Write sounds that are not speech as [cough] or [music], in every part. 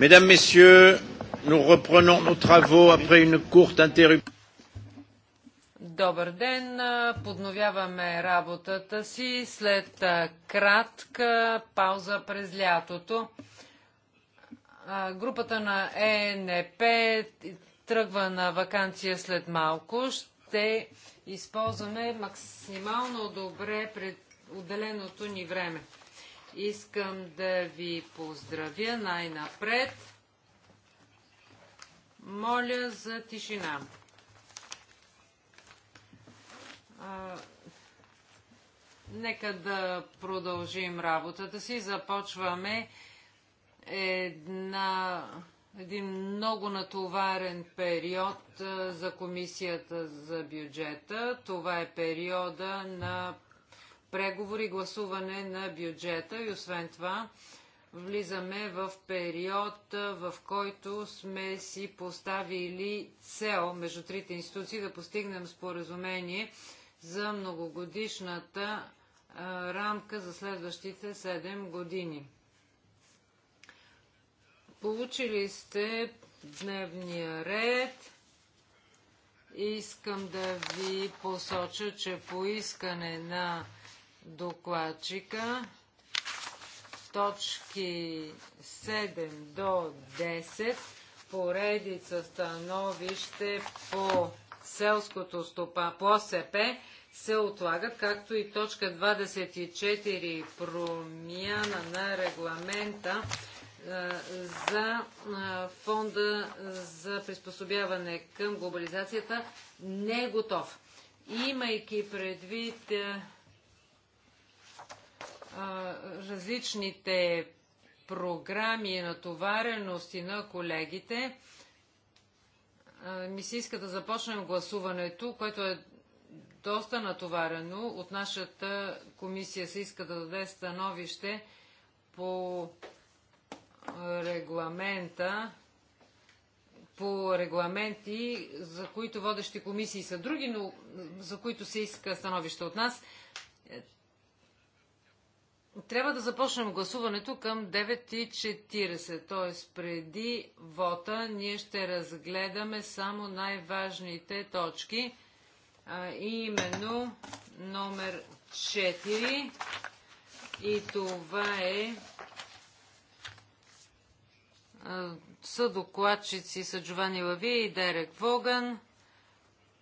Mesdames, Messieurs, nous reprenons nos travaux après une courte interruption. Добър ден! Подновяваме работата си след кратка пауза през лятото. Групата на ЕНП тръгва на вакансия след малко. Ще използваме максимално добре пред отделеното ни време. Искам да ви поздравя най-напред. Моля за тишина. А, нека да продължим работата си. Започваме една, един много натоварен период за комисията за бюджета. Това е периода на преговори гласуване на бюджета и освен това влизаме в период, в който сме си поставили цел между трите институции да постигнем споразумение за многогодишната рамка за следващите 7 години. Получили сте дневния ред. Искам да ви посоча, че по искане на докладчика. Точки 7 до 10 поредица становище по селското стопа, по СП се отлагат, както и точка 24 промяна на регламента е, за е, фонда за приспособяване към глобализацията не е готов. Имайки предвид е, различните програми и натоварености на колегите, ми се иска да започнем гласуването, което е доста натоварено. От нашата комисия се иска да даде становище по регламента по регламенти, за които водещи комисии са други, но за които се иска становище от нас. Трябва да започнем гласуването към 9.40, т.е. преди вота ние ще разгледаме само най-важните точки, а, именно номер 4 и това е съдокладчици докладчици са Джовани Лавия и Дерек Воган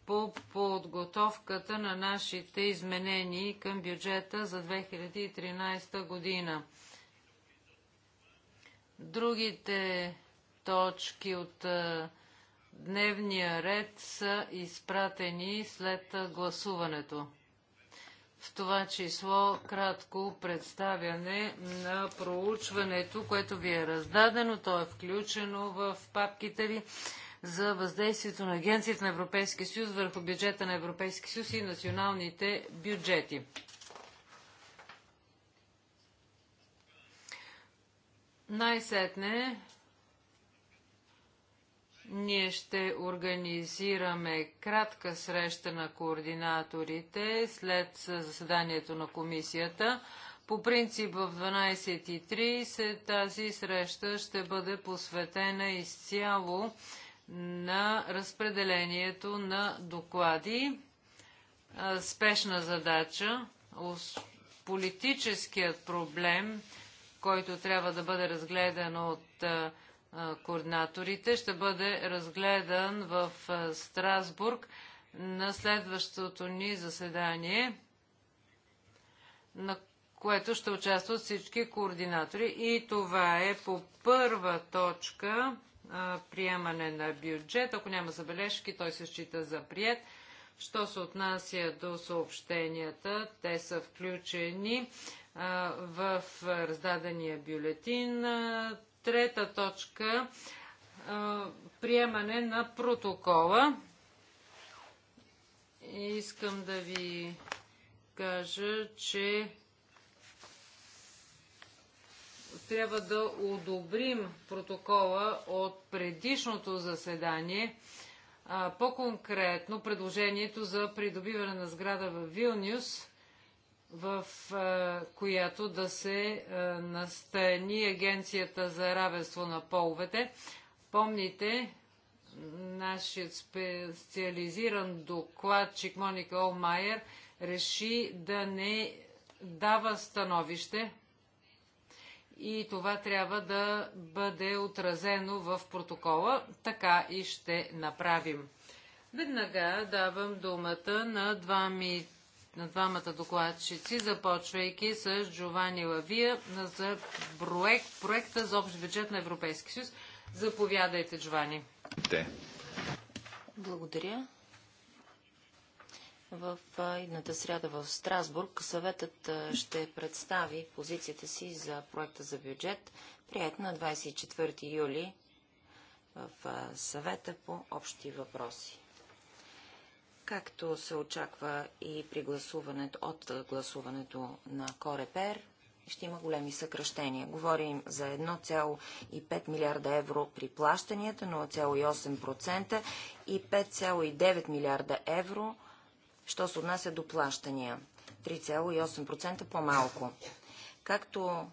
по подготовката на нашите изменения към бюджета за 2013 година. Другите точки от е, дневния ред са изпратени след гласуването. В това число кратко представяне на проучването, което ви е раздадено. То е включено в папките ви за въздействието на Агенцията на Европейския съюз върху бюджета на Европейския съюз и националните бюджети. Най-сетне ние ще организираме кратка среща на координаторите след заседанието на комисията. По принцип в 12.30 тази среща ще бъде посветена изцяло на разпределението на доклади. Спешна задача, политическият проблем, който трябва да бъде разгледан от координаторите, ще бъде разгледан в Страсбург на следващото ни заседание, на което ще участват всички координатори. И това е по първа точка приемане на бюджет. Ако няма забележки, той се счита за прият. Що се отнася до съобщенията, те са включени в раздадения бюлетин. Трета точка приемане на протокола. Искам да ви кажа, че трябва да одобрим протокола от предишното заседание. По-конкретно предложението за придобиване на сграда в Вилнюс, в която да се настани Агенцията за равенство на половете. Помните, нашият специализиран докладчик Моника Олмайер реши да не дава становище и това трябва да бъде отразено в протокола. Така и ще направим. Веднага давам думата на, двами, на двамата докладчици, започвайки с Джовани Лавия за проект, проекта за общ бюджет на Европейски съюз. Заповядайте, Джовани. Благодаря. В едната сряда в Страсбург съветът ще представи позицията си за проекта за бюджет, прият на 24 юли в съвета по общи въпроси. Както се очаква и при гласуването, от гласуването на Корепер, ще има големи съкръщения. Говорим за 1,5 милиарда евро при плащанията, 0,8% и 5,9 милиарда евро що се отнася до плащания. 3,8% по-малко. Както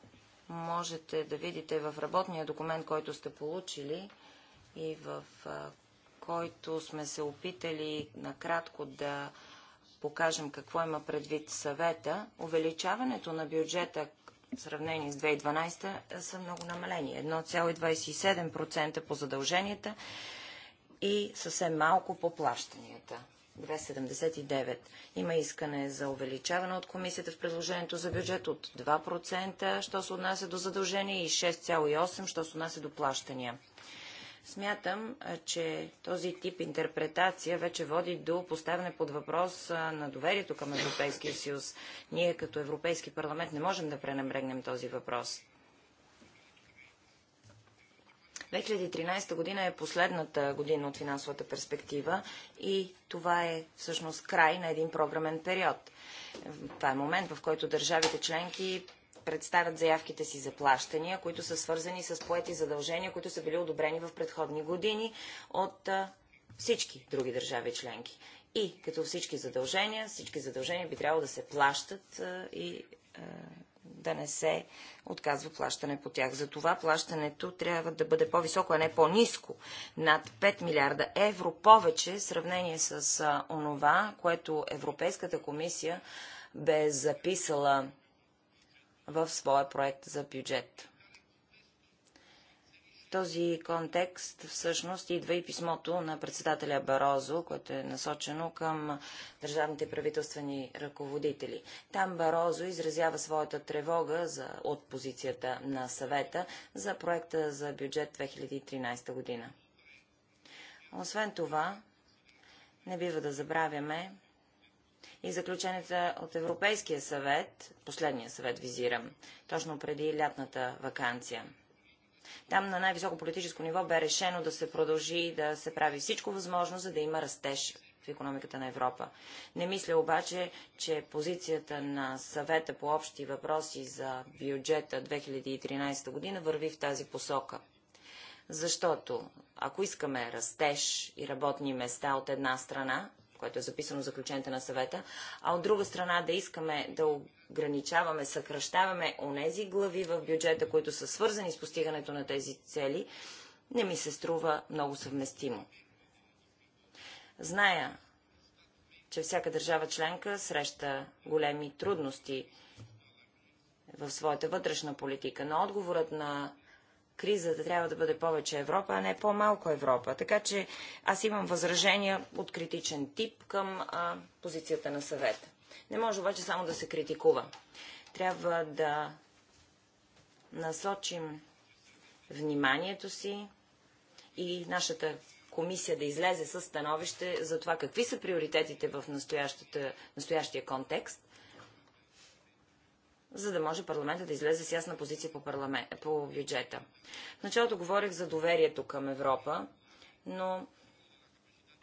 можете да видите в работния документ, който сте получили и в който сме се опитали накратко да покажем какво има предвид съвета, увеличаването на бюджета в сравнение с 2012 са много намалени. 1,27% по задълженията и съвсем малко по плащанията. 2,79. Има искане за увеличаване от комисията в предложението за бюджет от 2%, що се отнася до задължения и 6,8, що се отнася до плащания. Смятам, че този тип интерпретация вече води до поставяне под въпрос на доверието към Европейския съюз. Ние като Европейски парламент не можем да пренебрегнем този въпрос. 2013 година е последната година от финансовата перспектива и това е всъщност край на един програмен период. Това е момент, в който държавите членки представят заявките си за плащания, които са свързани с поети задължения, които са били одобрени в предходни години от всички други държави членки. И като всички задължения, всички задължения би трябвало да се плащат и да не се отказва плащане по тях. Затова плащането трябва да бъде по-високо, а не по-низко. Над 5 милиарда евро повече в сравнение с онова, което Европейската комисия бе записала в своя проект за бюджет този контекст всъщност идва и писмото на председателя Барозо, което е насочено към държавните правителствени ръководители. Там Барозо изразява своята тревога за, от позицията на съвета за проекта за бюджет 2013 година. Освен това, не бива да забравяме и заключенията от Европейския съвет, последния съвет визирам, точно преди лятната вакансия – там на най-високо политическо ниво бе решено да се продължи да се прави всичко възможно, за да има растеж в економиката на Европа. Не мисля обаче, че позицията на съвета по общи въпроси за бюджета 2013 година върви в тази посока. Защото ако искаме растеж и работни места от една страна, което е записано в заключенията на съвета, а от друга страна да искаме да ограничаваме, съкръщаваме онези глави в бюджета, които са свързани с постигането на тези цели, не ми се струва много съвместимо. Зная, че всяка държава членка среща големи трудности в своята вътрешна политика, но отговорът на кризата трябва да бъде повече Европа, а не по-малко Европа. Така че аз имам възражения от критичен тип към а, позицията на съвета. Не може обаче само да се критикува. Трябва да насочим вниманието си и нашата комисия да излезе с становище за това какви са приоритетите в настоящия контекст за да може парламента да излезе с ясна позиция по, парламент, по бюджета. В началото говорих за доверието към Европа, но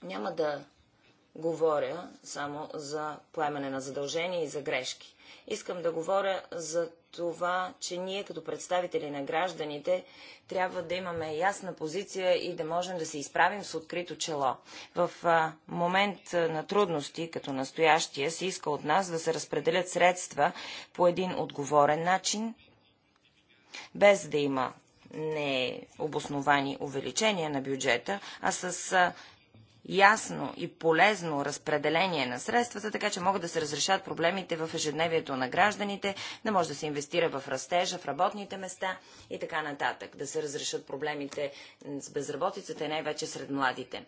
няма да говоря само за поемане на задължения и за грешки. Искам да говоря за това, че ние като представители на гражданите трябва да имаме ясна позиция и да можем да се изправим с открито чело. В момент на трудности, като настоящия, се иска от нас да се разпределят средства по един отговорен начин, без да има необосновани увеличения на бюджета, а с ясно и полезно разпределение на средствата, така че могат да се разрешат проблемите в ежедневието на гражданите, да може да се инвестира в растежа, в работните места и така нататък, да се разрешат проблемите с безработицата и най-вече сред младите.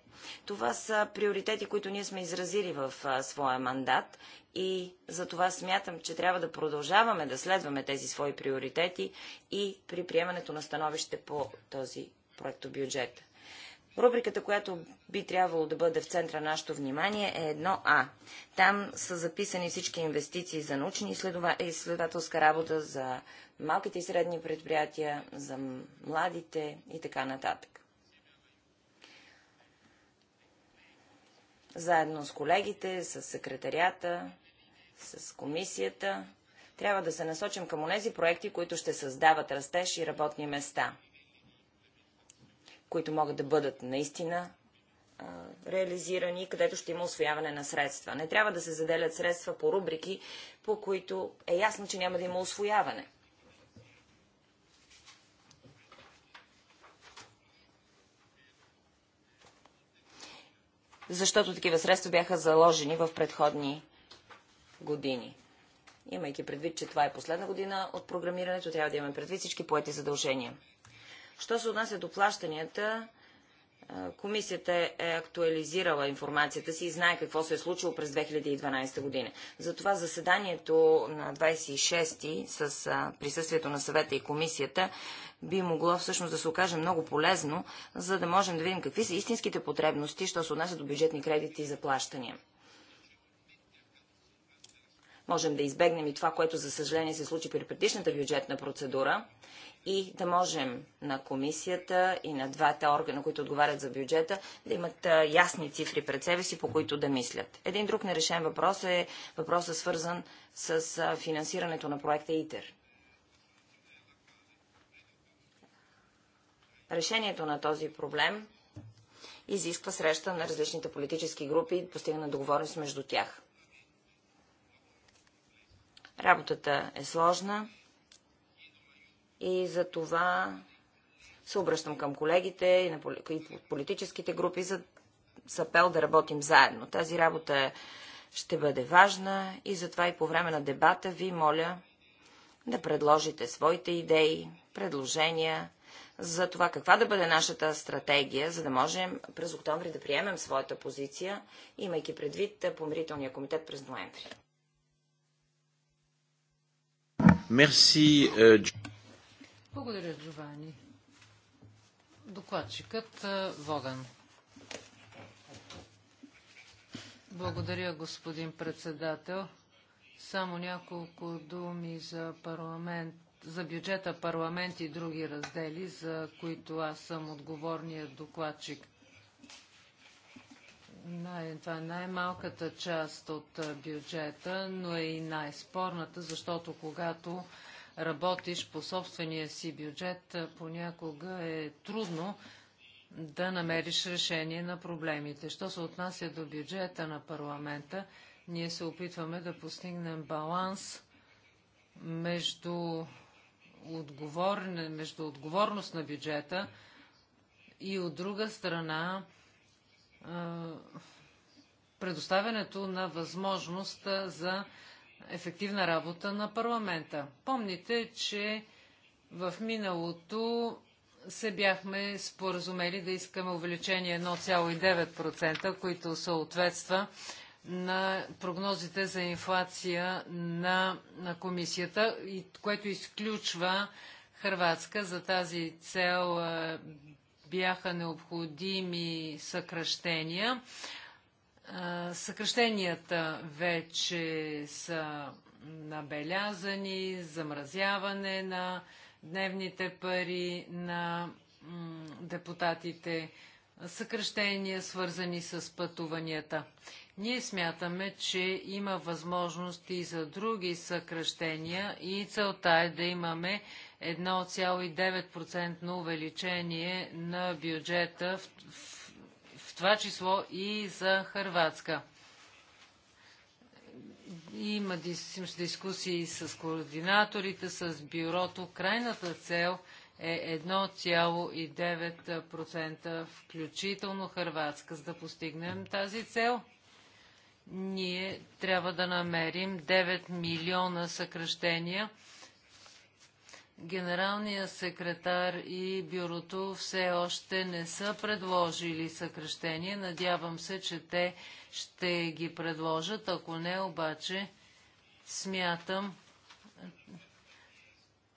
Това са приоритети, които ние сме изразили в своя мандат и за това смятам, че трябва да продължаваме да следваме тези свои приоритети и при приемането на становище по този проектобюджет. бюджет. Рубриката, която би трябвало да бъде в центра на нашето внимание е 1А. Там са записани всички инвестиции за научни изследователска работа, за малките и средни предприятия, за младите и така нататък. Заедно с колегите, с секретарията, с комисията, трябва да се насочим към тези проекти, които ще създават растеж и работни места – които могат да бъдат наистина реализирани, където ще има освояване на средства. Не трябва да се заделят средства по рубрики, по които е ясно, че няма да има освояване. Защото такива средства бяха заложени в предходни години. Имайки предвид, че това е последна година от програмирането, трябва да имаме предвид всички поети задължения. Що се отнася до плащанията, комисията е актуализирала информацията си и знае какво се е случило през 2012 година. Затова заседанието на 26-ти с присъствието на съвета и комисията би могло всъщност да се окаже много полезно, за да можем да видим какви са истинските потребности, що се отнася до бюджетни кредити и заплащания. Можем да избегнем и това, което за съжаление се случи при предишната бюджетна процедура и да можем на комисията и на двата органа, които отговарят за бюджета, да имат ясни цифри пред себе си, по които да мислят. Един друг нерешен въпрос е въпросът свързан с финансирането на проекта ИТЕР. Решението на този проблем изисква среща на различните политически групи и постигна договорност между тях. Работата е сложна и за това се обръщам към колегите и, на, и политическите групи за с апел да работим заедно. Тази работа ще бъде важна и затова и по време на дебата ви моля да предложите своите идеи, предложения за това каква да бъде нашата стратегия, за да можем през октомври да приемем своята позиция, имайки предвид помирителния комитет през ноември. Merci, е, благодаря, Джовани. Докладчикът Воган. Благодаря, господин председател. Само няколко думи за парламент, за бюджета парламент и други раздели, за които аз съм отговорният докладчик. Най, това е най-малката част от бюджета, но е и най-спорната, защото когато работиш по собствения си бюджет, понякога е трудно да намериш решение на проблемите. Що се отнася до бюджета на парламента, ние се опитваме да постигнем баланс между, отговор... между отговорност на бюджета и от друга страна предоставянето на възможност за ефективна работа на парламента. Помните, че в миналото се бяхме споразумели да искаме увеличение 1,9%, които съответства на прогнозите за инфлация на, на комисията, и, което изключва Хрватска. За тази цел е, бяха необходими съкръщения. Съкръщенията вече са набелязани, замразяване на дневните пари на депутатите, съкръщения, свързани с пътуванията. Ние смятаме, че има възможности за други съкръщения и целта е да имаме 1,9% увеличение на бюджета в това число и за Харватска. Има дискусии с координаторите, с бюрото. Крайната цел е 1,9%, включително Харватска. За да постигнем тази цел, ние трябва да намерим 9 милиона съкръщения – Генералният секретар и бюрото все още не са предложили съкрещение. Надявам се, че те ще ги предложат. Ако не, обаче, смятам,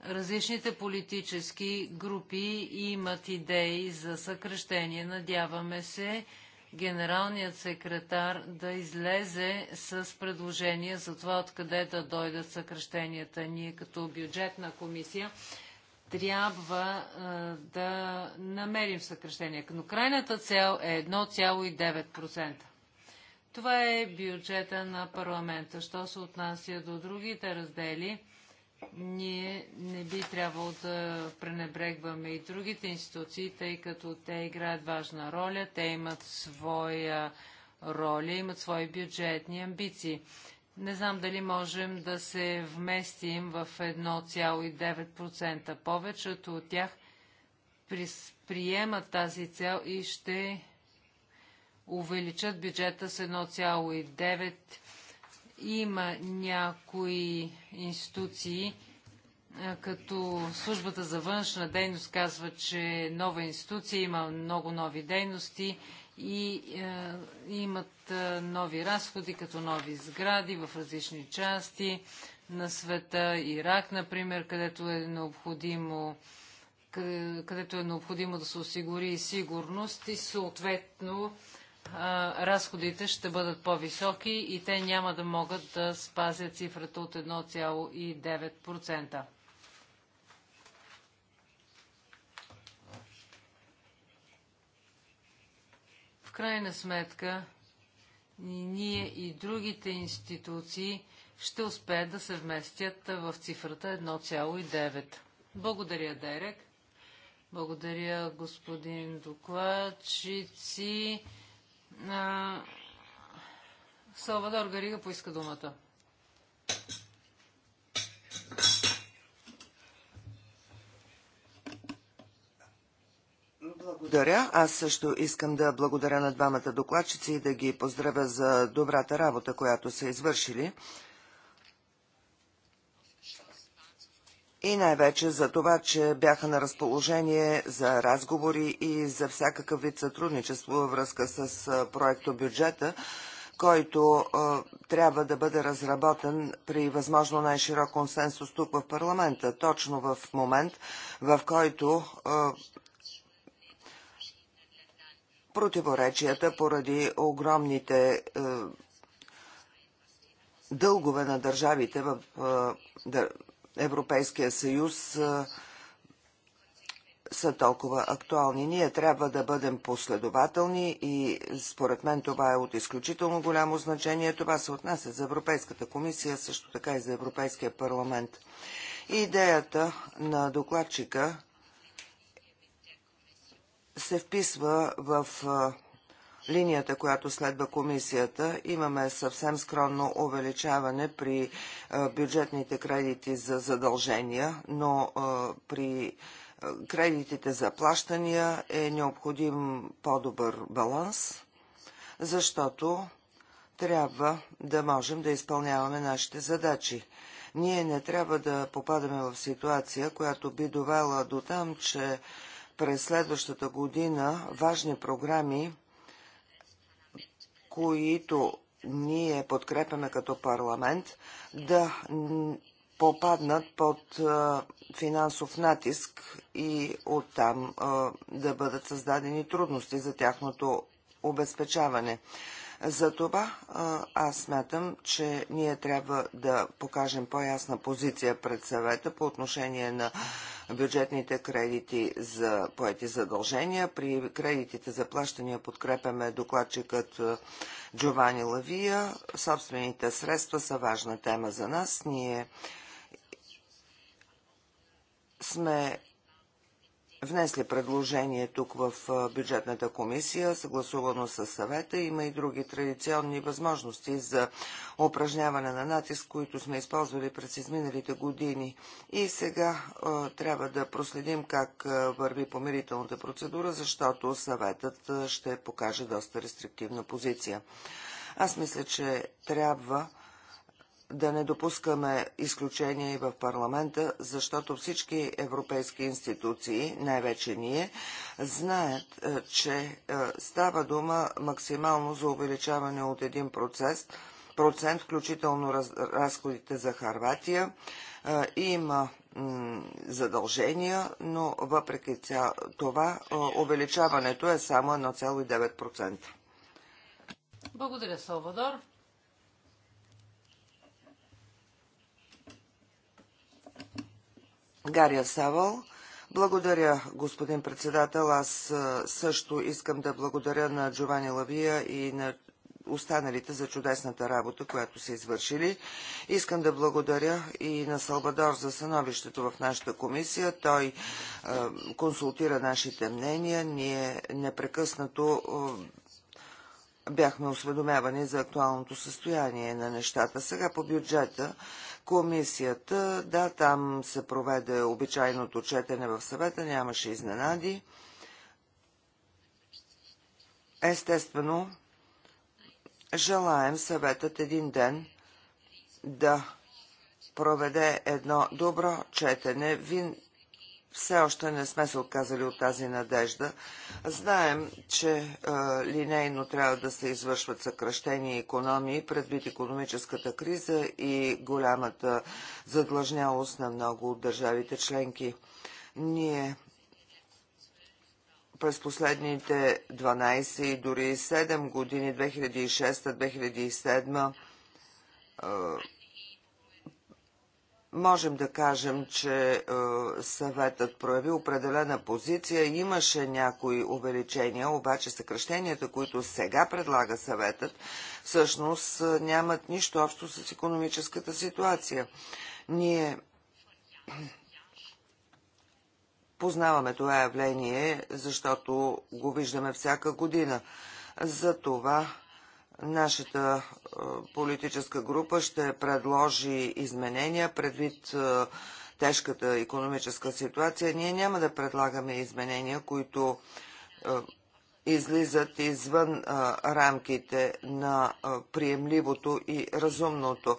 различните политически групи имат идеи за съкрещение. Надяваме се, генералният секретар да излезе с предложение за това откъде да дойдат съкръщенията. Ние като бюджетна комисия трябва а, да намерим съкръщения. Но крайната цел е 1,9%. Това е бюджета на парламента. Що се отнася до другите раздели – ние не би трябвало да пренебрегваме и другите институции, тъй като те играят важна роля, те имат своя роля, имат свои бюджетни амбиции. Не знам дали можем да се вместим в 1,9%. Повечето от тях приемат тази цел и ще увеличат бюджета с 1,9% има някои институции, като службата за външна дейност казва, че нова институция има много нови дейности и е, имат е, нови разходи, като нови сгради в различни части на света. Ирак, например, където е необходимо където е необходимо да се осигури сигурност и съответно разходите ще бъдат по-високи и те няма да могат да спазят цифрата от 1,9%. В крайна сметка, ние и другите институции ще успеят да се вместят в цифрата 1,9. Благодаря, Дерек. Благодаря, господин докладчици. Салвадор Гарига поиска думата. Благодаря. Аз също искам да благодаря на двамата докладчици и да ги поздравя за добрата работа, която са извършили. и най-вече за това, че бяха на разположение за разговори и за всякакъв вид сътрудничество във връзка с проекто бюджета, който трябва да бъде разработен при възможно най-широк консенсус тук в парламента, точно в момент, в който противоречията поради огромните дългове на държавите в Европейския съюз са толкова актуални. Ние трябва да бъдем последователни и според мен това е от изключително голямо значение. Това се отнася за Европейската комисия, също така и за Европейския парламент. Идеята на докладчика се вписва в линията, която следва комисията. Имаме съвсем скромно увеличаване при е, бюджетните кредити за задължения, но е, при е, кредитите за плащания е необходим по-добър баланс, защото трябва да можем да изпълняваме нашите задачи. Ние не трябва да попадаме в ситуация, която би довела до там, че през следващата година важни програми които ние подкрепяме като парламент, да попаднат под финансов натиск и оттам да бъдат създадени трудности за тяхното обезпечаване. Затова аз смятам, че ние трябва да покажем по-ясна позиция пред съвета по отношение на бюджетните кредити за поети задължения. При кредитите за плащания подкрепяме докладчикът е, Джовани Лавия. Собствените средства са важна тема за нас. Ние сме внесли предложение тук в бюджетната комисия, съгласувано с съвета. Има и други традиционни възможности за упражняване на натиск, които сме използвали през изминалите години. И сега трябва да проследим как върви помирителната процедура, защото съветът ще покаже доста рестриктивна позиция. Аз мисля, че трябва да не допускаме изключения и в парламента, защото всички европейски институции, най-вече ние, знаят, е, че е, става дума максимално за увеличаване от процес, процент, включително раз, разходите за Харватия. Е, има задължения, но въпреки това увеличаването е само 1,9%. Благодаря, Салвадор. Гария Савал. Благодаря, господин председател. Аз също искам да благодаря на Джовани Лавия и на останалите за чудесната работа, която са извършили. Искам да благодаря и на Салвадор за съновището в нашата комисия. Той е, консултира нашите мнения. Ние непрекъснато е, бяхме осведомявани за актуалното състояние на нещата. Сега по бюджета Комисията, да, там се проведе обичайното четене в съвета, нямаше изненади. Естествено, желаем съветът един ден да проведе едно добро четене. Вин, все още не сме се отказали от тази надежда. Знаем, че а, е, линейно трябва да се извършват съкръщения и економии предвид економическата криза и голямата задлъжнялост на много от държавите членки. Ние през последните 12 и дори 7 години, 2006-2007, можем да кажем, че е, съветът прояви определена позиция. Имаше някои увеличения, обаче съкръщенията, които сега предлага съветът, всъщност е, нямат нищо общо с економическата ситуация. Ние познаваме това явление, защото го виждаме всяка година. За това Нашата е, политическа група ще предложи изменения предвид е, тежката економическа ситуация. Ние няма да предлагаме изменения, които е, излизат извън рамките на приемливото и разумното.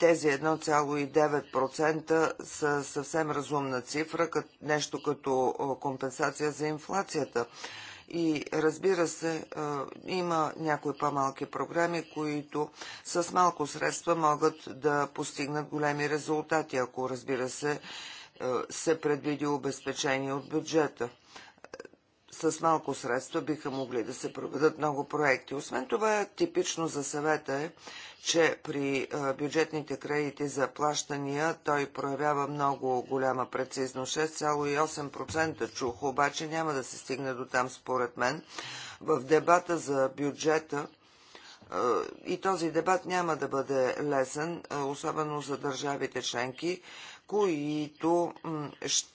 тези 1,9% са съвсем разумна цифра, нещо като компенсация за инфлацията. И разбира се, има някои по-малки програми, които с малко средства могат да постигнат големи резултати, ако разбира се се предвиди обезпечение от бюджета с малко средства биха могли да се проведат много проекти. Освен това, типично за съвета е, че при бюджетните кредити за плащания той проявява много голяма прецизност. 6,8% чух, обаче няма да се стигне до там според мен. В дебата за бюджета и този дебат няма да бъде лесен, особено за държавите членки, които ще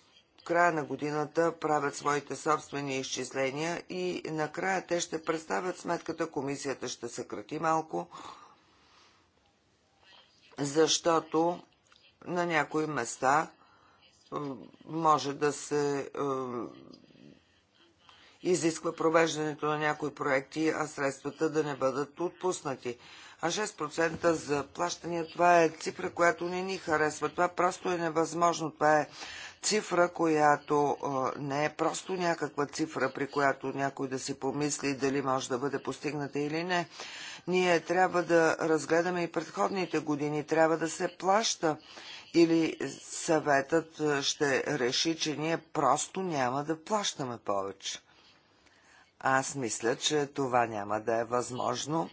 края на годината правят своите собствени изчисления и накрая те ще представят сметката, комисията ще съкрати малко, защото на някои места може да се изисква провеждането на някои проекти, а средствата да не бъдат отпуснати. А 6% за плащания, това е цифра, която не ни харесва. Това просто е невъзможно. Това е цифра, която не е просто някаква цифра, при която някой да си помисли дали може да бъде постигната или не. Ние трябва да разгледаме и предходните години, трябва да се плаща или съветът ще реши, че ние просто няма да плащаме повече. Аз мисля, че това няма да е възможно.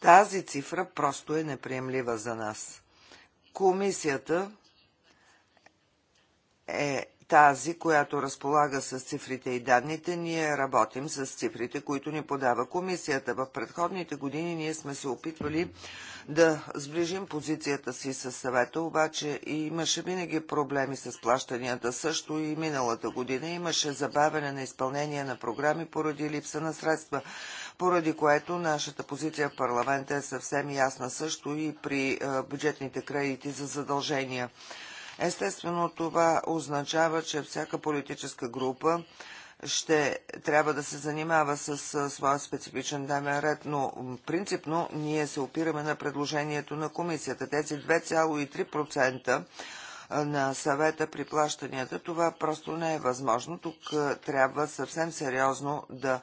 Тази цифра просто е неприемлива за нас. Комисията е тази, която разполага с цифрите и данните, ние работим с цифрите, които ни подава комисията. В предходните години ние сме се опитвали да сближим позицията си с съвета, обаче и имаше винаги проблеми с плащанията. Също и миналата година имаше забавяне на изпълнение на програми поради липса на средства поради което нашата позиция в парламента е съвсем ясна също и при бюджетните кредити за задължения. Естествено това означава, че всяка политическа група ще трябва да се занимава с, с своя специфичен дневен ред, но принципно ние се опираме на предложението на комисията. Тези 2,3% на съвета при плащанията, това просто не е възможно. Тук трябва съвсем сериозно да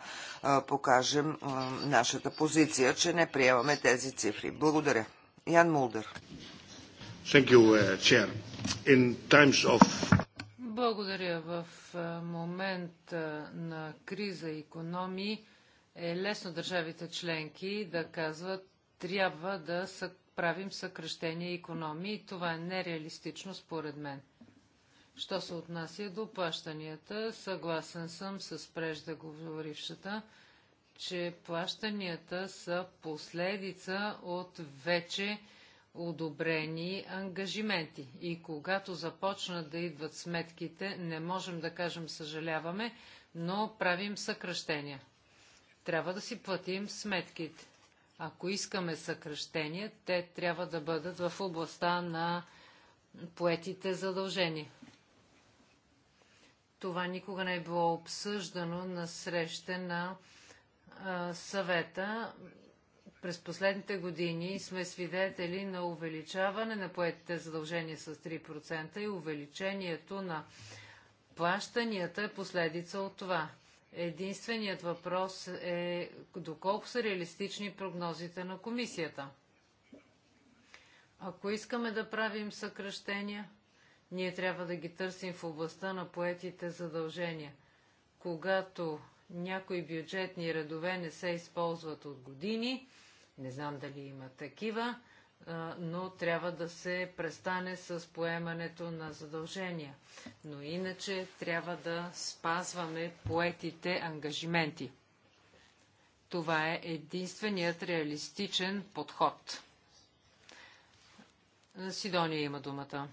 покажем нашата позиция, че не приемаме тези цифри. Благодаря. Ян Мулдър. Thank you, uh, Chair. In times of... Благодаря. В момент на криза и економии е лесно държавите членки да казват трябва да правим съкрещение и економии. Това е нереалистично според мен. Що се отнася до плащанията, съгласен съм с преждеговорившата, че плащанията са последица от вече одобрени ангажименти. И когато започнат да идват сметките, не можем да кажем съжаляваме, но правим съкръщения. Трябва да си платим сметките. Ако искаме съкръщения, те трябва да бъдат в областта на поетите задължения. Това никога не е било обсъждано на среща на а, съвета. През последните години сме свидетели на увеличаване на поетите задължения с 3% и увеличението на плащанията е последица от това. Единственият въпрос е доколко са реалистични прогнозите на комисията. Ако искаме да правим съкръщения, ние трябва да ги търсим в областта на поетите задължения. Когато някои бюджетни редове не се използват от години, не знам дали има такива, но трябва да се престане с поемането на задължения. Но иначе трябва да спазваме поетите ангажименти. Това е единственият реалистичен подход. Сидония има думата.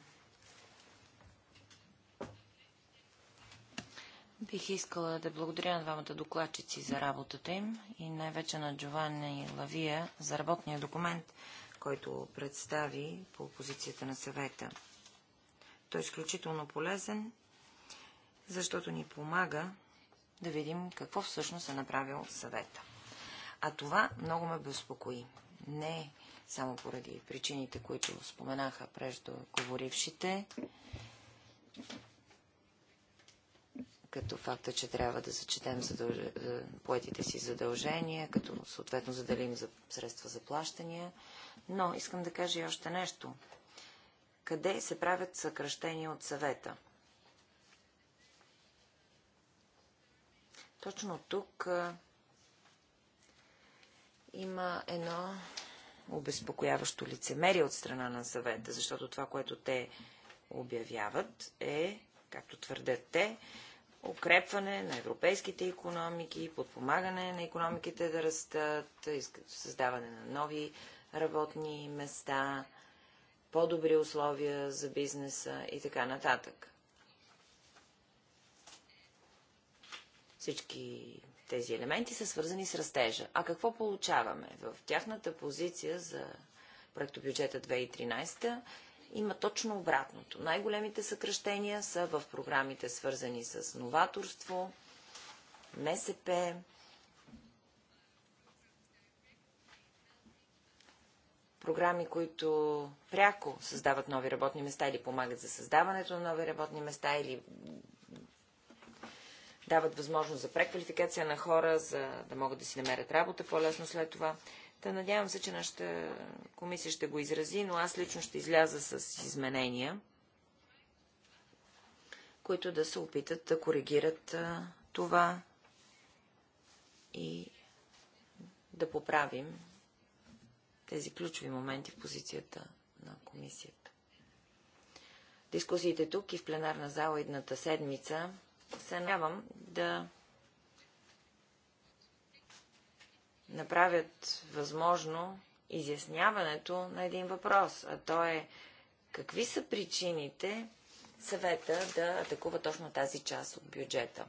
Бих искала да благодаря на двамата докладчици за работата им и най-вече на Джованни Лавия за работния документ, който представи по позицията на съвета. Той е изключително полезен, защото ни помага да видим какво всъщност е направил съвета. А това много ме безпокои. Не само поради причините, които споменаха преждоговорившите, като факта, че трябва да зачетем задълж... Е, поетите си задължения, като съответно заделим за средства за плащания. Но искам да кажа и още нещо. Къде се правят съкръщения от съвета? Точно тук а, е, има едно обезпокояващо лицемерие от страна на съвета, защото това, което те обявяват е, както твърдят те, укрепване на европейските економики, подпомагане на економиките да растат, създаване на нови работни места, по-добри условия за бизнеса и така нататък. Всички тези елементи са свързани с растежа. А какво получаваме? В тяхната позиция за проектобюджета 2013 има точно обратното. Най-големите съкръщения са в програмите свързани с новаторство, МСП, програми, които пряко създават нови работни места или помагат за създаването на нови работни места или дават възможност за преквалификация на хора, за да могат да си намерят работа по-лесно след това. Та надявам се, че нашата комисия ще го изрази, но аз лично ще изляза с изменения, които да се опитат да коригират това и да поправим тези ключови моменти в позицията на комисията. Дискусиите тук и в пленарна зала едната седмица се надявам да направят възможно изясняването на един въпрос, а то е какви са причините съвета да атакува точно тази част от бюджета.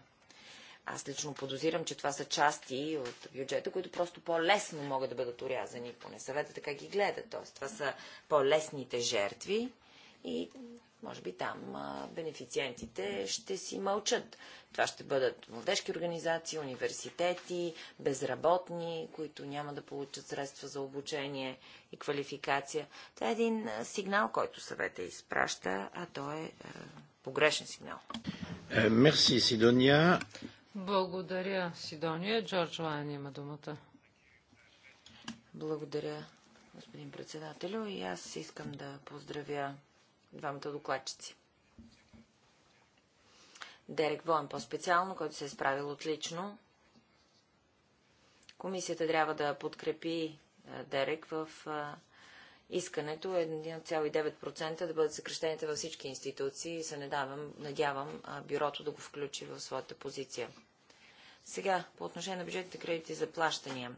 Аз лично подозирам, че това са части от бюджета, които просто по-лесно могат да бъдат урязани, поне съвета така ги гледа. Тоест, това са по-лесните жертви и може би там а, бенефициентите ще си мълчат. Това ще бъдат младежки организации, университети, безработни, които няма да получат средства за обучение и квалификация. Това е един сигнал, който съвета изпраща, а той е, е погрешен сигнал. Е, мерси, Сидония. Благодаря, Сидония. Джордж Лайн има думата. Благодаря, господин председателю. И аз искам да поздравя двамата докладчици. Дерек Воен по-специално, който се е справил отлично. Комисията трябва да подкрепи е, Дерек в е, искането 1,9% да бъдат съкрещените във всички институции и се надавам, надявам е, бюрото да го включи в своята позиция. Сега, по отношение на бюджетните кредити за плащания.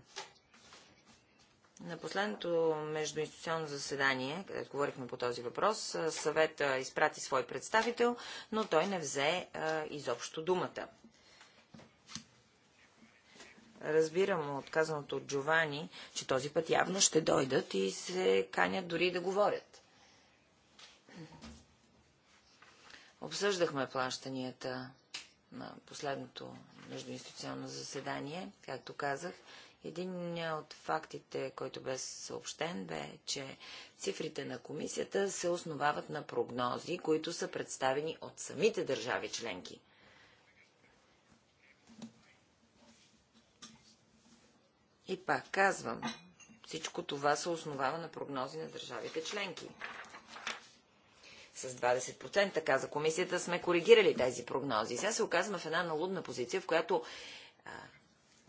На последното междуинституционно заседание, където говорихме по този въпрос, съвета изпрати свой представител, но той не взе а, изобщо думата. Разбирам отказаното от Джовани, че този път явно ще дойдат и се канят дори да говорят. Обсъждахме плащанията на последното междуинституционно заседание, както казах, един от фактите, който бе съобщен, бе, че цифрите на комисията се основават на прогнози, които са представени от самите държави членки. И пак казвам, всичко това се основава на прогнози на държавите членки. С 20% каза комисията сме коригирали тези прогнози. Сега се оказваме в една налудна позиция, в която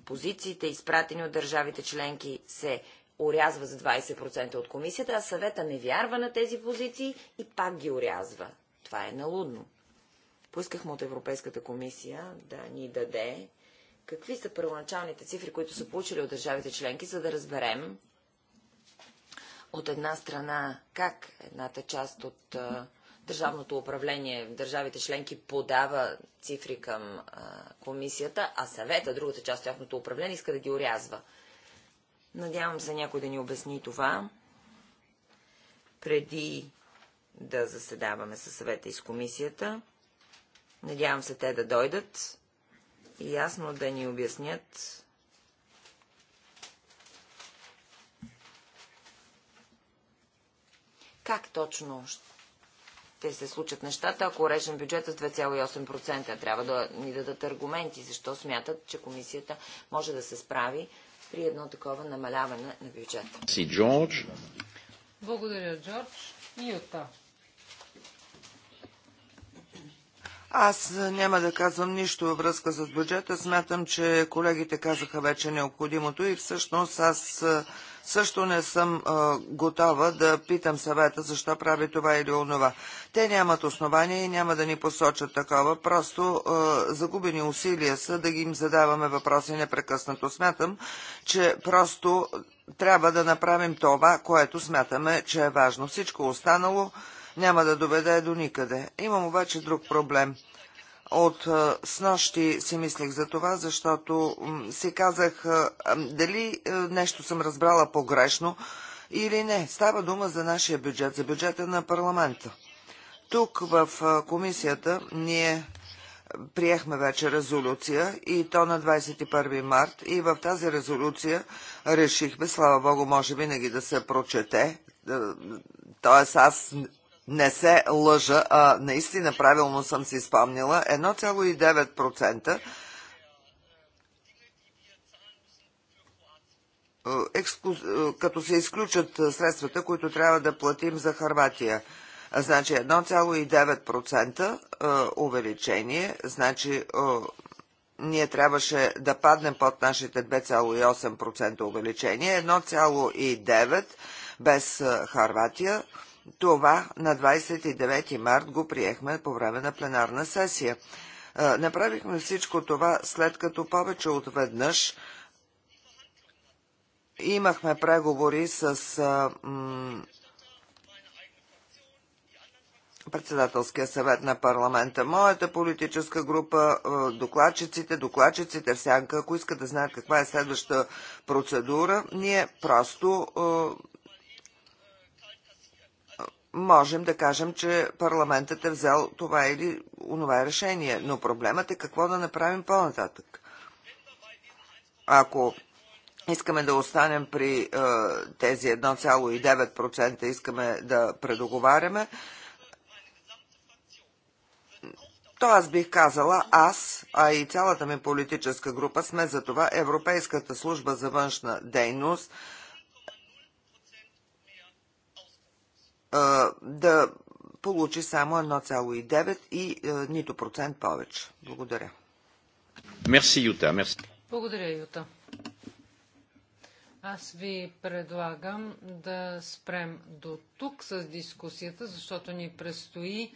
позициите, изпратени от държавите членки, се орязва за 20% от комисията, а съвета не вярва на тези позиции и пак ги орязва. Това е налудно. Поискахме от Европейската комисия да ни даде какви са първоначалните цифри, които са получили от държавите членки, за да разберем от една страна как едната част от държавното управление, държавите членки подава цифри към а, комисията, а съвета, другата част от тяхното управление, иска да ги урязва. Надявам се някой да ни обясни това. Преди да заседаваме със съвета и с комисията, надявам се те да дойдат и ясно да ни обяснят как точно ще ще се случат нещата, ако режем бюджета с 2,8%. Трябва да ни дадат аргументи, защо смятат, че комисията може да се справи при едно такова намаляване на бюджета. Си, Джордж. Благодаря, Джордж. от Аз няма да казвам нищо във връзка с бюджета. Смятам, че колегите казаха вече необходимото и всъщност аз също не съм а, готова да питам съвета защо прави това или онова. Те нямат основания и няма да ни посочат такова. Просто а, загубени усилия са да ги им задаваме въпроси непрекъснато. Смятам, че просто трябва да направим това, което смятаме, че е важно. Всичко останало няма да доведе до никъде. Имам обаче друг проблем – от с нощи си мислих за това, защото си казах дали нещо съм разбрала погрешно или не. Става дума за нашия бюджет, за бюджета на парламента. Тук в комисията ние приехме вече резолюция и то на 21 март и в тази резолюция решихме, слава Богу, може винаги да се прочете, т.е. аз не се лъжа, а наистина правилно съм си спомнила, 1,9% като се изключат средствата, които трябва да платим за Харватия. Значи 1,9% увеличение, значи ние трябваше да паднем под нашите 2,8% увеличение, 1,9% без Харватия. Това на 29 март го приехме по време на пленарна сесия. Направихме всичко това след като повече от веднъж имахме преговори с председателския съвет на парламента. Моята политическа група, докладчиците, докладчиците в сянка, ако искат да знаят каква е следващата процедура, ние просто можем да кажем, че парламентът е взел това или онова решение, но проблемът е какво да направим по-нататък. Ако искаме да останем при е, тези 1,9%, искаме да предоговаряме, то аз бих казала, аз, а и цялата ми политическа група сме за това Европейската служба за външна дейност – да получи само 1,9 и нито процент повече. Благодаря. Мерси, Юта. Мерси. Благодаря, Юта. Аз ви предлагам да спрем до тук с дискусията, защото ни предстои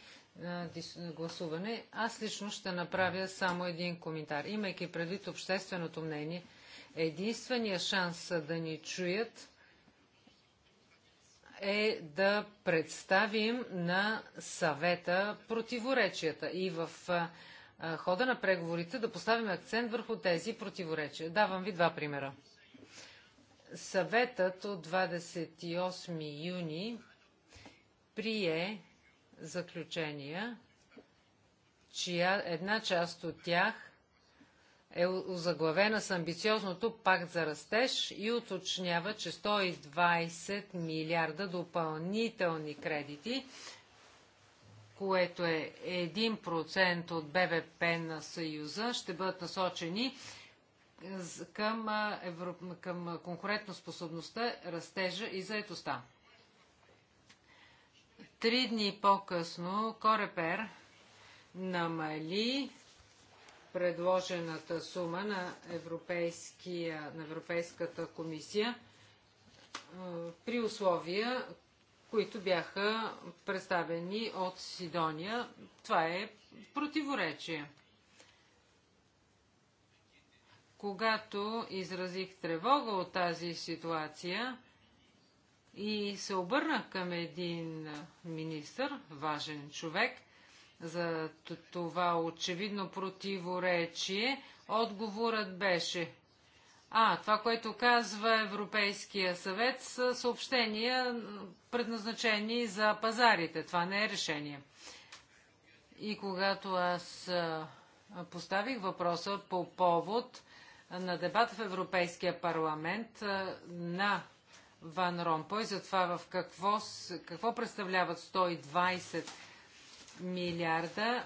гласуване. Аз лично ще направя само един коментар. Имайки предвид общественото мнение, единствения шанс да ни чуят е да представим на съвета противоречията и в хода на преговорите да поставим акцент върху тези противоречия. Давам ви два примера. Съветът от 28 юни прие заключения, чия една част от тях е озаглавена с амбициозното пакт за растеж и уточнява, че 120 милиарда допълнителни кредити, което е 1% от БВП на Съюза, ще бъдат насочени към, евро... към конкурентоспособността, растежа и заетостта. Три дни по-късно Корепер намали предложената сума на, на Европейската комисия при условия, които бяха представени от Сидония. Това е противоречие. Когато изразих тревога от тази ситуация и се обърнах към един министр, важен човек, за това очевидно противоречие, отговорът беше а, това, което казва Европейския съвет, са съобщения предназначени за пазарите. Това не е решение. И когато аз поставих въпроса по повод на дебата в Европейския парламент на Ван Ромпой за това в какво, какво представляват 120 милиарда.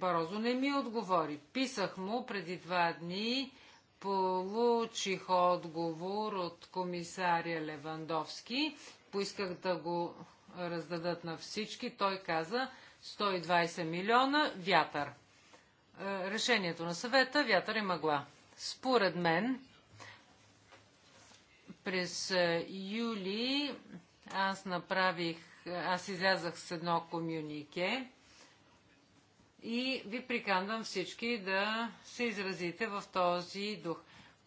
Барозо не ми отговори. Писах му преди два дни, получих отговор от комисаря Левандовски, поисках да го раздадат на всички. Той каза 120 милиона вятър. Е, решението на съвета вятър и мъгла. Според мен през е, юли аз направих, аз излязах с едно комюнике и ви приканвам всички да се изразите в този дух.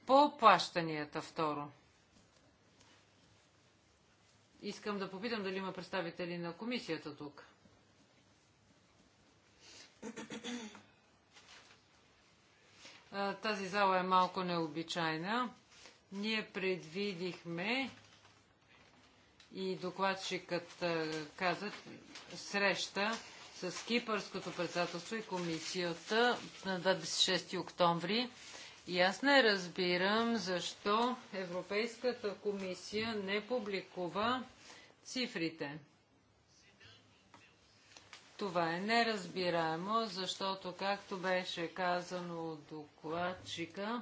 По плащанията второ. Искам да попитам дали има представители на комисията тук. Тази зала е малко необичайна. Ние предвидихме и докладчикът каза среща с Кипърското председателство и комисията на 26 октомври. И аз не разбирам защо Европейската комисия не публикува цифрите. Това е неразбираемо, защото, както беше казано от докладчика,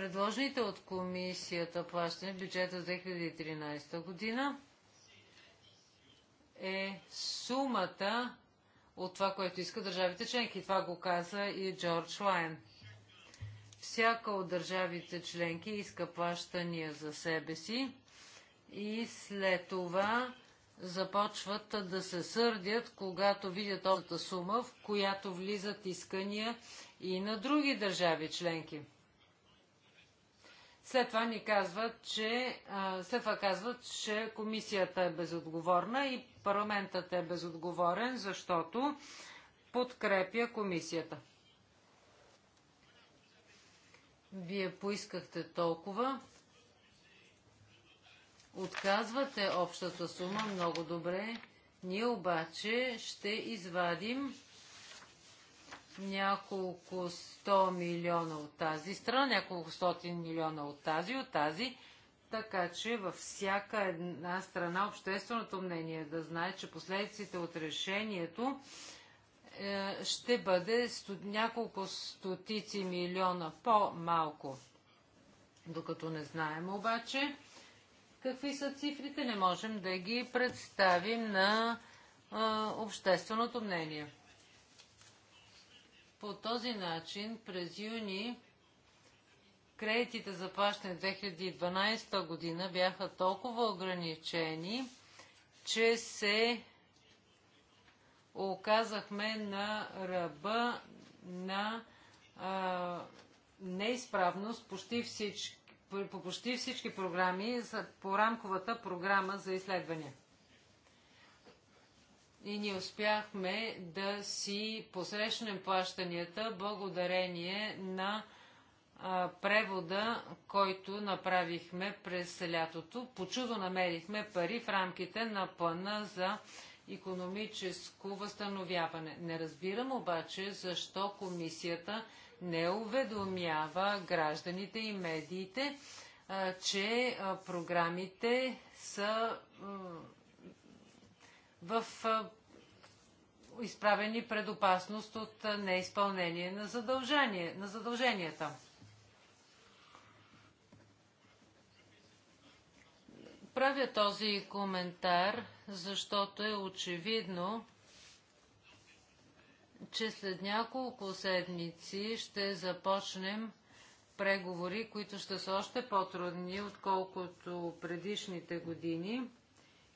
предложените от комисията плащане в бюджета за 2013 година е сумата от това, което иска държавите членки. Това го каза и Джордж Лайн. Всяка от държавите членки иска плащания за себе си и след това започват да се сърдят, когато видят общата сума, в която влизат искания и на други държави членки. След това ни казват, че, след това казват, че комисията е безотговорна и парламентът е безотговорен, защото подкрепя комисията. Вие поискахте толкова. Отказвате общата сума много добре. Ние обаче ще извадим няколко сто милиона от тази страна, няколко стотин милиона от тази, от тази. Така че във всяка една страна общественото мнение да знае, че последиците от решението е, ще бъде сто, няколко стотици милиона по-малко. Докато не знаем обаче какви са цифрите, не можем да ги представим на е, общественото мнение. По този начин през юни кредитите за плащане 2012 година бяха толкова ограничени, че се оказахме на ръба на а, неизправност почти всички, по почти всички програми по рамковата програма за изследвания и ние успяхме да си посрещнем плащанията благодарение на а, превода, който направихме през лятото. По чудо намерихме пари в рамките на плана за економическо възстановяване. Не разбирам обаче защо комисията не уведомява гражданите и медиите, а, че а, програмите са в изправени пред опасност от неизпълнение на, задължение, на задълженията. Правя този коментар, защото е очевидно, че след няколко седмици ще започнем преговори, които ще са още по-трудни, отколкото предишните години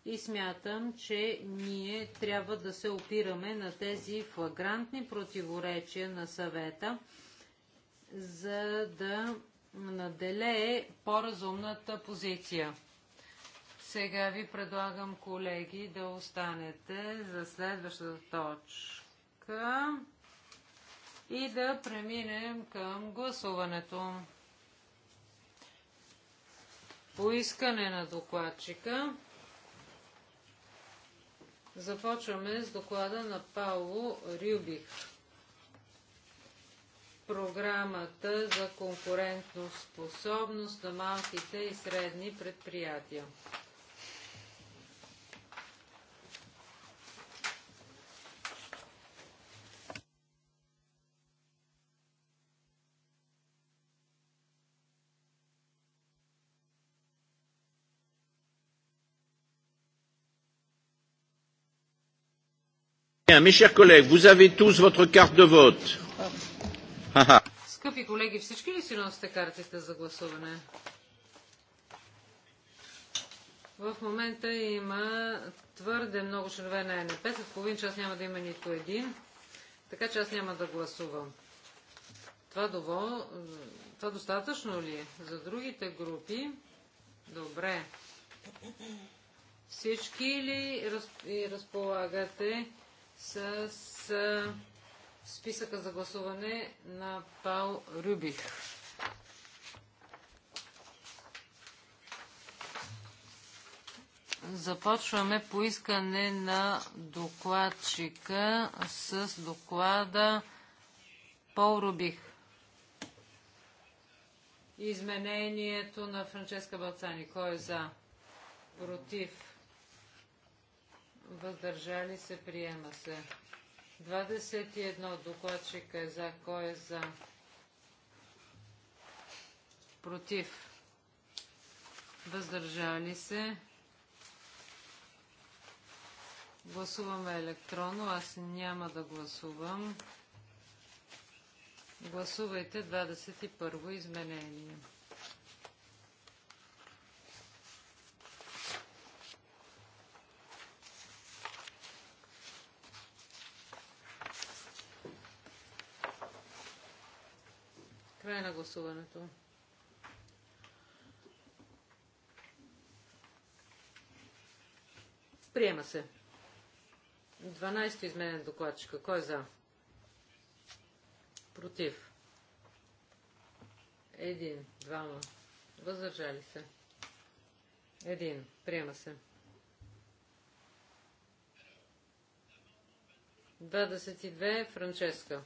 и смятам, че ние трябва да се опираме на тези флагрантни противоречия на съвета, за да наделее по-разумната позиция. Сега ви предлагам, колеги, да останете за следващата точка и да преминем към гласуването. Поискане на докладчика Започваме с доклада на Пауло Рюбих. Програмата за конкурентно способност на малките и средни предприятия. Mes chers collègues, vous avez tous votre carte de vote. Скъпи колеги, всички ли си носите картите за гласуване? В момента има твърде много членове на НП. След половин час няма да има нито един. Така че аз няма да гласувам. Това, довол... Това достатъчно ли е? За другите групи? Добре. Всички ли разполагате с списъка за гласуване на Пал Рюбих. Започваме поискане на докладчика с доклада Пол Рубих. Изменението на Франческа Балцани. Кой е за? Против? въздържали се, приема се. 21 докладчика е за, кой е за, против, въздържали се. Гласуваме електронно, аз няма да гласувам. Гласувайте 21 изменение. Край на гласуването. Приема се. 12 изменен докладчика. Кой е за? Против. Един. Двама. Въздържали се. Един. Приема се. 22. Франческа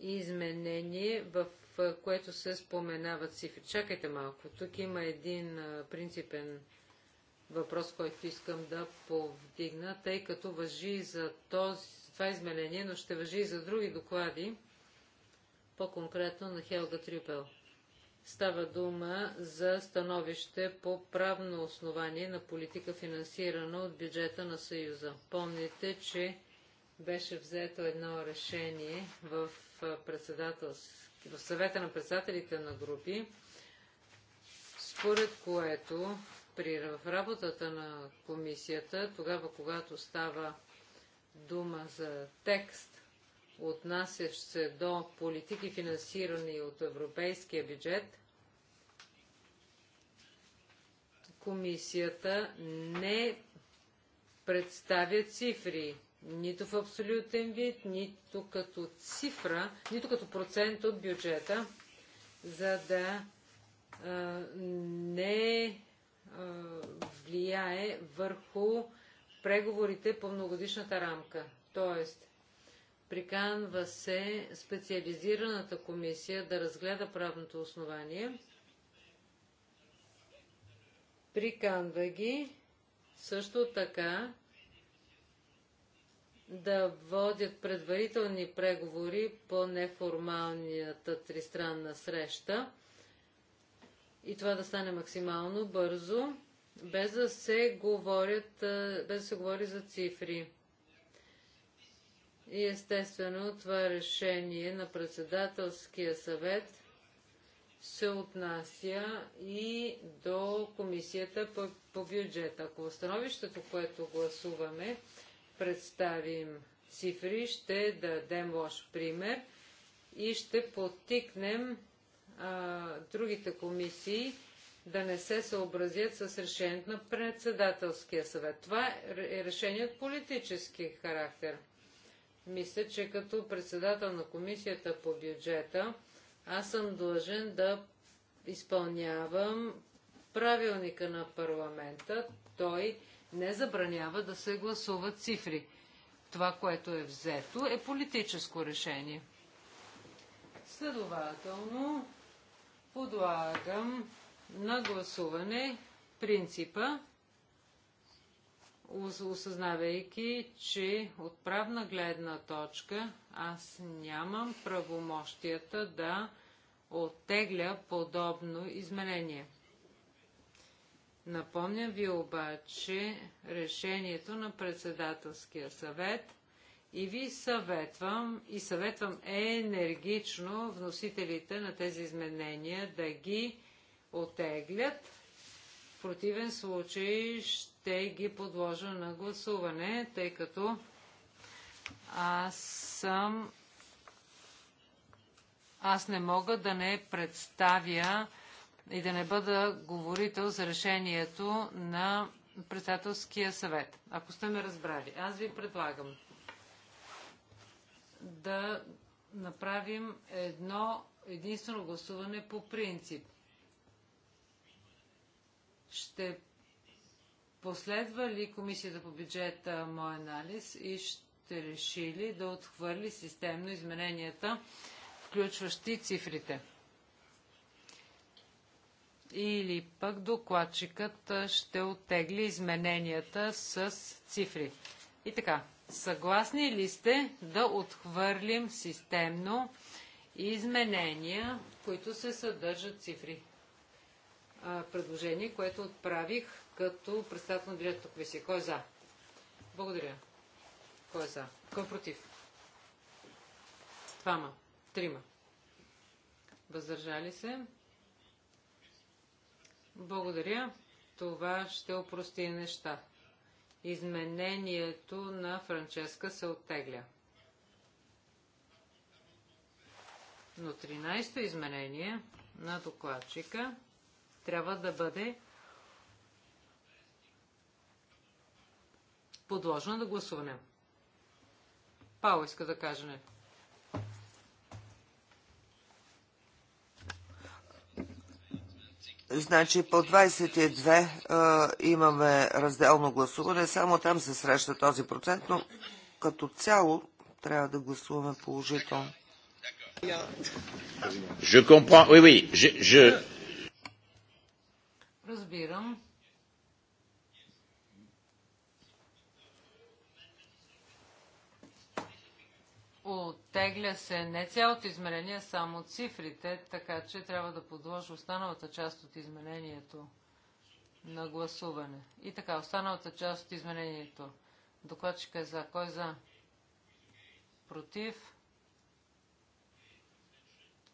изменение, в което се споменават цифри. Чакайте малко. Тук има един принципен въпрос, който искам да повдигна, тъй като въжи за този, това изменение, но ще въжи и за други доклади, по-конкретно на Хелга Трюпел. Става дума за становище по правно основание на политика, финансирана от бюджета на Съюза. Помните, че беше взето едно решение в, в съвета на председателите на групи, според което при в работата на комисията, тогава когато става дума за текст, отнасящ се до политики финансирани от европейския бюджет, комисията не представя цифри, нито в абсолютен вид, нито като цифра, нито като процент от бюджета, за да а, не а, влияе върху преговорите по многодишната рамка. Тоест, приканва се специализираната комисия да разгледа правното основание, приканва ги също така да водят предварителни преговори по неформалната тристранна среща и това да стане максимално бързо, без да се, говорят, без да се говори за цифри. И естествено това решение на председателския съвет се отнася и до комисията по, по бюджета. Ако становището, което гласуваме, представим цифри, ще дадем лош пример и ще подтикнем а, другите комисии да не се съобразят с решението на председателския съвет. Това е решение от политически характер. Мисля, че като председател на комисията по бюджета, аз съм длъжен да изпълнявам правилника на парламента. Той не забранява да се гласуват цифри. Това, което е взето, е политическо решение. Следователно, подлагам на гласуване принципа, осъзнавайки, че от правна гледна точка аз нямам правомощията да оттегля подобно изменение. Напомням ви обаче решението на председателския съвет и ви съветвам и съветвам енергично вносителите на тези изменения да ги отеглят. В противен случай ще ги подложа на гласуване, тъй като аз съм аз не мога да не представя и да не бъда говорител за решението на председателския съвет. Ако сте ме разбрали, аз ви предлагам да направим едно единствено гласуване по принцип. Ще последва ли комисията по бюджета мой анализ и ще реши ли да отхвърли системно измененията, включващи цифрите или пък докладчикът ще оттегли измененията с цифри. И така, съгласни ли сте да отхвърлим системно изменения, които се съдържат цифри? Предложение, което отправих като председател на бюджетната комисия. Кой е за? Благодаря. Кой е за? Кой е против? Двама. Трима. Въздържали се. Благодаря. Това ще опрости неща. Изменението на Франческа се оттегля. Но 13-то изменение на докладчика трябва да бъде подложено на да гласуване. Пао иска да каже нещо. Значи по 22 а, е, имаме разделно гласуване, само там се среща този процент, но като цяло трябва да гласуваме положително. Je comprends, oui, oui, je, je... Разбирам. Оттегля се не цялото измерение, само цифрите, така че трябва да подложи останалата част от изменението на гласуване. И така, останалата част от изменението. Докладчика е за. Кой е за? Против?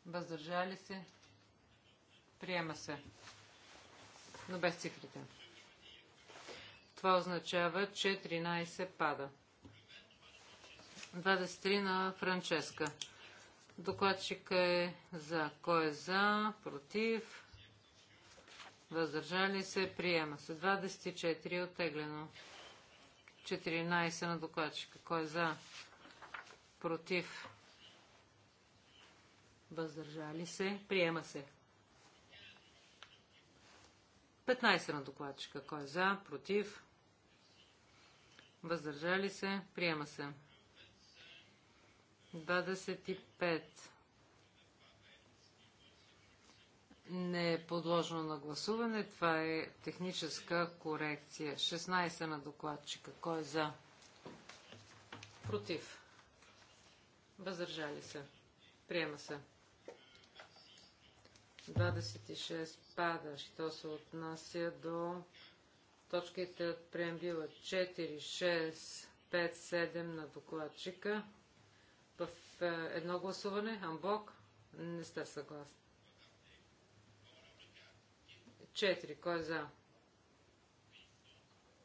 Въздържали се? Приема се. Но без цифрите. Това означава, че 13 пада. 23 на Франческа. Докладчика е за. Кой е за? Против? Въздържали се? Приема се. 24 е оттеглено. 14 на докладчика. Кой е за? Против? Въздържали се? Приема се. 15 на докладчика. Кой е за? Против? Въздържали се? Приема се. 25 не е подложено на гласуване. Това е техническа корекция. 16 на докладчика. Кой е за? Против. Въздържали се. Приема се. 26 пада, що се отнася до точките от преамбила 4, 6, 5, 7 на докладчика в е, едно гласуване, Амбок. не сте съгласни. Четири. Кой е за?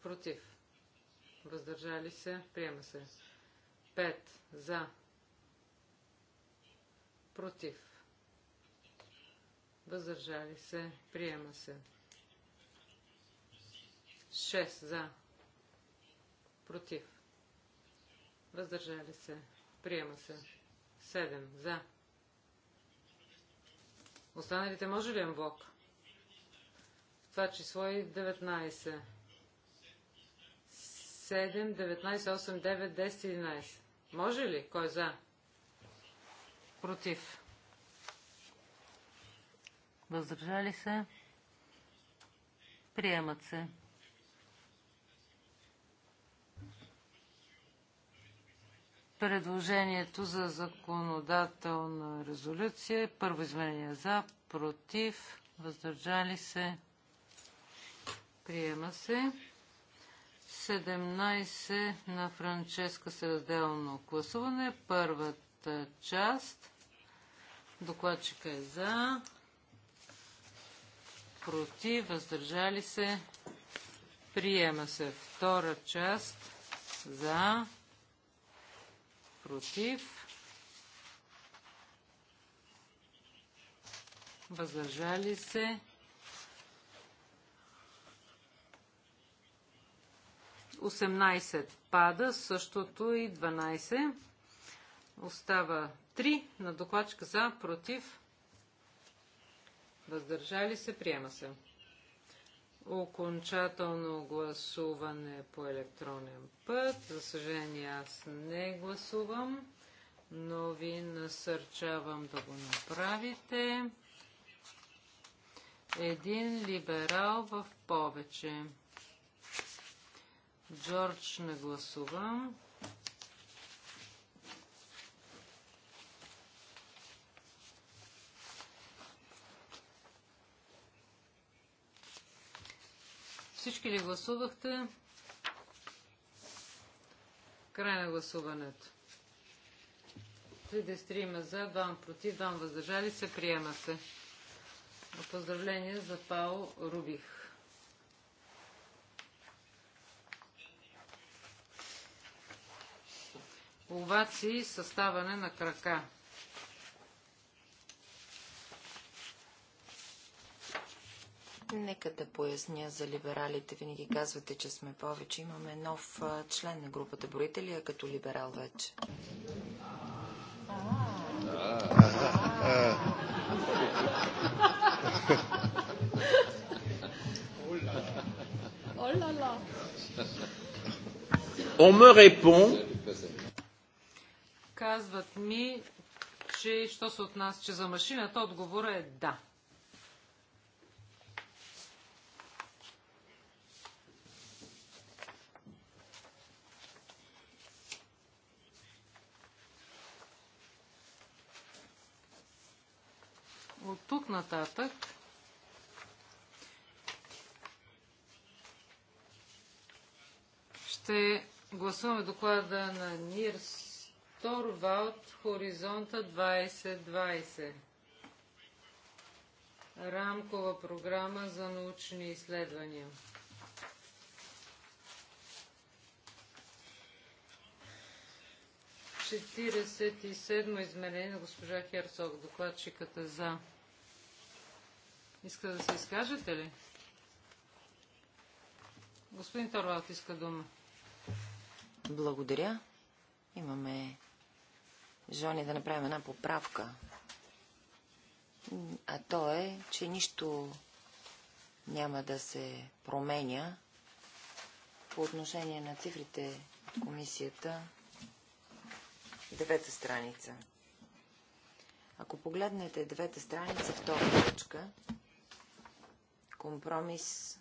Против. Въздържали се. Приема се. Пет За. Против. Въздържали се. Приема се. 6. За. Против. Въздържали се. Приема се. Седем. За. Останалите може ли блок? В това число и 19. 7, 19, 8, 9, 10, 11. Може ли? Кой е за? Против. Въздържали се. Приемат се. Предложението за законодателна резолюция. Първо изменение за, против, въздържали се, приема се. 17 на Франческа с разделно гласуване. Първата част. Докладчика е за. Против, въздържали се. Приема се втора част. За против, въздържали се, Осемнайсет пада, същото и 12. Остава 3 на докладчика за, против, въздържали се, приема се окончателно гласуване по електронен път. За съжаление аз не гласувам, но ви насърчавам да го направите. Един либерал в повече. Джордж не гласувам. Всички ли гласувахте? Край на гласуването. 33 за, 2 против, 2 въздържали се. Приема се. Поздравление за Пао Рубих. Овации съставане на крака. Нека да поясня за либералите. Винаги казвате, че сме повече. Имаме нов член на групата борители, а като либерал вече. [laughs] On me répond. Казват ми, че що се отнася, че за машината отговора е да. От тук нататък ще гласуваме доклада на НИРС Торвалд Хоризонта 2020. Рамкова програма за научни изследвания. Четиридесет и седмо изменение на госпожа Херцог. Докладчиката за. Иска да се изкажете ли? Господин Торвалт иска дума. Благодаря. Имаме желание да направим една поправка. А то е, че нищо няма да се променя по отношение на цифрите от комисията. Девета страница. Ако погледнете девета страница, втора точка, Компромис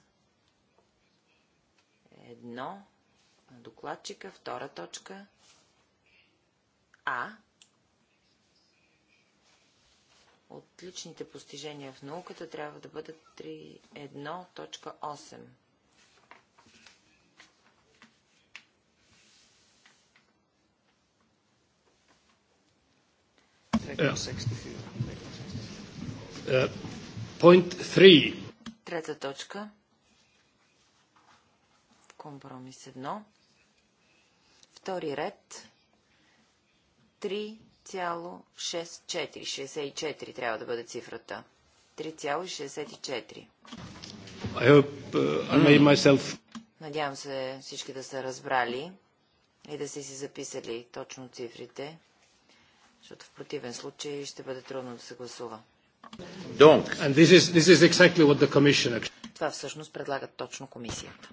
едно на докладчика, втора точка А от личните постижения в науката трябва да бъдат 3.1.8. Uh, point three. Трета точка. Компромис 1. Втори ред. 3,64. 64 трябва да бъде цифрата. 3,64. Uh, Надявам се всички да са разбрали и да са си записали точно цифрите, защото в противен случай ще бъде трудно да се гласува. Това всъщност предлага точно комисията.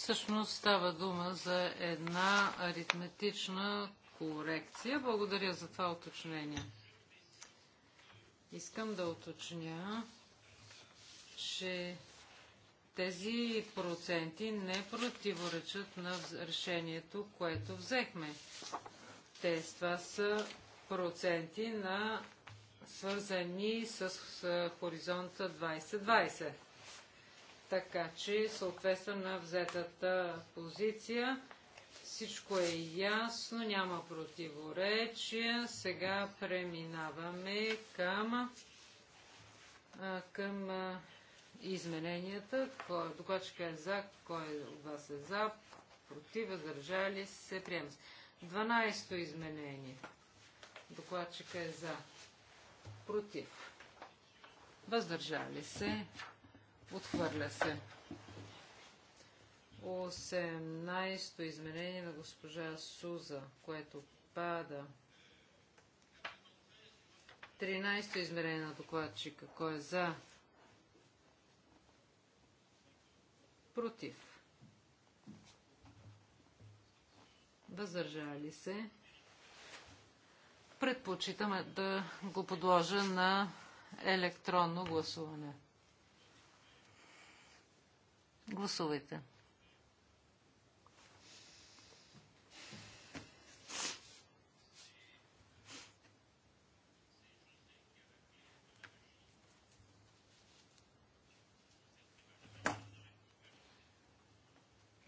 Всъщност става дума за една аритметична корекция. Благодаря за това уточнение. Искам да уточня, че тези проценти не противоречат на решението, което взехме. Те това са проценти на свързани с хоризонта 2020. Така че съответства на взетата позиция. Всичко е ясно, няма противоречия. Сега преминаваме към, към измененията. Кой, е, докладчика е за, кой е, от вас е за, против, въздържали се, приема се. 12-то изменение. Докладчика е за против, въздържали се, отхвърля се. 18-то изменение на госпожа Суза, което пада. 13-то измерение на докладчика. Кой е за? Против. Въздържали се предпочитаме да го подложа на електронно гласуване. Гласувайте.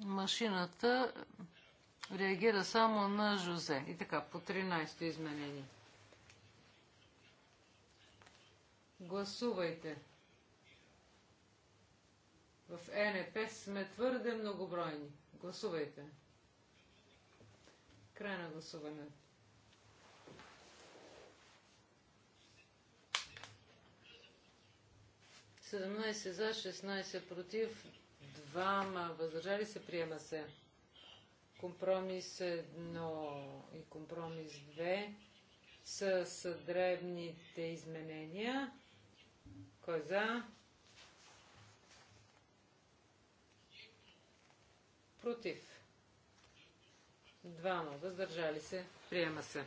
Машината реагира само на Жозе. И така, по 13-то изменение. Гласувайте. В НП сме твърде многобройни. Гласувайте. Край на гласуването. Седемнайсет за, 16 против, двама въздържали се, приема се. Компромис 1 и компромис 2 с дребните изменения. Кой за? Против. Двама. Въздържали се. Приема се.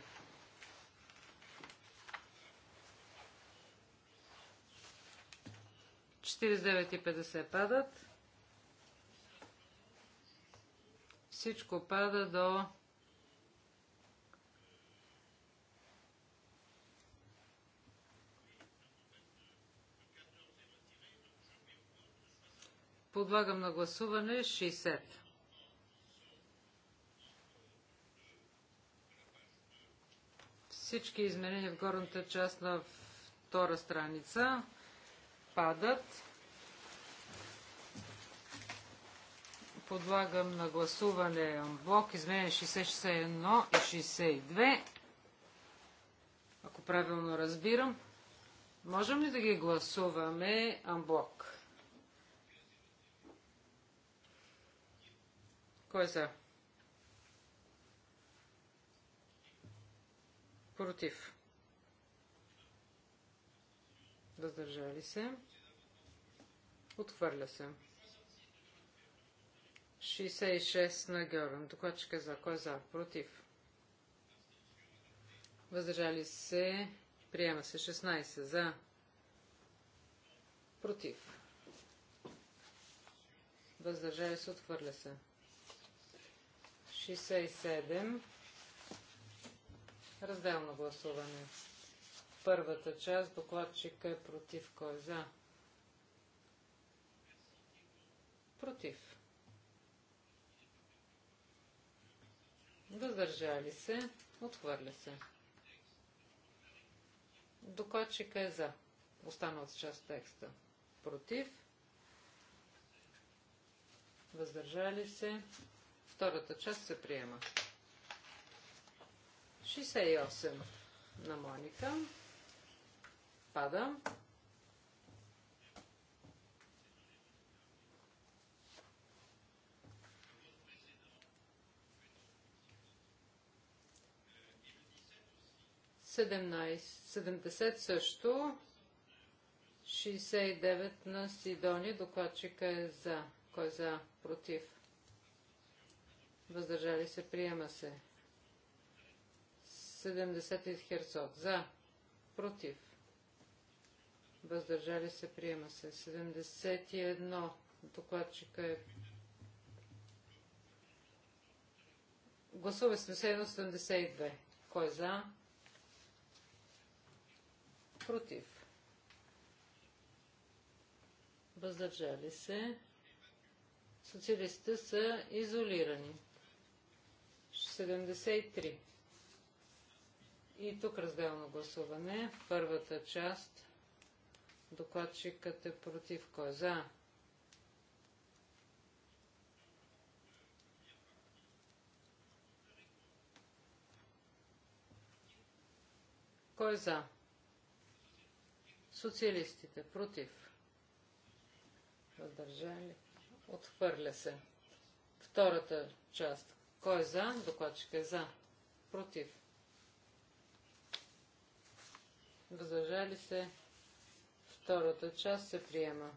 Четиридесет и 50 падат. Всичко пада до Подлагам на гласуване 60. Всички изменения в горната част на втора страница падат. Подлагам на гласуване блок Измене 661 и 62. Ако правилно разбирам, можем ли да ги гласуваме амблок? Кой е за? Против. Въздържали се. Отхвърля се. 66 на Георан. Докладчика за. Кой е за? Против. Въздържали се. Приема се 16 за. Против. Въздържали се. Отхвърля се. 67. Разделно гласуване. Първата част. Докладчика е против. Кой е за? Против. Въздържали се. Отхвърля се. Докладчика е за. Останалата част текста. Против. Въздържали се. Втората част се приема. 68 на Моника. Пада. 17, 70 също. 69 на Сидони. Докладчика е за. Кой е за? Против. Въздържали се. Приема се. 70 Херцог. За. Против. Въздържали се. Приема се. 71. Докладчика е Гласува 71-72. Кой е за? против, въздържали се, социалистите са изолирани. 73. И тук разделно гласуване. Първата част. Докладчикът е против. Кой е за? Кой е за? Социалистите. Против. Въздържали. Отхвърля се. Втората част. Кой е за? Докладчик е за. Против. Въздържали се. Втората част се приема.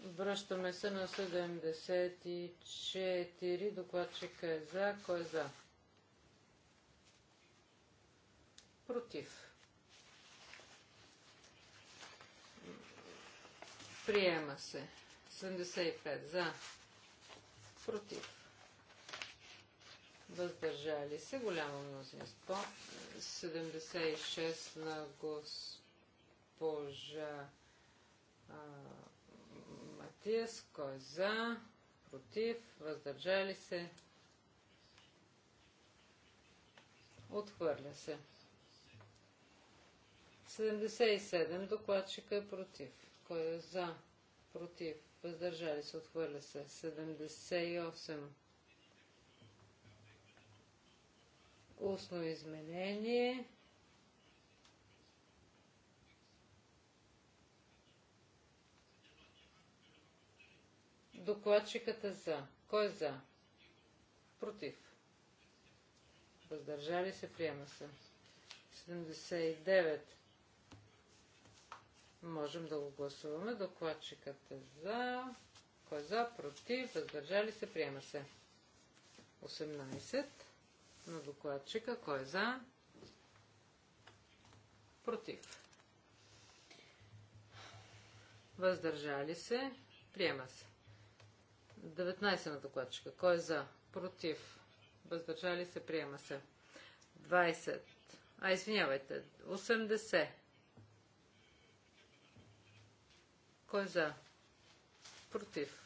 Връщаме се на 74. Докладчика е за. Кой е за? Против. Приема се. 75 за. Против. Въздържали се. Голямо мнозинство. 76 на госпожа а, Матиас. Кой е за? Против. Въздържали се. Отхвърля се. 77. Докладчика е против. Кой е за? Против. Въздържали се. Отхвърля се. 78. Устно изменение. Докладчиката е за. Кой е за? Против. Въздържали се. Приема се. 79. Можем да го гласуваме. Докладчикът е за. Кой е за? Против? Въздържали се? Приема се. 18 на докладчика. Кой е за? Против. Въздържали се? Приема се. 19 на докладчика. Кой е за? Против. Въздържали се? Приема се. 20. А, извинявайте. 80 Кой е за? Против.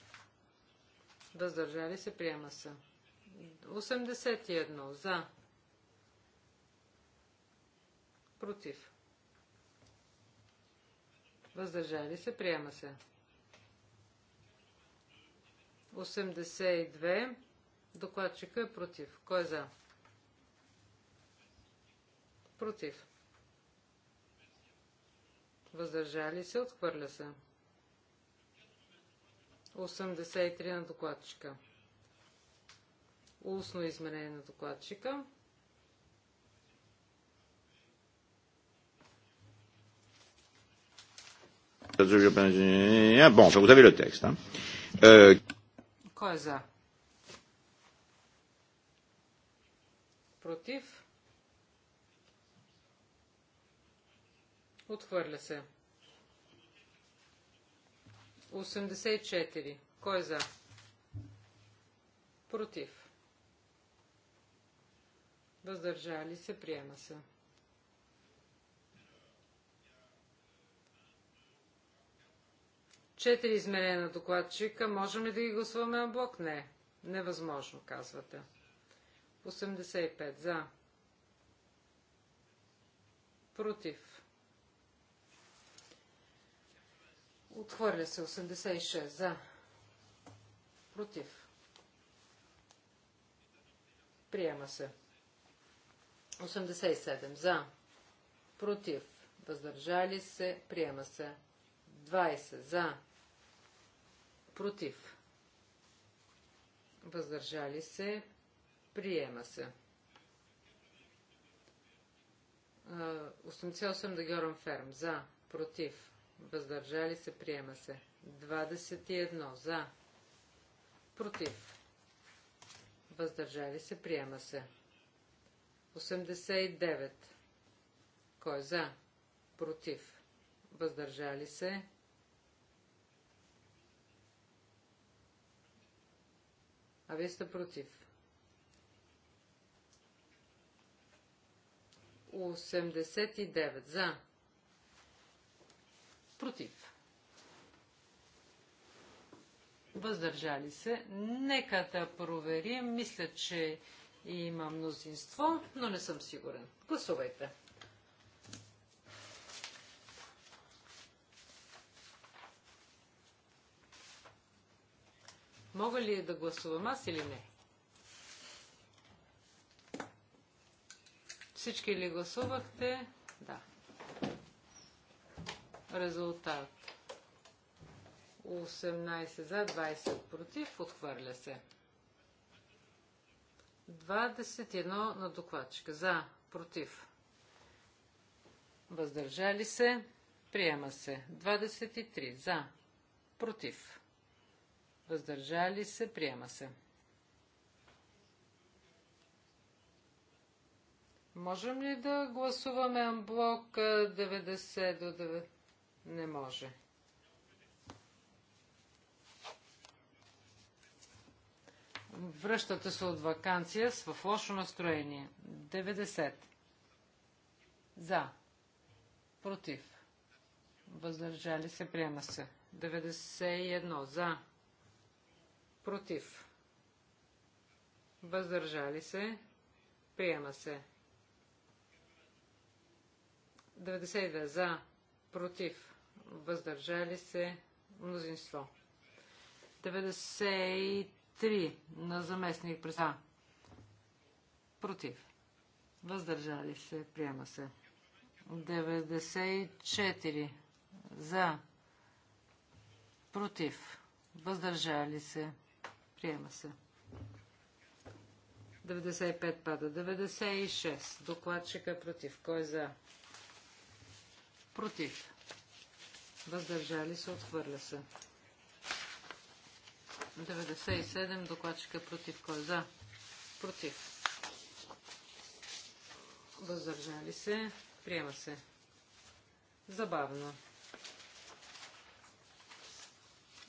Въздържали се, приема се. 81 за. Против. Въздържали се, приема се. 82. Докладчика е против. Кой е за? Против. Въздържали се, отхвърля се. 83 на докладчика. Устно изменение на докладчика. Ah, bon, vous avez le texte. Hein. Euh... Кой е за? Против? Отхвърля се. 84. Кой е за? Против. Въздържали се, приема се. Четири измерения на докладчика. Можем ли да ги гласуваме на блок? Не. Невъзможно, казвате. 85. За. Против. Отхвърля се 86 за. Против. Приема се. 87 за. Против. Въздържали се. Приема се. 20 за. Против. Въздържали се. Приема се. 88 да Георан Ферм. За. Против въздържали се, приема се. 21 за, против, въздържали се, приема се. 89. Кой е за? Против. Въздържали се. А вие сте против. 89. За. Против. Въздържали се. Нека да проверим. Мисля, че има мнозинство, но не съм сигурен. Гласувайте. Мога ли да гласувам аз или не? Всички ли гласувахте? Да. Резултат. 18 за, 20 против. Отхвърля се. 21 на докладчика. За, против. Въздържали се. Приема се. 23 за, против. Въздържали се. Приема се. Можем ли да гласуваме амблок 90 до 9? Не може. Връщате се от вакансия с в лошо настроение. 90. За. Против. Въздържали се. Приема се. 91. За. Против. Въздържали се. Приема се. 92. За. Против въздържали се, мнозинство. 93 на заместник през Против. Въздържали се, приема се. 94 за. Против. Въздържали се, приема се. 95 пада. 96. Докладчика е против. Кой е за? Против въздържали се, отхвърля се. 97 докладчика против кой е за? Против. Въздържали се, приема се. Забавно.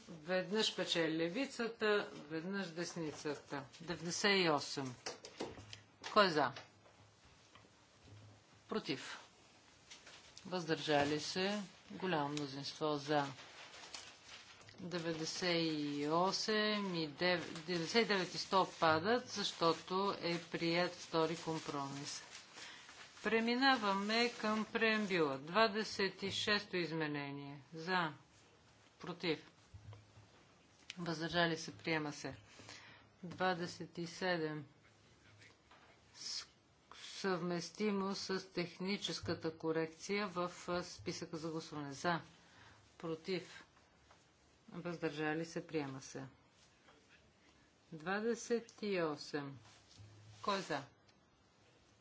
Веднъж пече левицата, веднъж десницата. 98. Кой е за? Против. Въздържали се. Голямо мнозинство за. 98 и 9, 99 и 100 падат, защото е прият втори компромис. Преминаваме към преембила. 26-то изменение. За. Против. Въздържали се. Приема се. 27. С съвместимо с техническата корекция в списъка за гласуване. За, против, въздържали се, приема се. 28. Кой е за?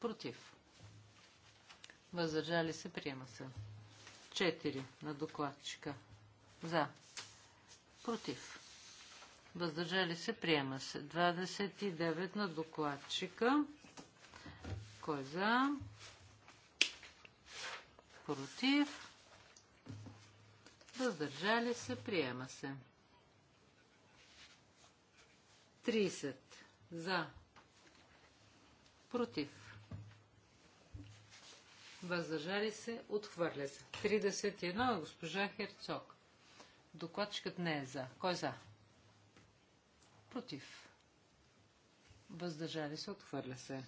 Против. Въздържали се, приема се. 4 на докладчика. За. Против. Въздържали се, приема се. 29 на докладчика. Кой е за? Против? Въздържали се? Приема се. 30. За. Против. Въздържали се? Отхвърля се. 31. Е госпожа Херцог. Докладчикът не е за. Кой е за? Против. Въздържали се? Отхвърля се.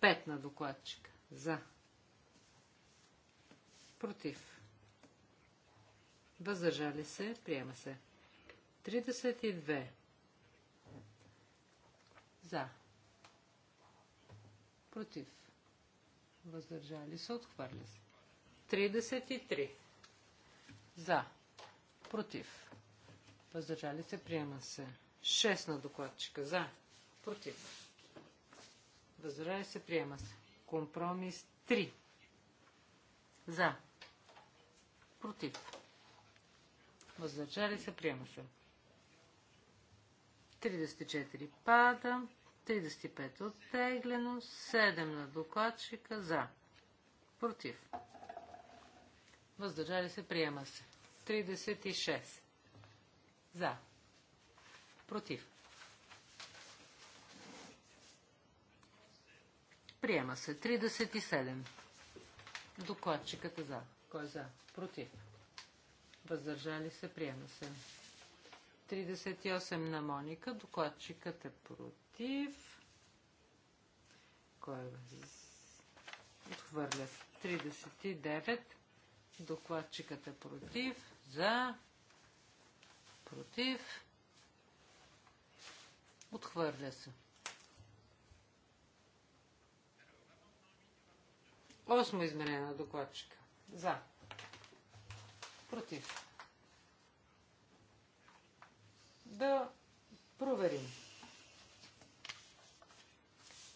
Пет на докладчика. За. Против. Въздържали се. Приема се. 32. За. Против. Въздържали се. Отхвърля се. 33. За. Против. Въздържали се. Приема се. 6 на докладчика. За. Против Въздържали се. Приема се. Компромис 3. За. Против. Въздържали се. Приема се. 34 пада. 35 оттеглено. 7 на докладчика. За. Против. Въздържали се. Приема се. 36. За. Против. Приема се. 37. Докладчикът е за. Кой е за? Против. Въздържали се. Приема се. 38 на Моника. Докладчикът е против. Кой е? Отхвърля. 39. Докладчикът е против. За. Против. Отхвърля се. 40. Осмо измерение на докладчика. За. Против. Да проверим.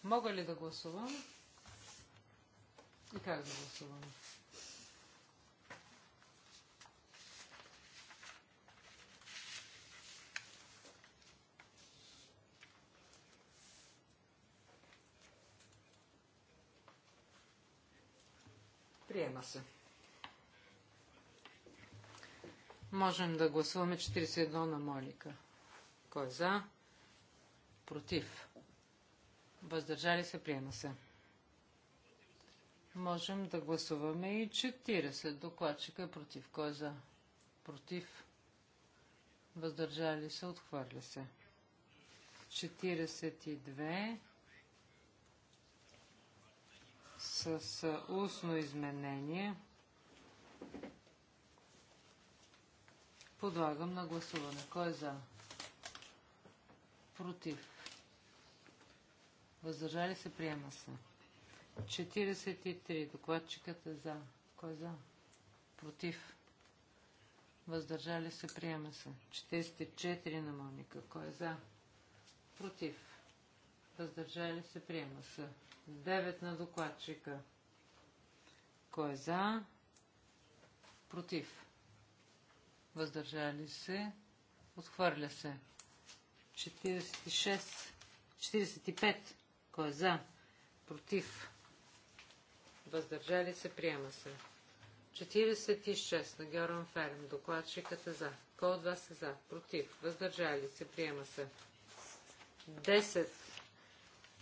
Мога ли да гласувам? И как да гласувам? Приема се. Можем да гласуваме 41 на Моника. Кой е за? Против. Въздържали се, приема се. Можем да гласуваме и 40. Докладчика е против. Кой е за? Против. Въздържали се, отхвърля се. 42 с устно изменение. Подлагам на гласуване. Кой е за? Против. Въздържали се, приема се. 43. Докладчикът е за. Кой е за? Против. Въздържали се, приема се. 44 на Моника. Кой е за? Против въздържали се, приема се. 9 на докладчика. Кой е за? Против. Въздържали се. Отхвърля се. 46. 45. Кой е за? Против. Въздържали се. Приема се. 46 на Георан Ферм. Докладчикът е за. Кой от вас е за? Против. Въздържали се. Приема се. 10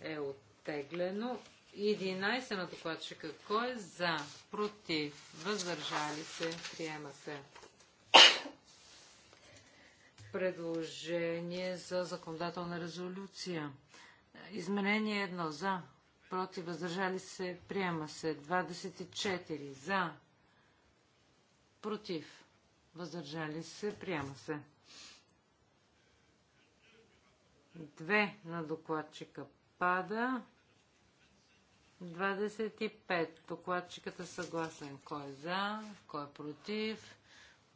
е оттеглено. 11 на докладчика. Кой е за? Против? Въздържали се? Приема се. Предложение за законодателна резолюция. Изменение едно за. Против? Въздържали се? Приема се. 24 за. Против? Въздържали се? Приема се. Две на докладчика Отпада. 25. Докладчикът е съгласен. Кой е за, кой е против,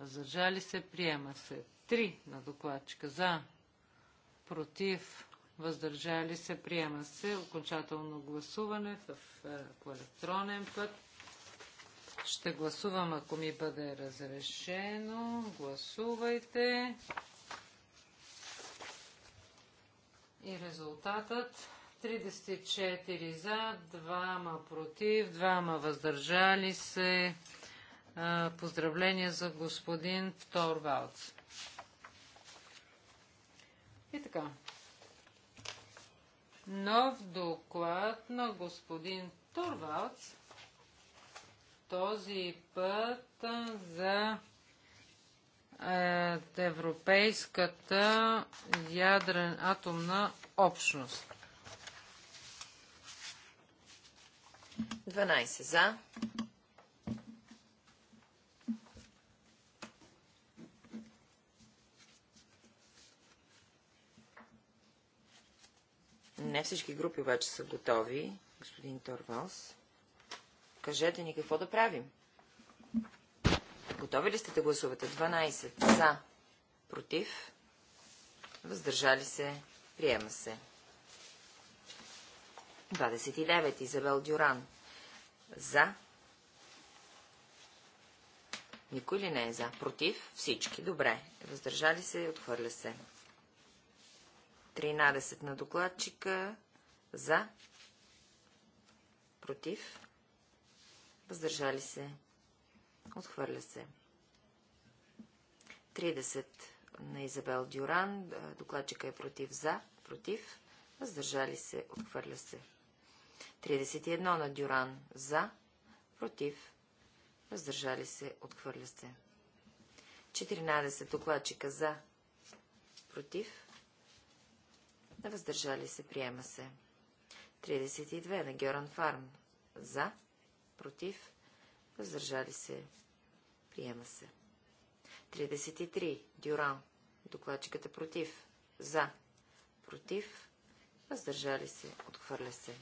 въздържали се, приема се. 3 на докладчика за, против, въздържали се, приема се. Окончателно гласуване в, в е, електронен път. Ще гласувам, ако ми бъде разрешено. Гласувайте. И резултатът 34 за, 2 против, 2 въздържали се. Поздравления за господин Торвалц. И така. Нов доклад на господин Торвалц. Този път за Европейската ядрен атомна общност. 12 за. Не всички групи обаче са готови, господин Торвалс. Кажете ни какво да правим. Готови ли сте да гласувате? 12 за, против, въздържали се, приема се. 29. Изабел Дюран. За. Никой ли не е за? Против? Всички. Добре. Въздържали се и отхвърля се. 13 на докладчика. За. Против. Въздържали се. Отхвърля се. 30 на Изабел Дюран. Докладчика е против за. Против. Въздържали се. Отхвърля се. 31 на Дюран за, против, въздържали се, отхвърля се. 14 докладчика за, против, въздържали се, приема се. 32 на Геран Фарм за, против, въздържали се, приема се. 33 Дюран, докладчиката против, за, против, въздържали се, отхвърля се.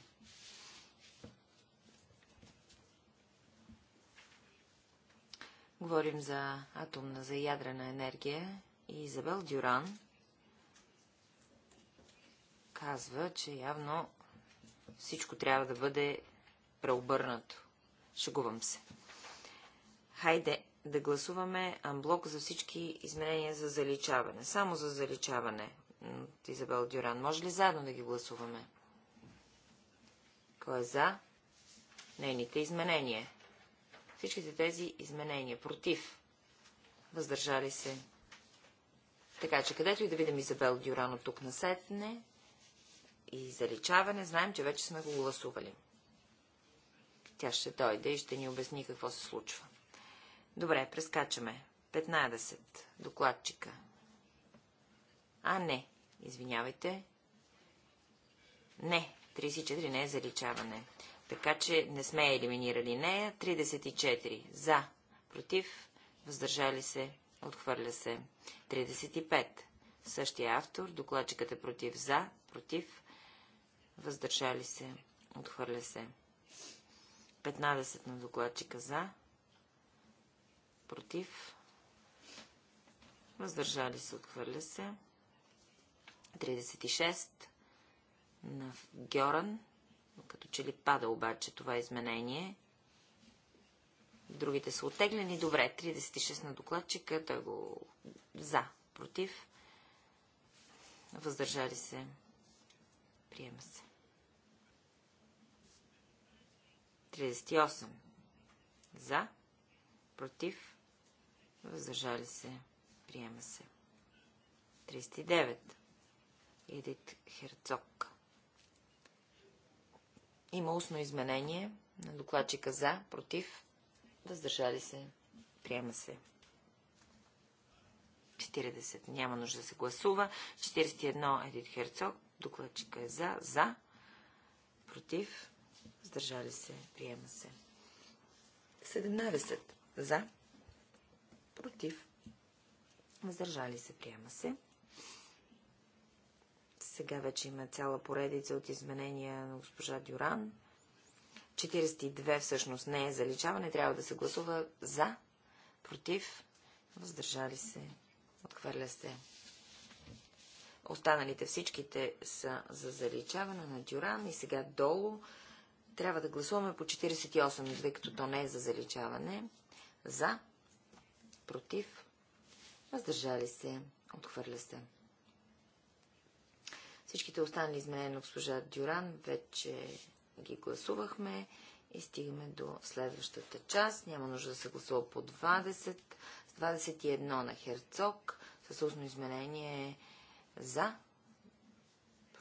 Говорим за атомна, за ядрена енергия и Изабел Дюран казва, че явно всичко трябва да бъде преобърнато. Шегувам се. Хайде да гласуваме амблок за всички изменения за заличаване. Само за заличаване от Изабел Дюран. Може ли заедно да ги гласуваме? Кой е за? Нейните изменения всичките тези изменения. Против. Въздържали се. Така че където и да видим Изабел Дюрано тук на сетне и заличаване, знаем, че вече сме го гласували. Тя ще дойде и ще ни обясни какво се случва. Добре, прескачаме. 15. Докладчика. А, не. Извинявайте. Не. 34 не е заличаване. Така че не сме елиминирали нея. 34 за, против, въздържали се, отхвърля се. 35 същия автор, докладчикът е против за, против, въздържали се, отхвърля се. 15 на докладчика за, против, въздържали се, отхвърля се. 36 на Гьоран, като че ли пада обаче това изменение. Другите са отеглени. Добре, 36 на докладчика. Той го за, против. Въздържали се. Приема се. 38. За. Против. Въздържали се. Приема се. 39. Едит Херцог. Има устно изменение на докладчика за, против, въздържали се, приема се. 40. Няма нужда да се гласува. 41. Едит Херцог. Докладчика е за. За. Против. Сдържали се. Приема се. 17. За. Против. Въздържали се. Приема се. Сега вече има цяла поредица от изменения на госпожа Дюран. 42 всъщност не е заличаване, трябва да се гласува за, против, въздържали се, отхвърля се. Останалите всичките са за заличаване на Дюран и сега долу трябва да гласуваме по 48, тъй като то не е за заличаване. За, против, въздържали се, отхвърля се. Всичките останали изменения на госпожа Дюран вече ги гласувахме и стигаме до следващата част. Няма нужда да се гласува по 20, 21 на Херцог, с устно изменение за,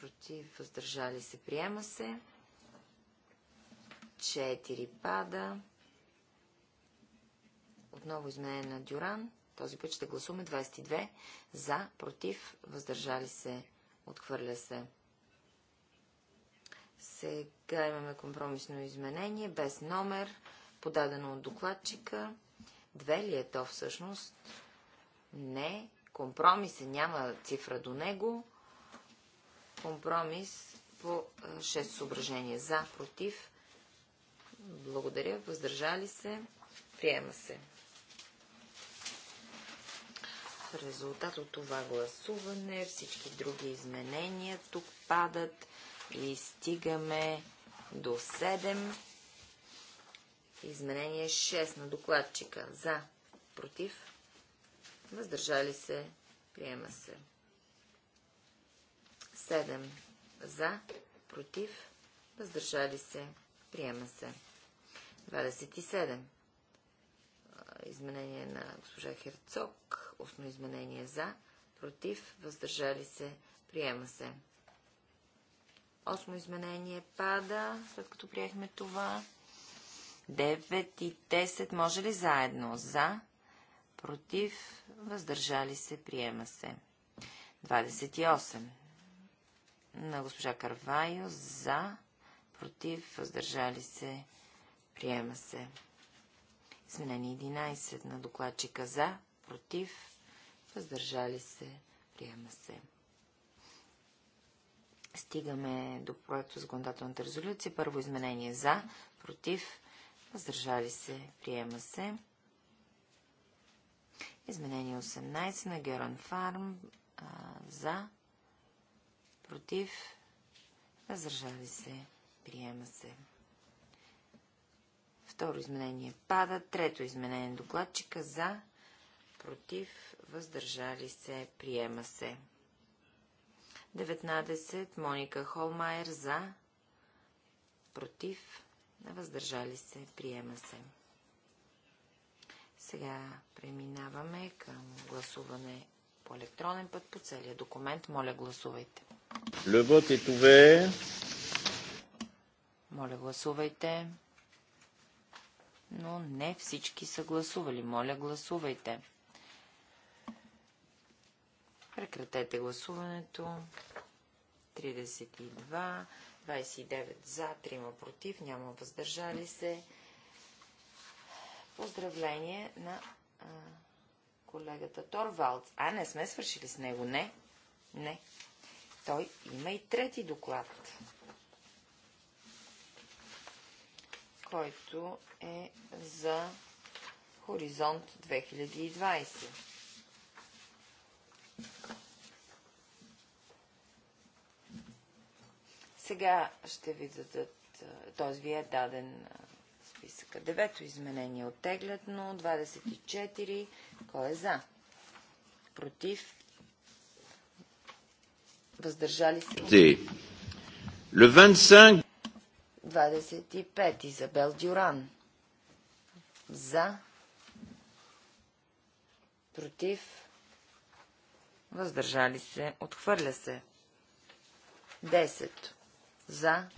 против, въздържали се, приема се. 4 пада. Отново изменение на Дюран. Този път ще гласуваме 22 за, против, въздържали се, Отхвърля се. Сега имаме компромисно изменение, без номер, подадено от докладчика. Две ли е то всъщност? Не. Компромис е, няма цифра до него. Компромис по 6 съображения. За, против. Благодаря. Въздържали се. Приема се резултат от това гласуване всички други изменения тук падат и стигаме до 7. Изменение 6 на докладчика. За. Против. Въздържали се. Приема се. 7. За. Против. Въздържали се. Приема се. 27 изменение на госпожа Херцог, устно изменение за, против, въздържали се, приема се. Осмо изменение пада, след като приехме това. 9 и 10 може ли заедно? За, против, въздържали се, приема се. 28. На госпожа Карвайо за, против, въздържали се, приема се. Изменение 11 на докладчика за, против, въздържали се, приема се. Стигаме до с законодателната резолюция. Първо изменение за, против, въздържали се, приема се. Изменение 18 на Геран Фарм а, за, против, въздържали се, приема се. Второ изменение пада. Трето изменение докладчика за, против, въздържали се, приема се. 19. Моника Холмайер за, против, въздържали се, приема се. Сега преминаваме към гласуване по електронен път по целия документ. Моля, гласувайте. Le vote est ouvert. Моля, гласувайте но не всички са гласували. Моля, гласувайте. Прекратете гласуването. 32, 29 за, 3 против, няма въздържали се. Поздравление на а, колегата Торвалц. А, не сме свършили с него, не. Не. Той има и трети доклад. който е за Хоризонт 2020. Сега ще ви дадат, т.е. ви е даден списъка. Девето изменение но 24. Кой е за? Против? Въздържали се? Le 25 25. Изабел Дюран. За. Против. Въздържали се. Отхвърля се. 10. За.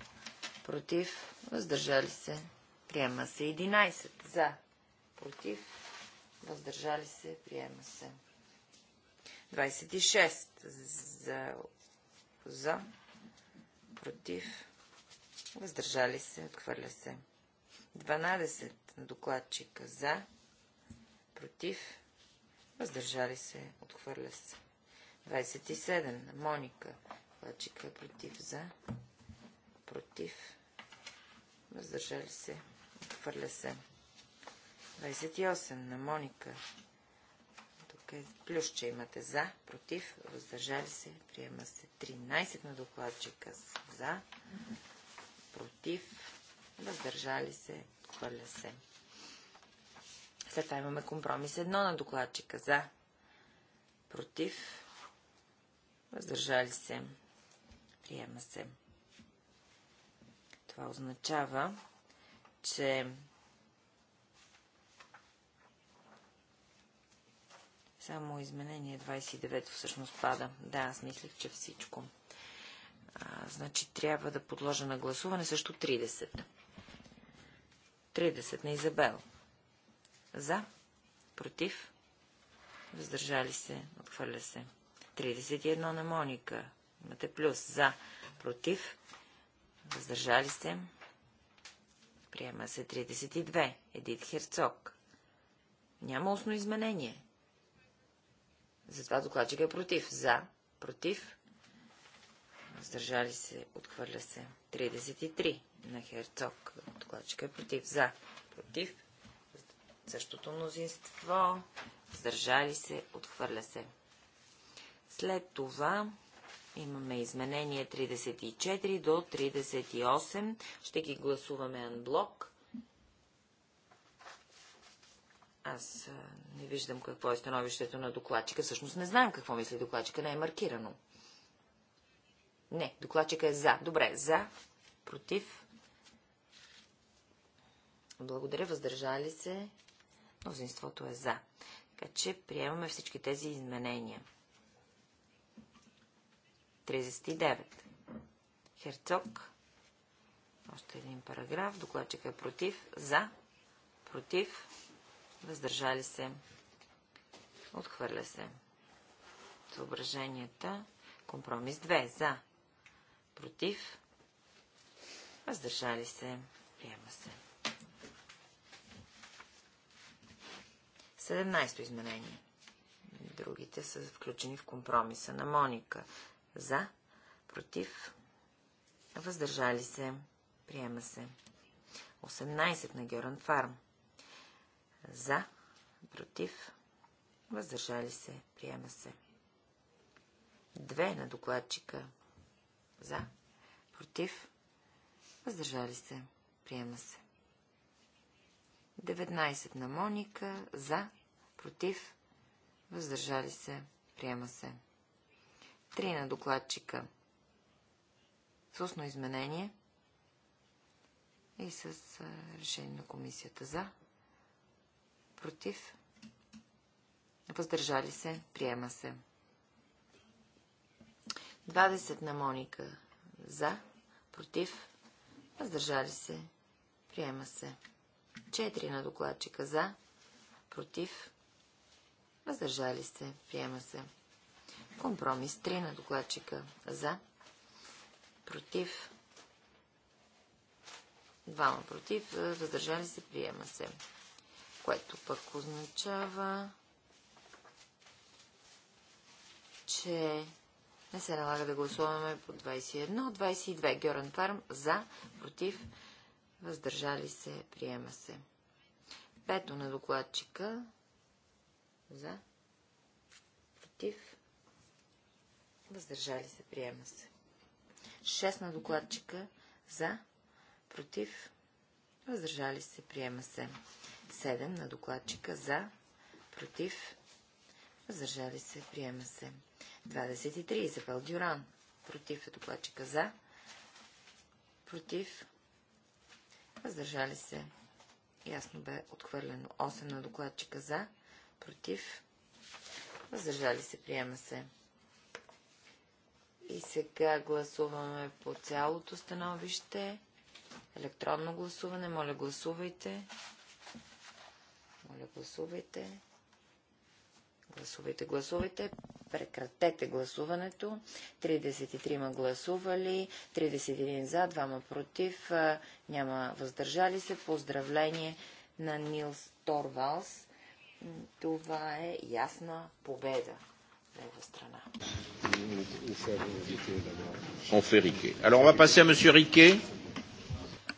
Против. Въздържали се. Приема се. 11. За. Против. Въздържали се. Приема се. 26. За. За. Против Въздържали се. Отхвърля се. 12 на докладчика за. Против. Въздържали се. Отхвърля се. 27 на Моника. Докладчика е против за. Против. Въздържали се. Отхвърля се. 28 на Моника. Тук е плюсче имате за, против, въздържали се, приема се 13 на докладчика за, против, въздържали се, хвърля се. След това имаме компромис едно на докладчика за, против, въздържали се, приема се. Това означава, че само изменение 29 всъщност пада. Да, аз мислих, че всичко. А, значи трябва да подложа на гласуване също 30. 30 на Изабел. За, против, въздържали се, отхвърля се. 31 на Моника. Имате плюс. За, против, въздържали се. Приема се 32. Едит Херцог. Няма устно изменение. Затова докладчик е против. За, против, Въздържали се. Отхвърля се. 33 на Херцог. Докладчика е против. За. Против. Същото мнозинство. Въздържали се. Отхвърля се. След това имаме изменение 34 до 38. Ще ги гласуваме анблок. Аз не виждам какво е становището на докладчика. Всъщност не знаем какво мисли докладчика. Не е маркирано. Не, докладчика е за. Добре, за, против. Благодаря, въздържали се. Мнозинството е за. Така че приемаме всички тези изменения. 39. Херцог. Още един параграф. Докладчика е против. За. Против. Въздържали се. Отхвърля се. Съображенията. Компромис 2. За против, въздържали се, приема се. 17-то изменение. Другите са включени в компромиса на Моника. За, против, въздържали се, приема се. 18 на Геран Фарм. За, против, въздържали се, приема се. 2 на докладчика за. Против. Въздържали се. Приема се. 19 на Моника. За. Против. Въздържали се. Приема се. 3 на докладчика. С устно изменение. И с решение на комисията. За. Против. Въздържали се. Приема се. 20 на Моника. За. Против. Въздържали се. Приема се. 4 на докладчика. За. Против. Въздържали се. Приема се. Компромис 3 на докладчика. За. Против. Двама против. Въздържали се. Приема се. Което пък означава, че не се налага да гласуваме по 21. 22. Георан Фарм за, против, въздържали се, приема се. Пето на докладчика за, против, въздържали се, приема се. 6 на докладчика за, против, въздържали се, приема се. 7 на докладчика за, против, въздържали се, приема се. 23. Изабел Дюран. Против е докладчика за. Против. Въздържали се. Ясно бе отхвърлено. 8 на докладчика за. Против. Въздържали се. Приема се. И сега гласуваме по цялото становище. Електронно гласуване. Моля, гласувайте. Моля, гласувайте. Гласувайте, гласувайте. Прекратете гласуването. 33 гласували, 31 за, 2 против, няма въздържали се. Поздравление на Нилс Торвалс. Това е ясна победа лева страна.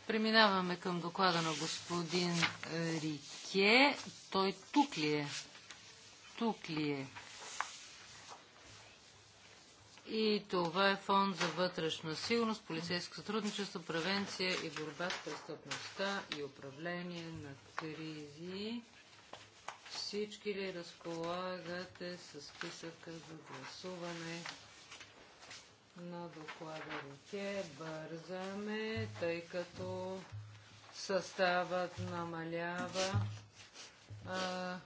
Преминаваме към доклада на господин е, Рике. Той тук ли е? тук ли е? И това е фонд за вътрешна сигурност, полицейско сътрудничество, превенция и борба с престъпността и управление на кризи. Всички ли разполагате с списъка за гласуване на доклада Руке? Бързаме, тъй като съставът намалява. А,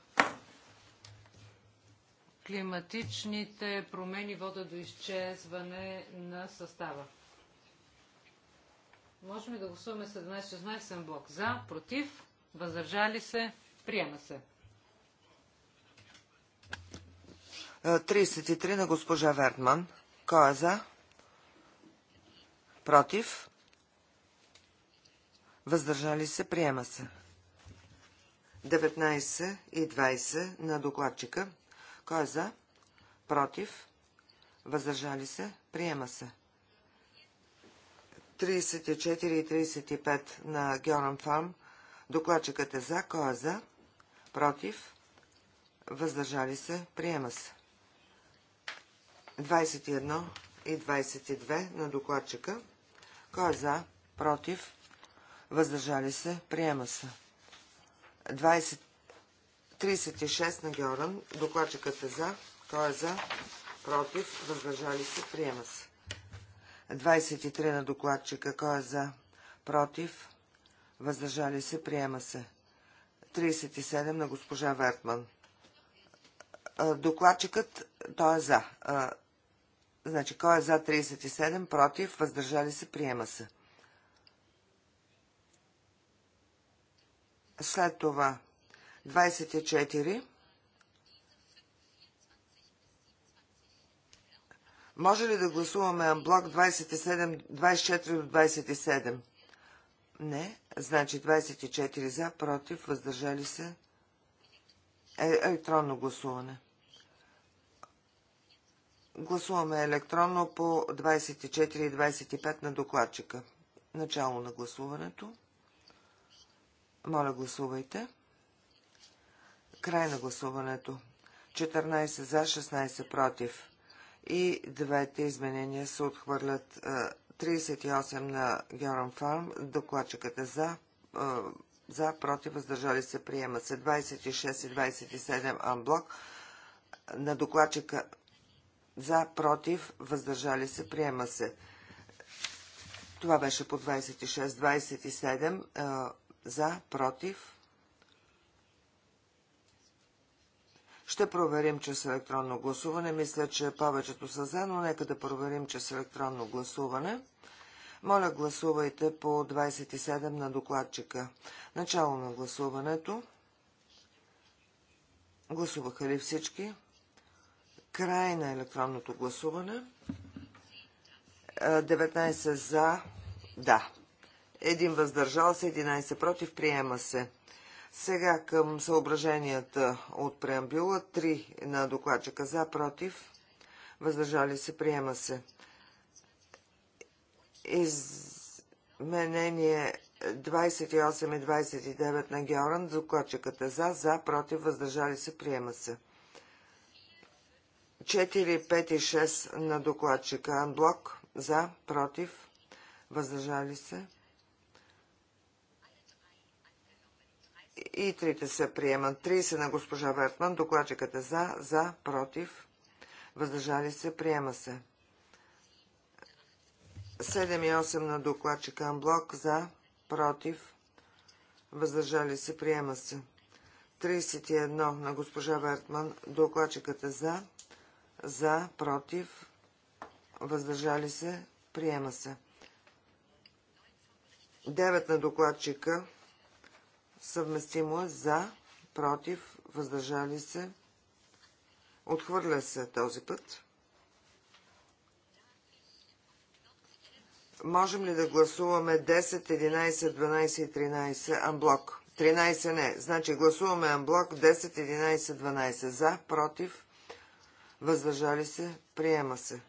климатичните промени водят до изчезване на състава. Можем да гласуваме 17-16 блок. За, против, въздържали се, приема се. 33 е, на госпожа Вертман. Кой е за? Против? Въздържали се, приема се. 19 и 20 на докладчика. Кой е за? Против? Въздържали се? Приема се. 34 и 35 на Георан Фарм. Докладчикът е за. Кой е за? Против? Въздържали се? Приема се. 21 и 22 на докладчика. Кой е за? Против? Въздържали се? Приема се. 36 на Георан. Докладчикът е за. Той е за. Против. Въздържали се. Приема се. 23 на докладчика. Кой е за? Против. Въздържали се. Приема се. 37 на госпожа Вертман. Докладчикът, той е за. Значи, кой е за 37, против, въздържали се, приема се. След това 24. Може ли да гласуваме блок 27, 24 до 27? Не. Значи 24 за, против, въздържали се. Е, електронно гласуване. Гласуваме електронно по 24 и 25 на докладчика. Начало на гласуването. Моля, гласувайте. Край на гласуването. 14 за, 16 против. И двете изменения се отхвърлят 38 на Георан Фарм. Докладчикът е за. За, против, въздържали се, приема се 26 и 27 анблок. На докладчика за, против, въздържали се, приема се. Това беше по 26-27. За, против, Ще проверим, че с електронно гласуване. Мисля, че повечето са за, но нека да проверим, че с електронно гласуване. Моля, гласувайте по 27 на докладчика. Начало на гласуването. Гласуваха ли всички? Край на електронното гласуване. 19 е, за, да. Един въздържал се, 11 против, приема се. Сега към съображенията от преамбюла. 3 на докладчика за, против, въздържали се, приема се. Изменение 28 и 29 на Георан, докладчикът е за, за, против, въздържали се, приема се. 4, 5 и 6 на докладчика Анблок, за, против, въздържали се, И трите се приемат. 30 на госпожа Вертман. Докладчикът е за, за, против. Въздържали се, приема се. 7 и 8 на докладчика Амблок. За, против. Въздържали се, приема се. 31 на госпожа Вертман. Докладчикът е за, за, против. Въздържали се, приема се. 9 на докладчика съвместимо е за, против, въздържали се, отхвърля се този път. Можем ли да гласуваме 10, 11, 12 и 13 анблок? 13 не. Значи гласуваме анблок 10, 11, 12. За, против, въздържали се, приема се.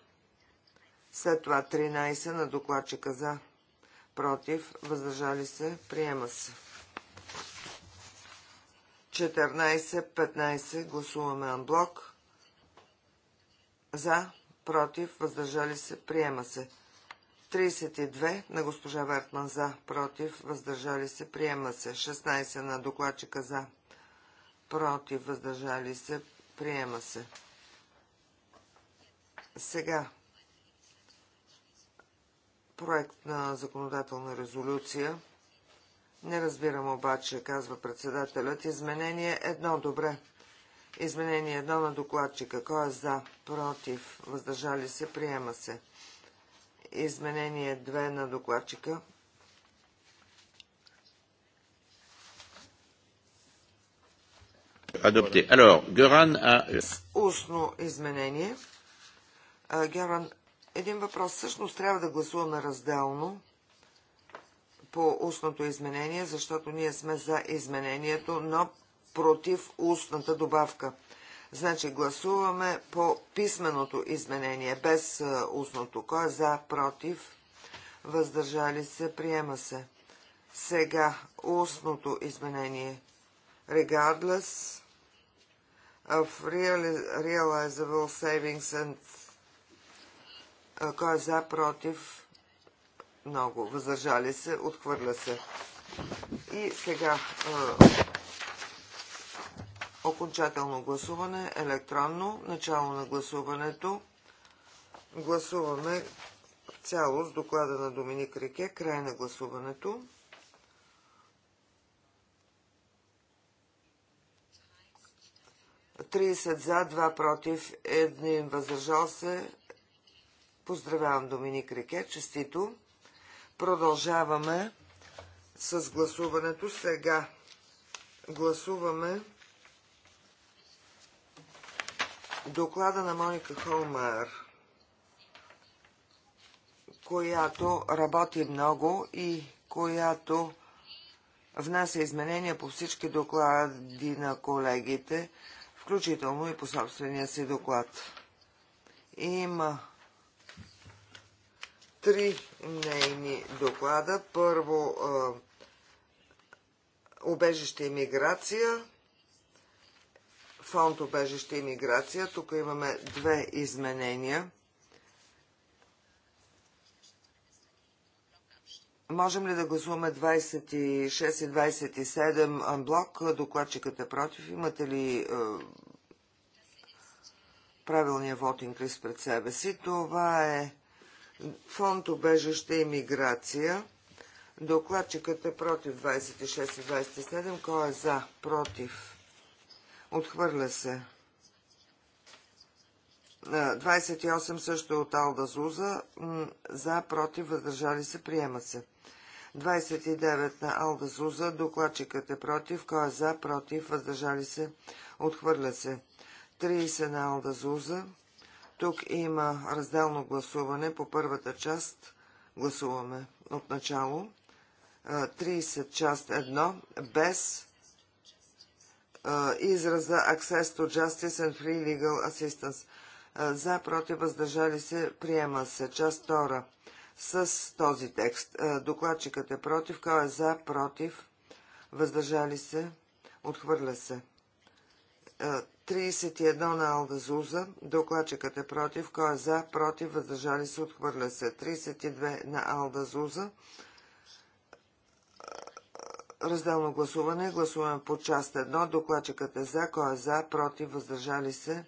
След това 13 на докладчика за, против, въздържали се, приема се. 14-15 гласуваме анблок. За, против, въздържали се, приема се. 32 на госпожа Вертман за, против, въздържали се, приема се. 16 на докладчика за, против, въздържали се, приема се. Сега проект на законодателна резолюция. Не разбирам обаче, казва председателят. Изменение едно, добре. Изменение едно на докладчика. Кой е за? Против. Въздържали се? Приема се. Изменение 2 на докладчика. Адопте. Геран а... Е. Устно изменение. Геран, един въпрос. Всъщност трябва да гласуваме разделно по устното изменение, защото ние сме за изменението, но против устната добавка. Значи гласуваме по писменото изменение, без е, устното. Кой е за, против, въздържали се, приема се. Сега устното изменение. Regardless of realizable savings and е, кой е за, против, много, въздържали се, отхвърля се. И сега окончателно гласуване, електронно, начало на гласуването. Гласуваме цяло с доклада на Доминик Реке, край на гласуването. Тридесет за, два против, един въздържал се. Поздравявам Доминик Реке, честито. Продължаваме с гласуването. Сега гласуваме доклада на Моника Холмер, която работи много и която внася изменения по всички доклади на колегите, включително и по собствения си доклад. Има три нейни доклада. Първо обежище и миграция, фонд обежище и миграция. Тук имаме две изменения. Можем ли да гласуваме 26 и 27 анблок? Докладчикът е против. Имате ли е, правилния вотинг лист пред себе си? Това е Фонд обежаща и миграция. Докладчикът е против 26 и 27. Кой е за? Против. Отхвърля се. 28 също е от Алда Зуза. За, против, въздържали се, приема се. 29 на Алда Зуза. Докладчикът е против. Кой е за? Против. Въздържали се. Отхвърля се. 30 на Алда Зуза. Тук има разделно гласуване по първата част. Гласуваме от начало. 30 част 1 без израза Access to Justice and Free Legal Assistance. За, против, въздържали се, приема се. Част 2 с този текст. Докладчикът е против. Кой е за, против, въздържали се, отхвърля се. 31 на Зуза, Докладчикът е против. Кой е за? Против. Въздържали се. Отхвърля се. 32 на Зуза. Разделно гласуване. Гласуваме по част 1. Докладчикът е за. Кой е за? Против. Въздържали се.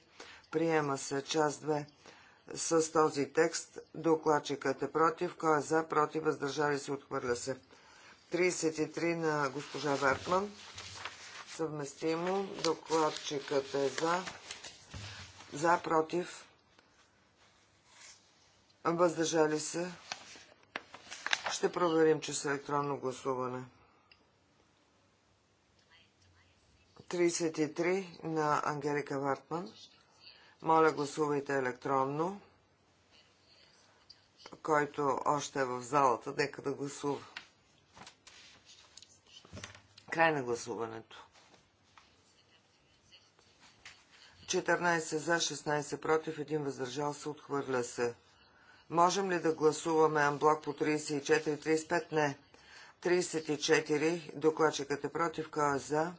Приема се част 2. С този текст докладчикът е против. Кой е за? Против. Въздържали се. Отхвърля се. 33 на госпожа Вартман съвместимо. Докладчикът е за, за, против, въздържали се. Ще проверим, че са електронно гласуване. 33 на Ангелика Вартман. Моля, гласувайте електронно. Който още е в залата, нека да гласува. Край на гласуването. 14 за, 16 против, 1 въздържал се, отхвърля се. Можем ли да гласуваме анблок по 34-35? Не. 34. Докладчикът е против. Кой е за?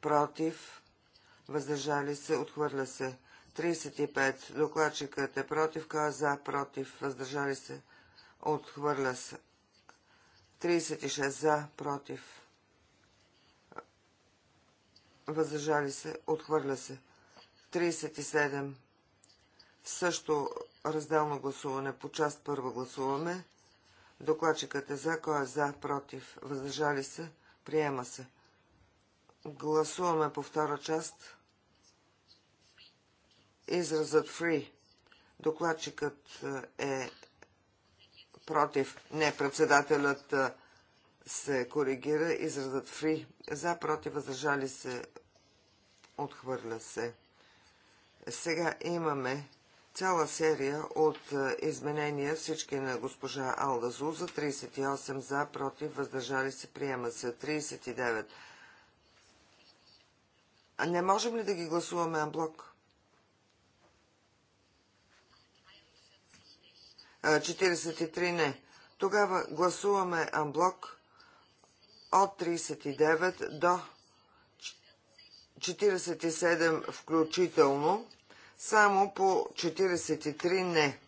Против. Въздържали се. Отхвърля се. 35. Докладчикът е против. Кой е за? Против. Въздържали се. Отхвърля се. 36. За. Против. Въздържали се. Отхвърля се. 37. Също разделно гласуване по част първа гласуваме. Докладчикът е за, кой е за, против, въздържали се, приема се. Гласуваме по втора част. Изразът free. Докладчикът е против. Не, председателят е, се коригира. Изразът free. За, против, въздържали се, отхвърля се. Сега имаме цяла серия от е, изменения, всички на госпожа Алда Зуза, 38 за, против, въздържали се, приема се, 39. А не можем ли да ги гласуваме анблок? 43 е, не. Тогава гласуваме анблок от 39 до 47 включително, само по 43 не.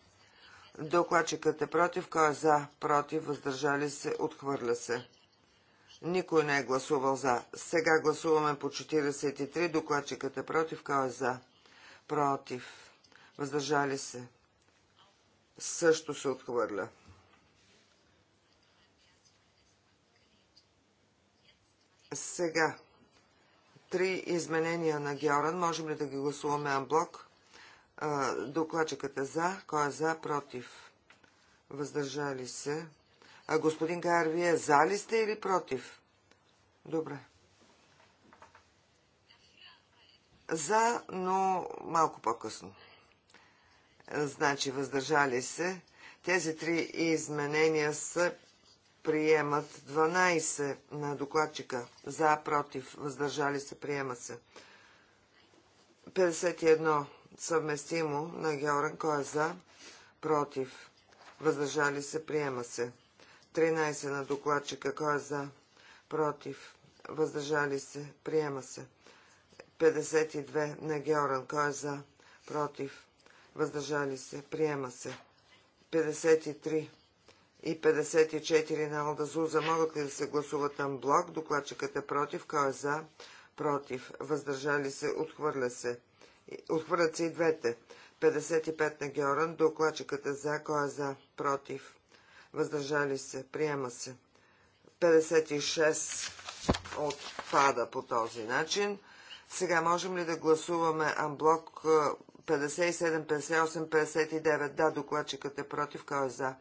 Докладчикът е против, кой е за, против, въздържали се, отхвърля се. Никой не е гласувал за. Сега гласуваме по 43. Докладчикът е против. Кой е за? Против. Въздържали се. Също се отхвърля. Сега Три изменения на Георан. Можем ли да ги гласуваме анблок? Докладчикът е за. Кой е за? Против. Въздържали се. А господин Гайер, вие за ли сте или против? Добре. За, но малко по-късно. Значи, въздържали се. Тези три изменения са приемат 12 на докладчика за, против, въздържали се, приема се. 51 съвместимо на Георан, кой е за, против, въздържали се, приема се. 13 на докладчика, кой е за, против, въздържали се, приема се. 52 на Георан, кой е за, против, въздържали се, приема се. 53 и 54 на Алда Зуза могат ли да се гласуват на блок? Докладчикът е против. Кой е за? Против. Въздържали се? Отхвърля се. Отхвърлят се и двете. 55 на Георан. Докладчикът е за. Кой е за? Против. Въздържали се. Приема се. 56 отпада по този начин. Сега можем ли да гласуваме амблок 57, 58, 59? Да, докладчикът е против, кой е за?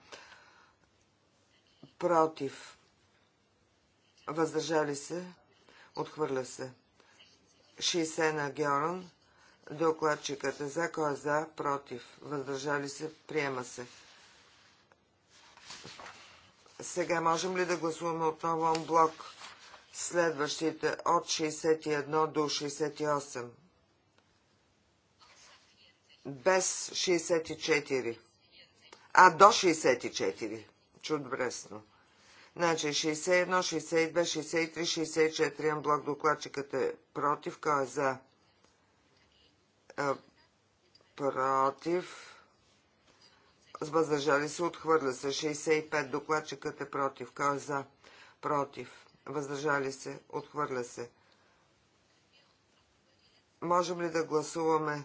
против, въздържали се, отхвърля се. 60 на Георан, докладчикът е за, кой е за, против, въздържали се, приема се. Сега можем ли да гласуваме отново блок следващите от 61 до 68? Без 64. А, до 64 чудесно. Значи 61, 62, 63, 64 блок докладчикът е против, кой е за? Е, против. С Въздържали се, отхвърля се. 65 докладчикът е против, кой е за? Против. Въздържали се, отхвърля се. Можем ли да гласуваме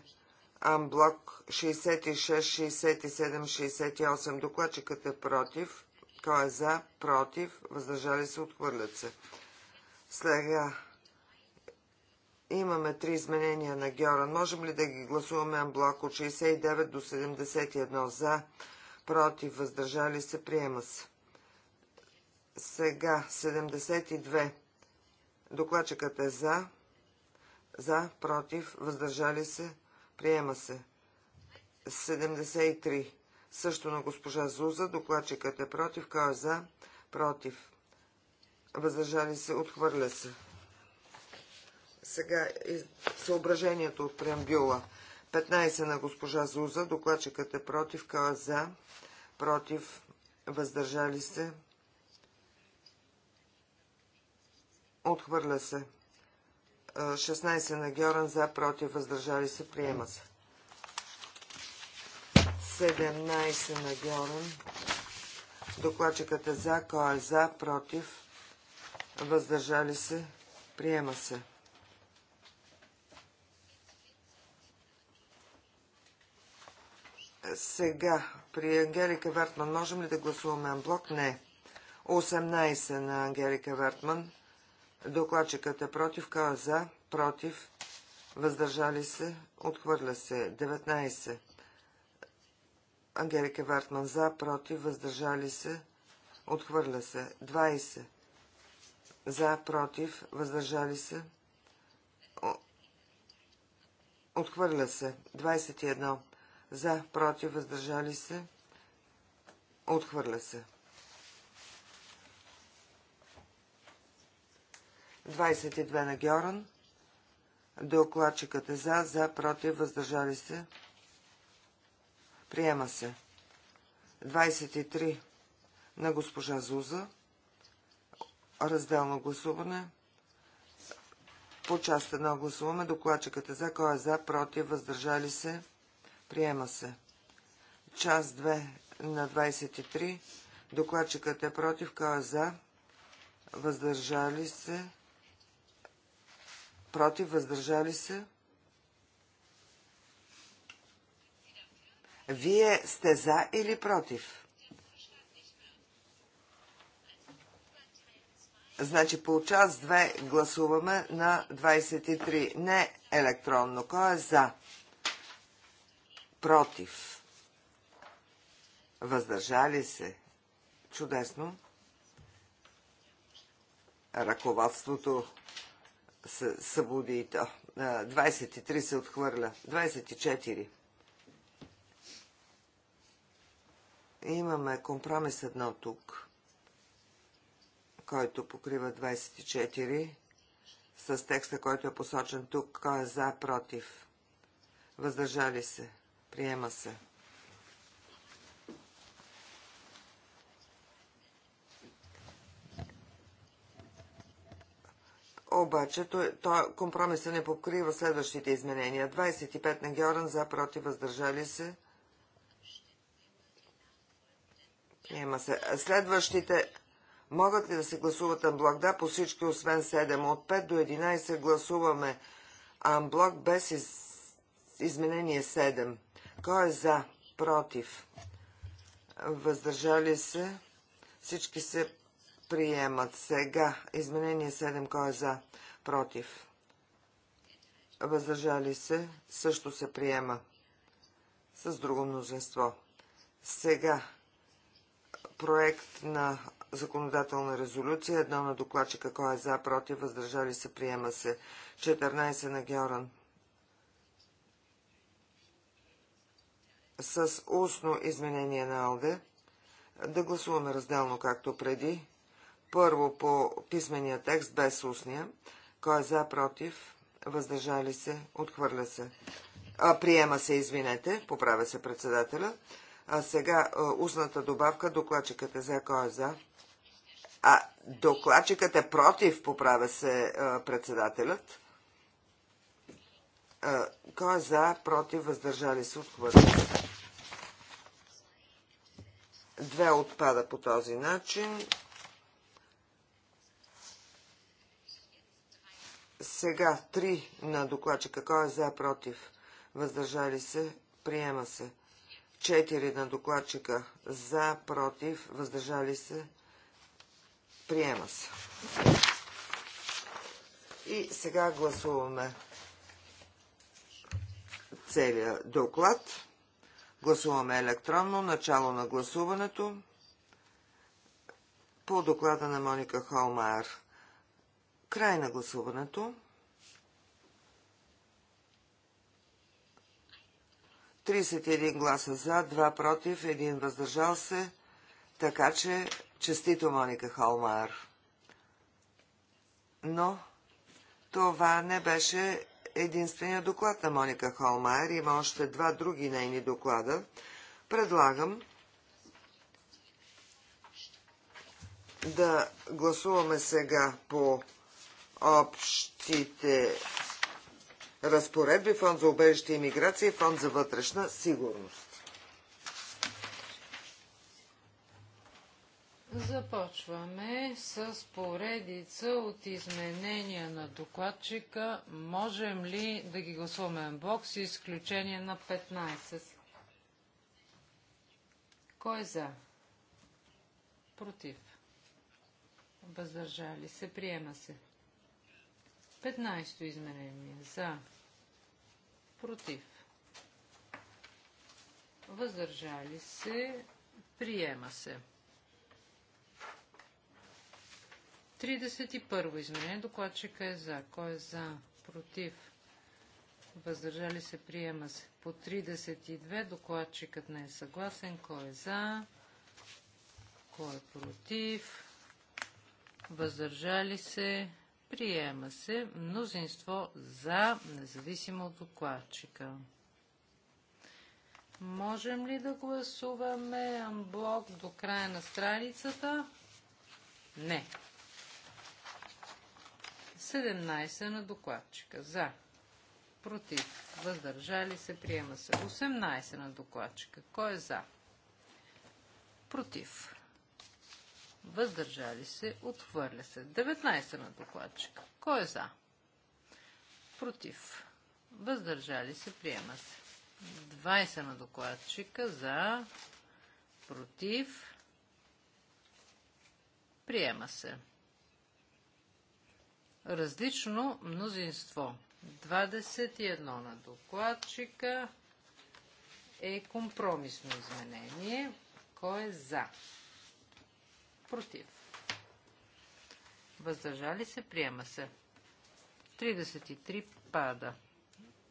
Амблок 66, 67, 68? Докладчикът е против. Кой е за? Против? Въздържали се? Отхвърлят се. Сега имаме три изменения на Георан. Можем ли да ги гласуваме анблок от 69 до 71 за? Против? Въздържали се? Приема се. Сега 72. Докладчикът е за. За, против, въздържали се, приема се. 73. Също на госпожа Зуза. Докладчикът е против. Кой е за? Против. Въздържали се. Отхвърля се. Сега съображението от преамбюла. 15 на госпожа Зуза. Докладчикът е против. Кой е за? Против. Въздържали се. Отхвърля се. 16 на Георан за, против, въздържали се, приема се. 17 на Георен. Докладчикът е за, кой е за, против, въздържали се, приема се. Сега, при Ангелика Вартман, можем ли да гласуваме анблок? Не. 18 на Ангелика Вартман. Докладчикът е против, кой е за, против, въздържали се, отхвърля се. 19. Ангелика Вартман за, против, въздържали се, отхвърля се. 20. За, против, въздържали се, отхвърля се. 21. За, против, въздържали се, отхвърля се. 22 на Гьоран. Докладчикът е за, за, против, въздържали се, Приема се. 23 на госпожа Зуза. Разделно гласуване. По част едно гласуваме. докладчиката е за. Кой е за? Против? Въздържали се? Приема се. Част 2 на 23. Докладчикът е против. Кой е за? Въздържали се? Против? Въздържали се? Вие сте за или против? Значи по час 2 гласуваме на 23. Не електронно. Кой е за? Против. Въздържали се. Чудесно. Ръководството се събуди и то. 23 се отхвърля. 24. Имаме компромис едно тук, който покрива 24 с текста, който е посочен тук. Кой е за, против? Въздържали се. Приема се. Обаче той, той компромиса не покрива следващите изменения. 25 на Георан за против въздържали се. Няма се. Следващите могат ли да се гласуват анблок? Да, по всички, освен 7. От 5 до 11 гласуваме анблок без из... изменение 7. Кой е за? Против? Въздържали се? Всички се приемат. Сега изменение 7. Кой е за? Против? Въздържали се? Също се приема. С друго мнозинство. Сега проект на законодателна резолюция. Едно на докладчика, кой е за, против, въздържали се, приема се. 14 на Георан. С устно изменение на Алде. Да гласуваме разделно, както преди. Първо по писмения текст, без устния. Кой е за, против, въздържали се, отхвърля се. А, приема се, извинете, поправя се председателя. А сега устната добавка, докладчикът е за, кой е за? А докладчикът е против, поправя се председателят. Кой е за, против, въздържали се, отхвърли. се. Две отпада по този начин. Сега три на докладчика. Кой е за, против, въздържали се, приема се. 4 на докладчика за, против, въздържали се, приема се. И сега гласуваме целият доклад. Гласуваме електронно начало на гласуването по доклада на Моника Холмайер. Край на гласуването. 31 гласа за, 2 против, 1 въздържал се. Така че, честито Моника Холмар. Но това не беше единствения доклад на Моника Холмайер. Има още два други нейни доклада. Предлагам да гласуваме сега по общите разпоредби, фонд за убежище и миграция и фонд за вътрешна сигурност. Започваме с поредица от изменения на докладчика. Можем ли да ги гласуваме в с изключение на 15? Кой е за? Против. Въздържали се. Приема се. 15 измерение за против въздържали се приема се 31 измерение. докладчика е за кой е за против въздържали се приема се по 32 докладчикът не е съгласен кой е за кой е против въздържали се Приема се мнозинство за, независимо от докладчика. Можем ли да гласуваме блок до края на страницата? Не. 17 на докладчика. За. Против. Въздържали се. Приема се. 18 на докладчика. Кой е за? Против въздържали се, отхвърля се. 19 на докладчика. Кой е за? Против. Въздържали се, приема се. 20 на докладчика за, против, приема се. Различно мнозинство. 21 на докладчика е компромисно изменение. Кой е за? Против. Въздържали се. Приема се. 33 пада.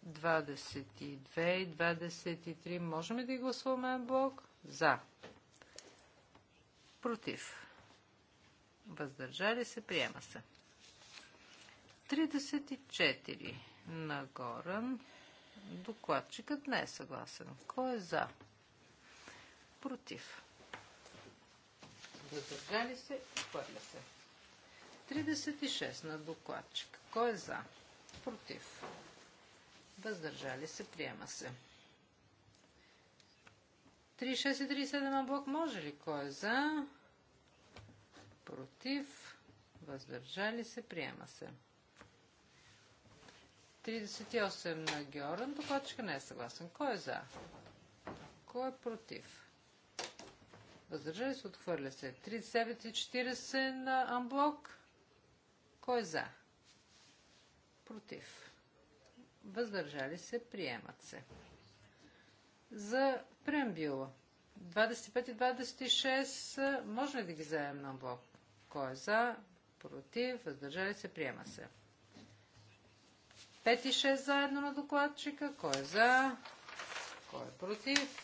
22 и 23. Можем ли да ги гласуваме блок? За. Против. Въздържали се. Приема се. 34 Нагоре. Докладчикът не е съгласен. Кой е за? Против въздържали се, отхвърля се. 36 на докладчик. Кой е за? Против. Въздържали се, приема се. 36 и 37 на блок може ли? Кой е за? Против. Въздържали се, приема се. 38 на Георан. Докладчика не е съгласен. Кой е за? Кой е против? Въздържали се, отхвърля се. 39 и 40 на амблок. Кой е за? Против. Въздържали се, приемат се. За преамбюла. 25 и 26 може ли да ги заем на Амблок? Кой е за? Против. Въздържали се, приема се. 5 и 6 заедно на докладчика. Кой е за? Кой е против?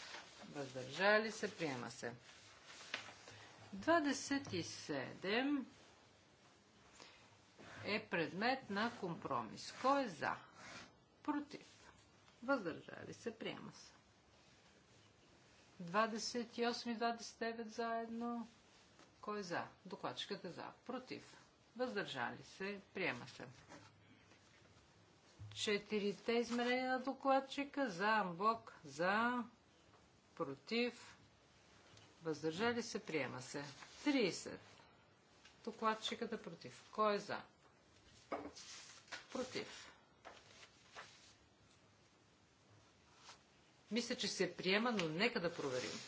Въздържали се, приема се. 27 е предмет на компромис. Кой е за? Против. Въздържали се. Приема се. 28 и 29 заедно. Кой е за? Докладчиката е за. Против. Въздържали се. Приема се. Четирите измерения на докладчика. За. Амблок. За. Против въздържали се, приема се. 30. Докладчикът е против. Кой е за? Против. Мисля, че се приема, но нека да проверим.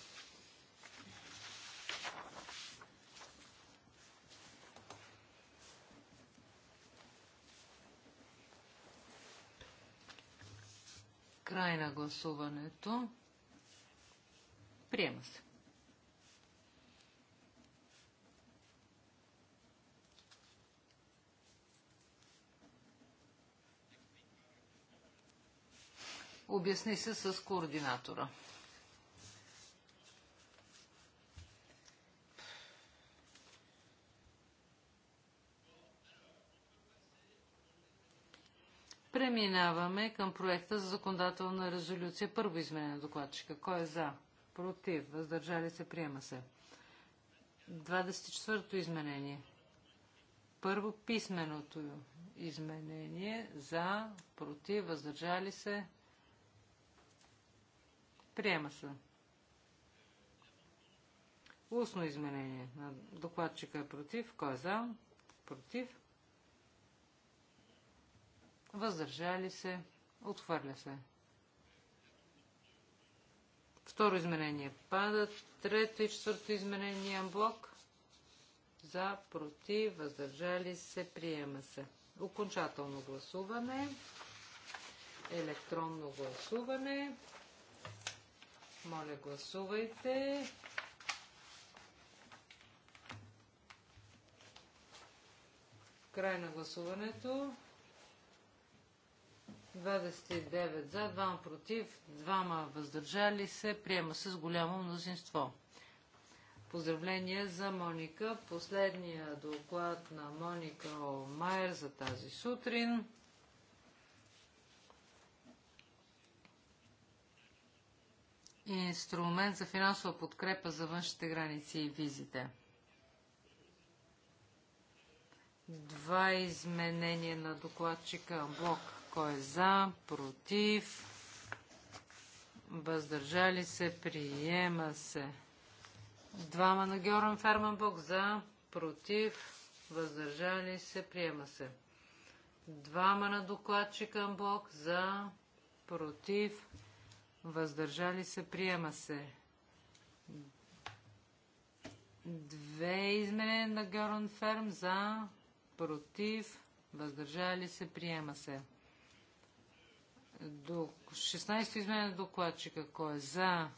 Край на гласуването. Приема се. Обясни се с координатора. Преминаваме към проекта за законодателна резолюция. Първо изменение на докладчика. Кой е за? Против? Въздържали се? Приема се. 24-то изменение. Първо писменото изменение. За? Против? Въздържали се? Приема се. Устно изменение на докладчика е против. Кой е за? Против. Въздържали се. Отхвърля се. Второ изменение пада. Трето и четвърто изменение е блок. За, против, въздържали се, приема се. Окончателно гласуване. Електронно гласуване. Моля, гласувайте. Край на гласуването. 29 за, 2 против, 2 въздържали се. Приема се с голямо мнозинство. Поздравления за Моника. Последния доклад на Моника Омайер за тази сутрин. инструмент за финансова подкрепа за външните граници и визите. Два изменения на докладчика. Блок. Кой е за? Против? Въздържали се? Приема се. Двама на Георан Ферманбок. За? Против? Въздържали се? Приема се. Двама на докладчика. Блок. За? Против? въздържали се, приема се. Две изменения на Герон Ферм за, против, въздържали се, приема се. До 16-то изменение на докладчика. Кой е за?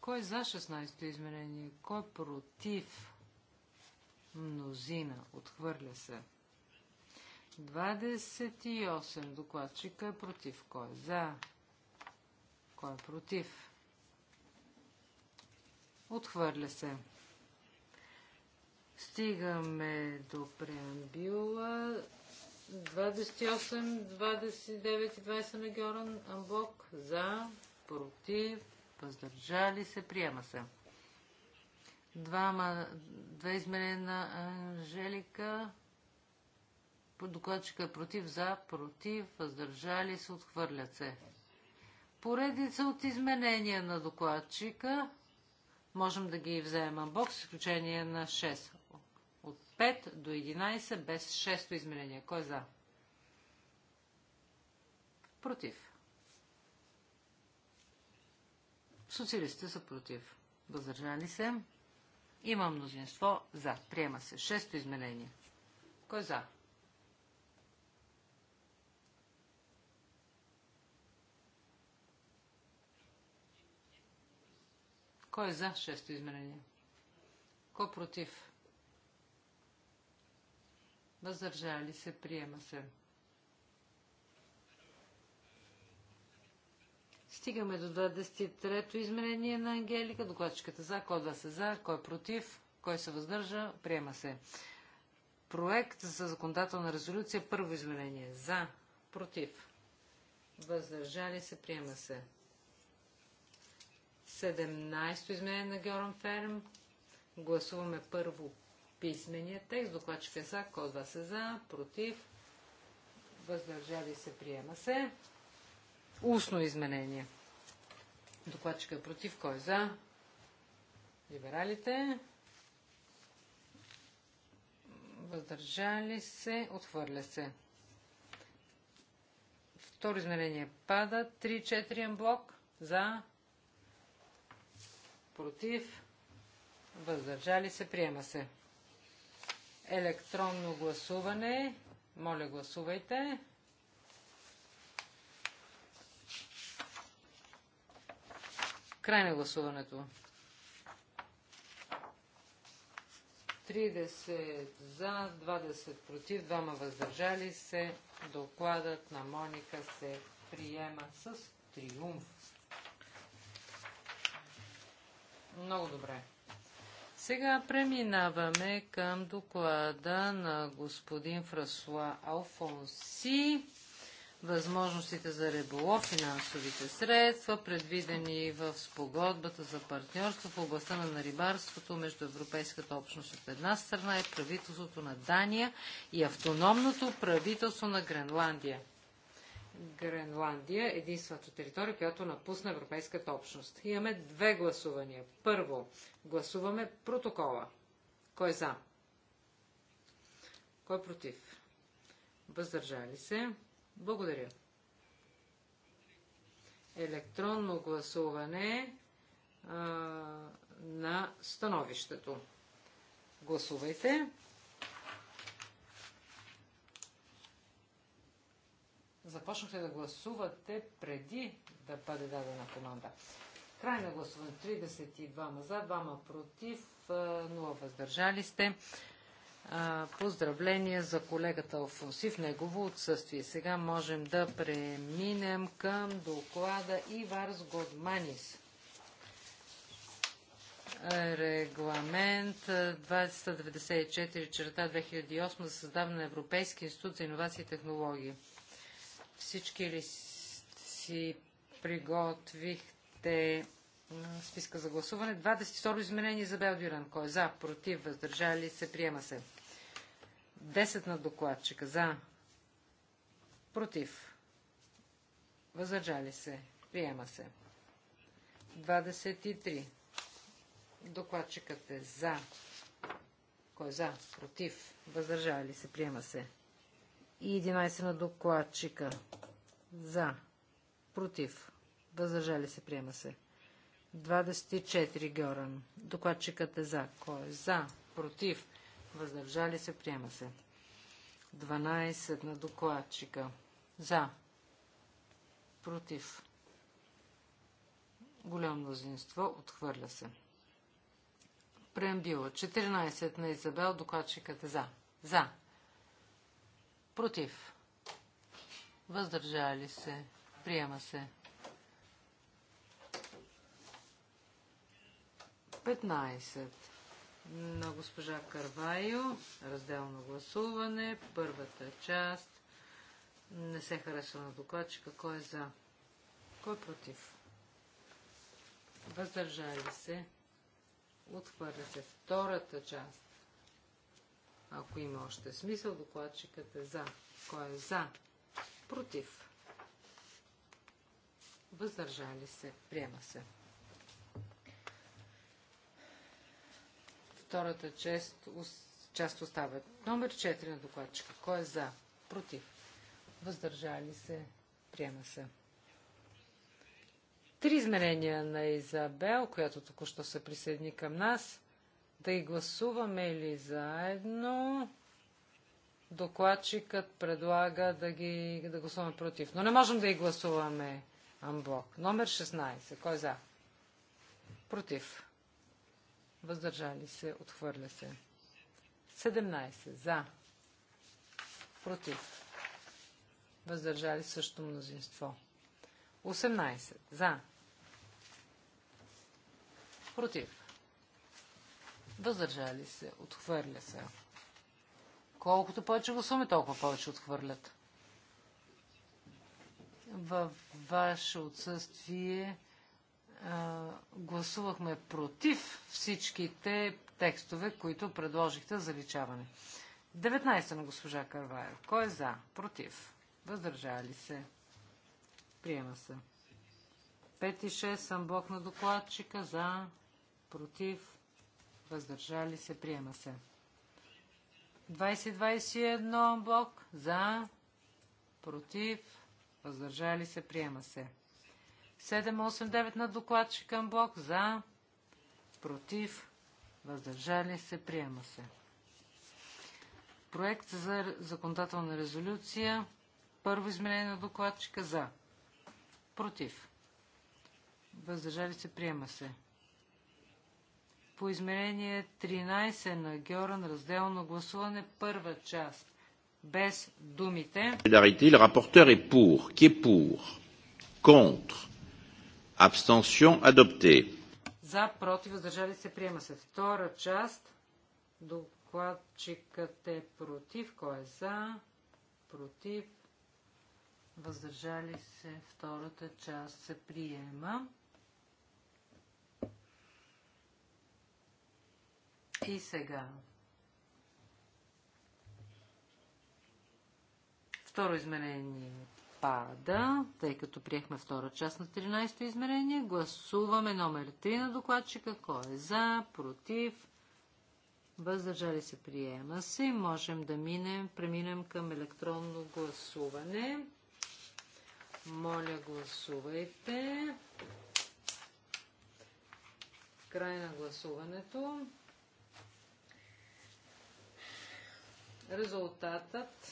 Кой е за 16-то изменение? Кой е против? Мнозина. Отхвърля се. 28. Докладчика е против. Кой е за? Кой е против? Отхвърля се. Стигаме до преамбюла. 28, 29 и 20 на Георан Амбок. За, против, въздържали се, приема се. Двама, две измерения на Анжелика. Докладчика е против, за, против, въздържали се, отхвърлят се поредица от изменения на докладчика. Можем да ги вземем бок, с изключение на 6. От 5 до 11 без 6 изменение. Кой е за? Против. Социалистите са против. Въздържали се. Има мнозинство за. Приема се. Шесто изменение. Кой е за? Кой е за шесто измерение? Кой е против? Въздържали се, приема се. Стигаме до 23-то измерение на Ангелика. Докладчиката за, кой да се за, кой е против, кой се въздържа, приема се. Проект за законодателна резолюция, първо измерение. За, против, въздържали се, приема се. 17-то изменение на Георан Ферм. Гласуваме първо писмения текст. Докладчик е за. Кой се за? Против? Въздържали се? Приема се. Устно изменение. Докладчик е против. Кой е за? Либералите. Въздържали се? Отхвърля се. Второ изменение пада. 3-4 блок. За против, въздържали се, приема се. Електронно гласуване. Моля, гласувайте. Край на гласуването. 30 за, 20 против, 2 въздържали се. Докладът на Моника се приема с триумф. Много добре. Сега преминаваме към доклада на господин Франсуа Алфонси. Възможностите за риболов, финансовите средства, предвидени в спогодбата за партньорство в областта на рибарството между Европейската общност от една страна и правителството на Дания и автономното правителство на Гренландия. Гренландия, единствената територия, която напусна Европейската общност. Имаме две гласувания. Първо, гласуваме протокола. Кой е за? Кой е против? Въздържали се? Благодаря. Електронно гласуване а, на становището. Гласувайте. Гласувайте. започнахте да гласувате преди да бъде дадена команда. Край на гласуване 32 за, 2 против, 0 въздържали сте. Поздравления за колегата Алфонси в негово отсъствие. Сега можем да преминем към доклада Иварс Годманис. Регламент 2094 черта 2008 за създаване на Европейски институт за инновации и технологии. Всички ли си приготвихте списка за гласуване? 22 изменение за Белдюран. Кой е за? Против? Въздържали се? Приема се. 10 на докладчика. За? Против? Въздържали се? Приема се. 23. Докладчикът е за. Кой е за? Против? Въздържали се? Приема се и 11 на докладчика. За. Против. Въздържали се. Приема се. 24 Гьоран. Докладчикът е за. Кой е за? Против. Въздържали се. Приема се. 12 на докладчика. За. Против. Голямо мнозинство. Отхвърля се. Преамбила. 14 на Изабел. Докладчикът е за. За. Против. Въздържали се. Приема се. 15 на госпожа Карвайо. Разделно гласуване. Първата част. Не се харесва на докладчика. Кой е за? Кой е против? Въздържали се. Отхвърля се втората част. Ако има още смисъл, докладчикът е за. Кой е за? Против. Въздържали се. Приема се. Втората част, част остава. Номер 4 на докладчика. Кой е за? Против. Въздържали се. Приема се. Три измерения на Изабел, която току-що се присъедини към нас – тъй гласуваме ли заедно? Докладчикът предлага да, ги, да гласуваме против. Но не можем да и гласуваме амблок. Номер 16. Кой е за? Против. Въздържали се. Отхвърля се. 17. За. Против. Въздържали също мнозинство. 18. За. Против. Въздържали се. Отхвърля се. Колкото повече гласуваме, толкова повече отхвърлят. Във ваше отсъствие а, гласувахме против всичките текстове, които предложихте за личаване. 19 на госпожа Карваев. Кой е за? Против. Въздържали се. Приема се. 5 и 6 съм блок на докладчика. За. Против въздържали се, приема се. 2021 блок за, против, въздържали се, приема се. 789 на докладчика блок за, против, въздържали се, приема се. Проект за законодателна резолюция. Първо изменение на докладчика за. Против. Въздържали се, приема се по изменение 13 на Георан, разделно гласуване, първа част, без думите. Солидарите. ле рапортер е пур, ке пур, контр, Contre. адопте. За, против, въздържали се, приема се. Втора част, докладчикът е против. Кой е за? Против. Въздържали се, втората част се приема. И сега. Второ измерение пада, тъй като приехме втора част на 13-то измерение. Гласуваме номер 3 на докладчика. Кой е за, против, въздържали се, приема се. Можем да минем, преминем към електронно гласуване. Моля, гласувайте. Край на гласуването. Резултатът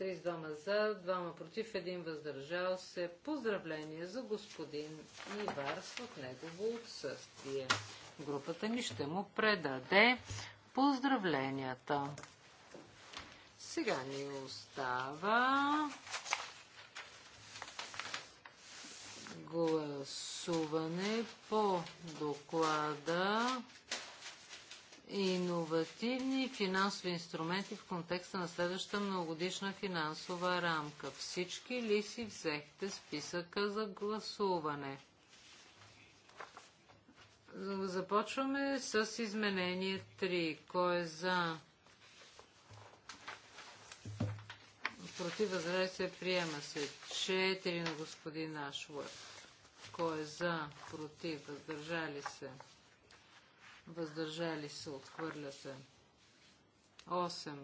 32 за, 2 против, 1 въздържал се. Поздравление за господин Иварс в негово отсъствие. Групата ни ще му предаде поздравленията. Сега ни остава гласуване по доклада иновативни финансови инструменти в контекста на следващата многогодишна финансова рамка. Всички ли си взехте списъка за гласуване? Започваме с изменение 3. Кой е за? Против възрази се приема се. 4 на господин Ашвард. Кой е за? Против въздържали се въздържали се, отхвърля се. 8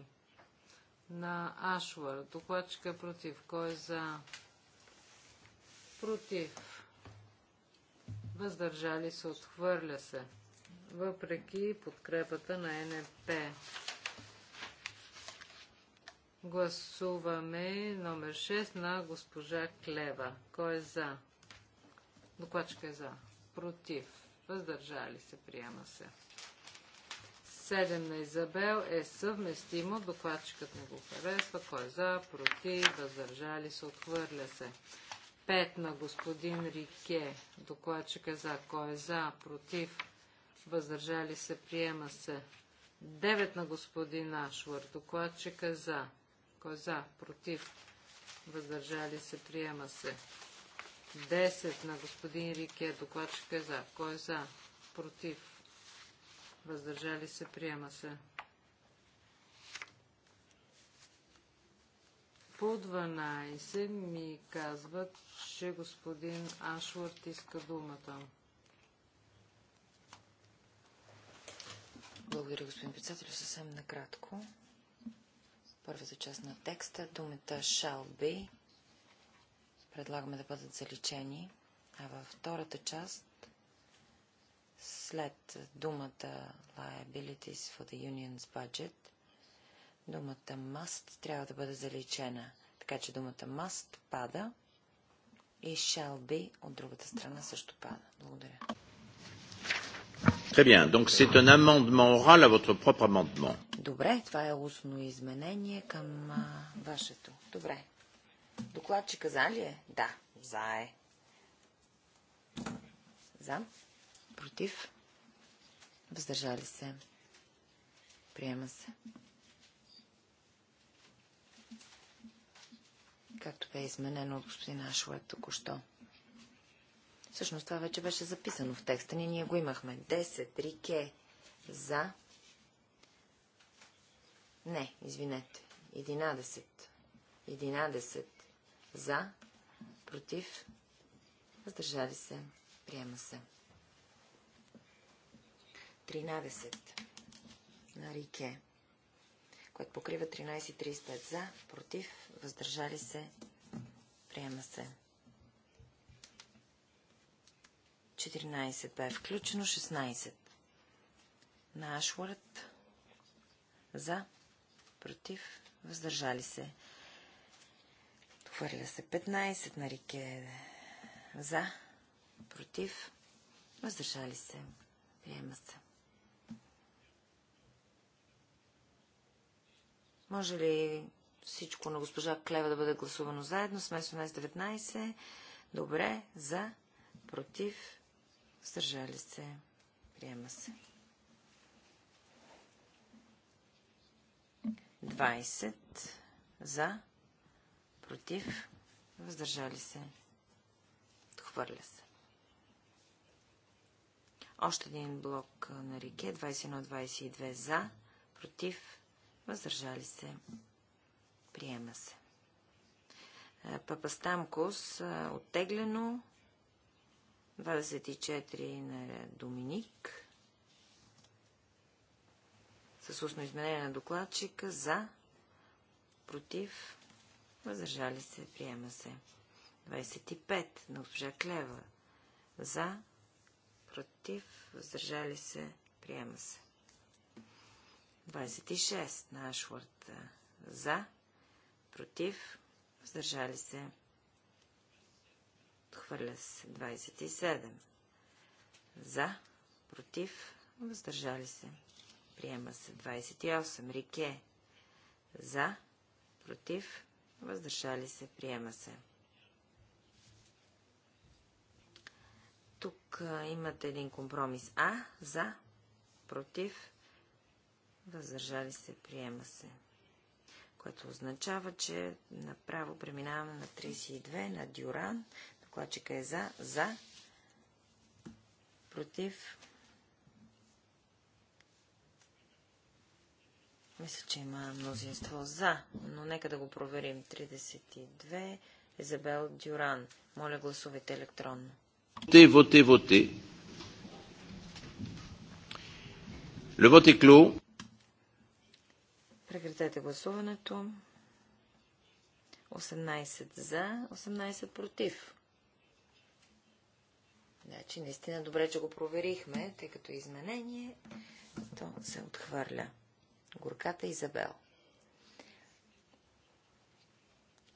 на Ашвар. Докладчика против. Кой е за? Против. Въздържали се, отхвърля се. Въпреки подкрепата на НП. Гласуваме номер 6 на госпожа Клева. Кой е за? Докладчика е за. Против въздържали се, приема се. 7 на Изабел е съвместимо, докладчикът не го харесва, кой е за, против, въздържали се, отхвърля се. 5 на господин Рике, докладчик е за, кой е за, против, въздържали се, приема се. 9 на господин Ашвар, докладчик е за, кой е за, против, въздържали се, приема се. 10 на господин Рике. Докладчика е за. Кой е за? Против. Въздържали се. Приема се. По 12 ми казват, че господин Ашвард иска думата. Благодаря, господин председател. Съвсем накратко. Първата част на текста. Думата shall be предлагаме да бъдат заличени, а във втората част след думата liabilities for the union's budget, думата must трябва да бъде заличена. Така че думата must пада и shall be от другата страна също пада. Благодаря. Très bien. Donc c'est un amendement oral à votre propre amendement. Добре, това е устно изменение към а, вашето. Добре. Докладчика за ли е? Да, за е. За. Против. Въздържали се. Приема се. Както бе изменено от господин Ашует току-що. Всъщност това вече беше записано в текста ни. Ние го имахме. 10 рике за... Не, извинете. 11. 11 за. Против. Въздържали се. Приема се. 13 на Рике, което покрива 13.35 за, против, въздържали се, приема се. 14 бе включено, 16 на Ашвард, за, против, въздържали се, Хвърля се 15 на реке. За. Против. Въздържали се. Приема се. Може ли всичко на госпожа Клева да бъде гласувано заедно? Смесено с 19. Добре. За. Против. Въздържали се. Приема се. 20. За против, въздържали се, отхвърля се. Още един блок на реке, 21-22 за, против, въздържали се, приема се. Стамкос оттеглено, 24 на Доминик, с устно изменение на докладчика, за, против, Въздържали се. Приема се. 25 на госпожа Клева. За. Против. Въздържали се. Приема се. 26 на Ашвард. За. Против. Въздържали се. Отхвърля се. 27. За. Против. Въздържали се. Приема се. 28. Рике. За. Против въздържали се, приема се. Тук имате един компромис А, за, против, въздържали се, приема се. Което означава, че направо преминаваме на 32, на Дюран. Докладчика е за, за, против, Мисля, че има мнозинство за, но нека да го проверим. 32. Изабел Дюран. Моля, гласувайте електронно. Voté, voté, voté. Le vote est clos. Прекратете гласуването. 18 за, 18 против. Значи, наистина добре, че го проверихме, тъй като изменение, то се отхвърля горката Изабел.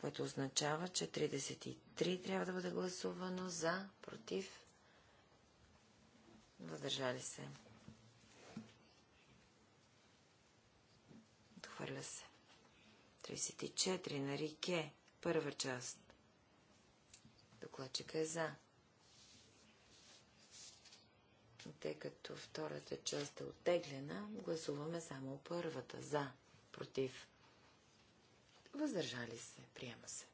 Което означава, че 33 трябва да бъде гласувано за, против, въздържали се. Отхвърля се. 34 на Рике. Първа част. Докладчика е за тъй като втората част е оттеглена, гласуваме само първата. За, против, въздържали се, приема се.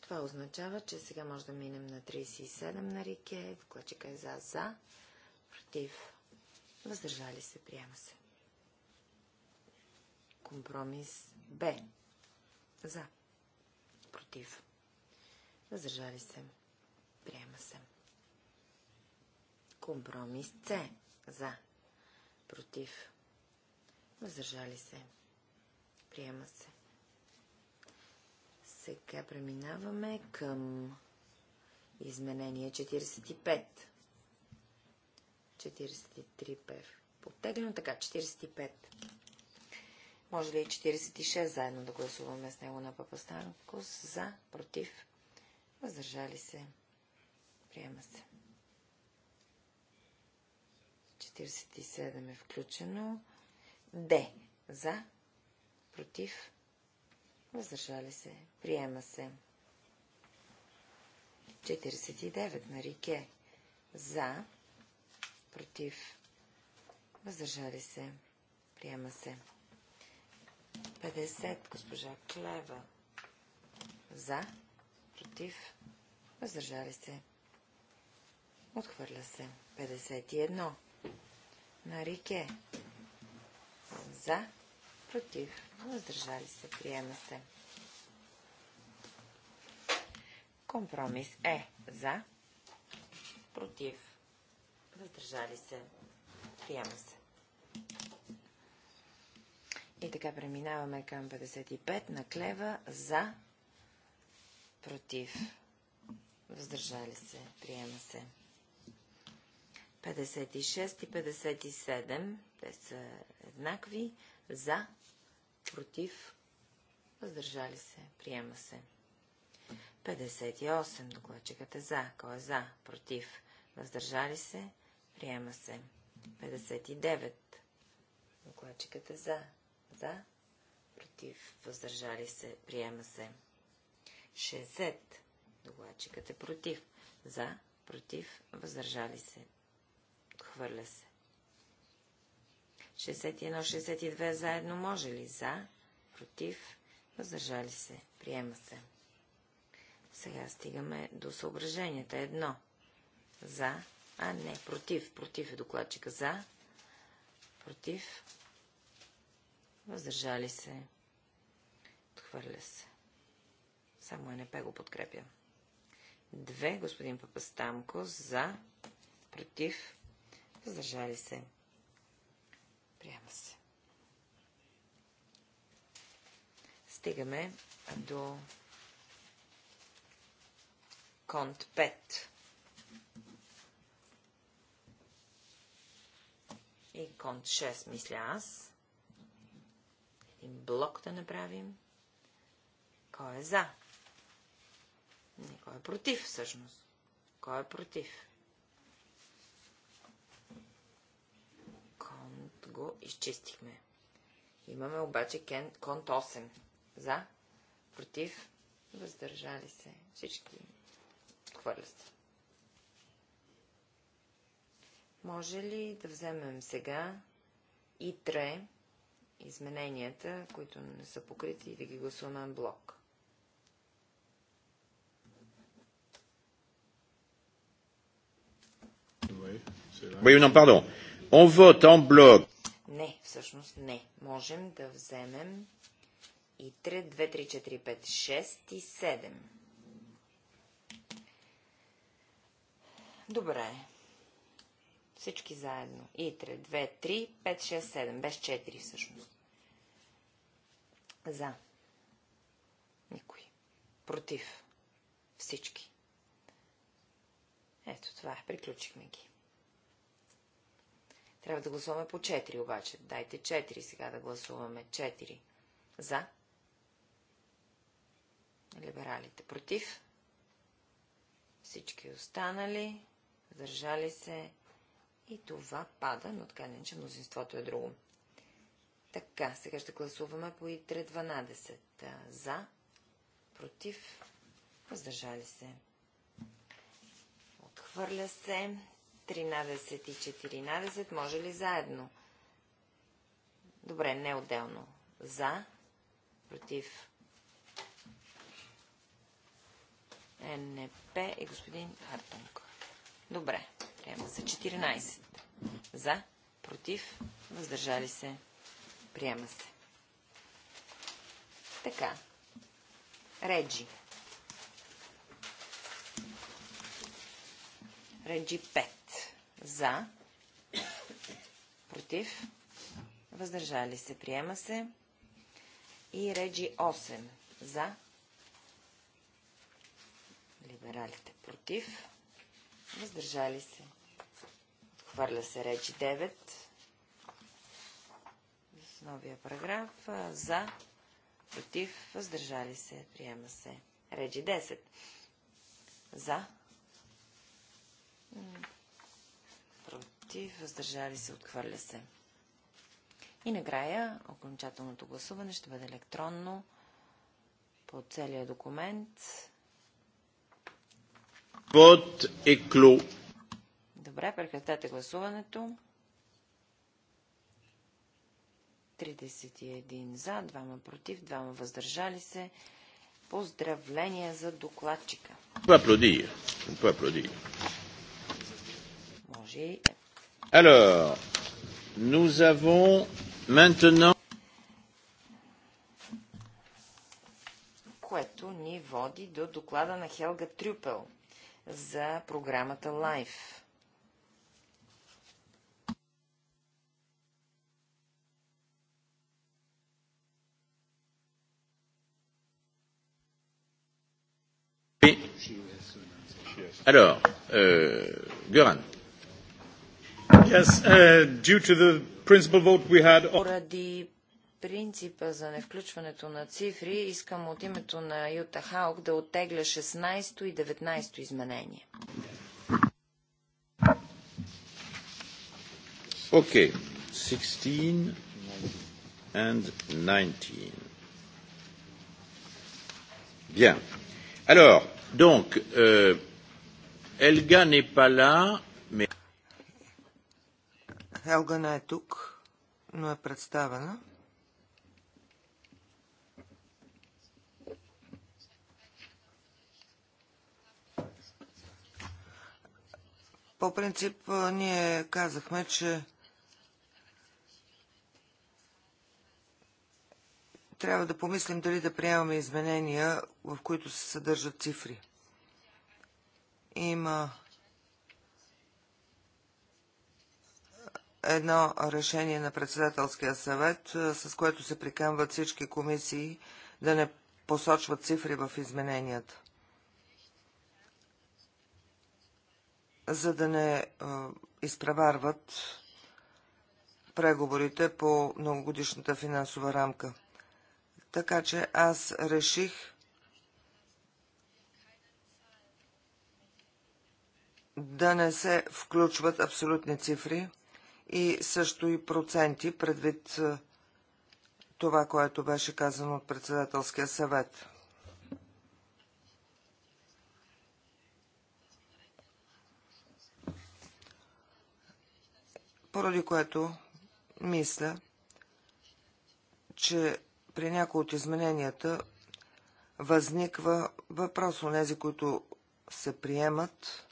Това означава, че сега може да минем на 37 на Рике, докладчика е за, за, против, въздържали се, приема се. Компромис Б. За. Против. Въздържали се. Приема се. Компромис С. За. Против. Въздържали се. Приема се. Сега преминаваме към изменение 45. 43 пев. Потеглено. така, 45. Може ли и 46 заедно да гласуваме с него на Папа Станкос? За, против, въздържали се. Приема се. 47 е включено. Д. За. Против. Въздържали се. Приема се. 49 на Рике. За. Против. Въздържали се. Приема се. 50. Госпожа Клева. За. Против. Въздържали се. Отхвърля се. 51 на Рике. За, против, въздържали се, приема се. Компромис е за, против, въздържали се, приема се. И така преминаваме към 55 на клева за, против, въздържали се, приема се. 56 и 57, те са еднакви, за, против, въздържали се, приема се. 58, докладчикът е за, кой е за, против, въздържали се, приема се. 59, докладчикът е за, за, против, въздържали се, приема се. 60, докладчикът е против, за, против, въздържали се, Отхвърля се. 61-62 заедно може ли? За, против, въздържали се, приема се. Сега стигаме до съображенията. Едно. За, а не, против. Против е докладчика. За, против, въздържали се, отхвърля се. Само е НП го подкрепя. Две, господин Папастамко, за, против, Въздържали се. Приема се. Стигаме до конт 5. И конт 6, мисля аз. Един блок да направим. Кой е за? Не, кой е против, всъщност? Кой е против? го изчистихме. Имаме обаче кен, конт 8. За, против, въздържали се. Всички хвърлят. се. Може ли да вземем сега и тре измененията, които не са покрити и да ги гласуваме блок? Oui, non, pardon. On vote en bloc не, всъщност не. Можем да вземем и 3, 2, 3, 4, 5, 6 и 7. Добре. Всички заедно. И 3, 2, 3, 5, 6, 7. Без 4 всъщност. За. Никой. Против. Всички. Ето това е. Приключихме ги. Трябва да гласуваме по 4 обаче. Дайте 4 сега да гласуваме. 4. За. Либералите против. Всички останали. Държали се. И това пада, но така не, че мнозинството е друго. Така, сега ще гласуваме по ИТРЕ 12. За, против, въздържали се. Отхвърля се. 13 и 14 може ли заедно? Добре, не отделно. За, против НП и господин Хартунг. Добре, приема се 14. За, против, въздържали се, приема се. Така. Реджи. Реджи 5. За. Против. Въздържали се. Приема се. И Реджи 8. За. Либералите. Против. Въздържали се. Хвърля се Реджи 9. В новия параграф. За. Против. Въздържали се. Приема се. Реджи 10. За против, въздържали се, отхвърля се. И накрая окончателното гласуване ще бъде електронно по целия документ. Вот е клу. Добре, прекратете гласуването. 31 за, 2 против, 2 въздържали се. Поздравления за докладчика. Това аплодия. Това аплодия. Може и Alors, nous avons maintenant. Което ни води до доклада на Хелга Трюпел за програмата Лайф. Alors, euh, Uh, Поради принципа за невключването на цифри, искам от името на Юта Хаук да оттегля 16 то и 19 то изменение. Окей. 16 and 19. Bien. Alors, donc, euh, Elga n'est pas là. Елга не е тук, но е представена. По принцип, ние казахме, че трябва да помислим дали да приемаме изменения, в които се съдържат цифри. Има едно решение на председателския съвет, с което се приканват всички комисии да не посочват цифри в измененията. За да не изпреварват преговорите по многогодишната финансова рамка. Така че аз реших да не се включват абсолютни цифри, и също и проценти предвид е, това, което беше казано от председателския съвет. Поради което мисля, че при някои от измененията възниква въпрос у нези, които се приемат,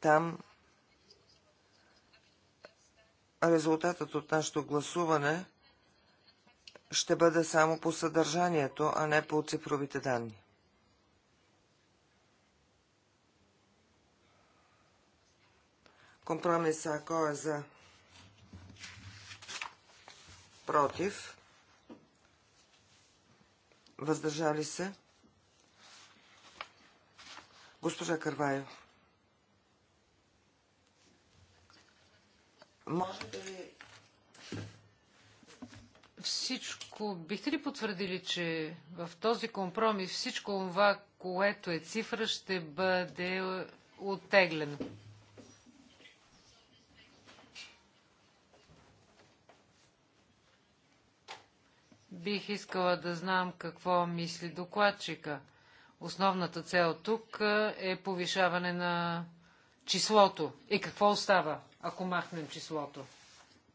там резултатът от нашето гласуване ще бъде само по съдържанието, а не по цифровите данни. Компромиса, ако е за против, въздържали се, госпожа Карваева. Можете ли... Всичко... Бихте ли потвърдили, че в този компромис всичко това, което е цифра, ще бъде оттеглено? Бих искала да знам какво мисли докладчика. Основната цел тук е повишаване на числото. И какво остава? ако махнем числото.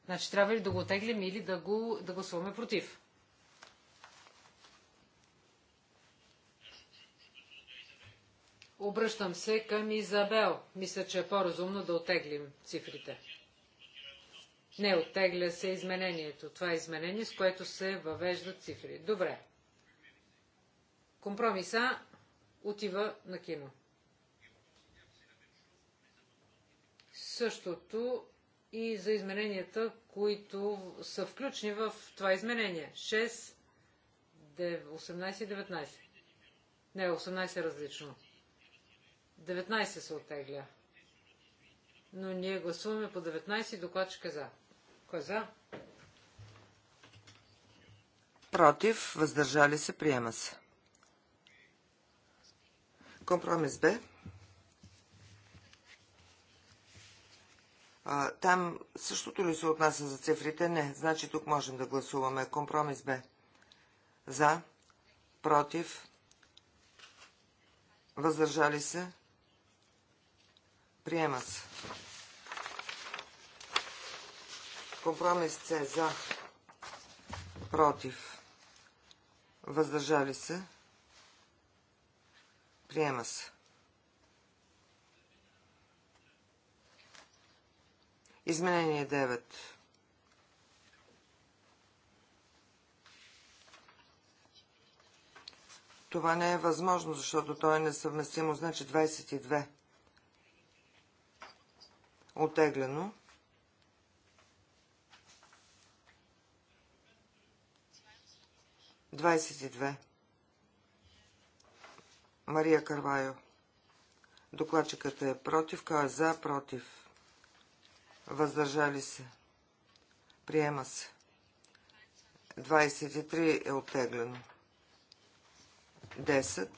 Значи трябва ли да го отеглим или да го да гласуваме против? Обръщам се към Изабел. Мисля, че е по-разумно да отеглим цифрите. Не, оттегля се изменението. Това е изменение, с което се въвеждат цифри. Добре. Компромиса отива на кино. Същото и за измененията, които са включени в това изменение. 6, 9, 18 и 19. Не, 18 е различно. 19 се оттегля. Но ние гласуваме по 19 докладчика е за. Кой е за? Против, въздържали се, приема се. Компромис Б. Там същото ли се отнася за цифрите? Не. Значи тук можем да гласуваме. Компромис Б. За. Против. Въздържали се. Приема се. Компромис С. За. Против. Въздържали се. Приема се. Изменение 9. Това не е възможно, защото то е несъвместимо, значи 22. Отеглено. Двадесет две. Мария Карвайо. Докладчикът е против, кой е за, против въздържали се, приема се. 23 е оттеглено. 10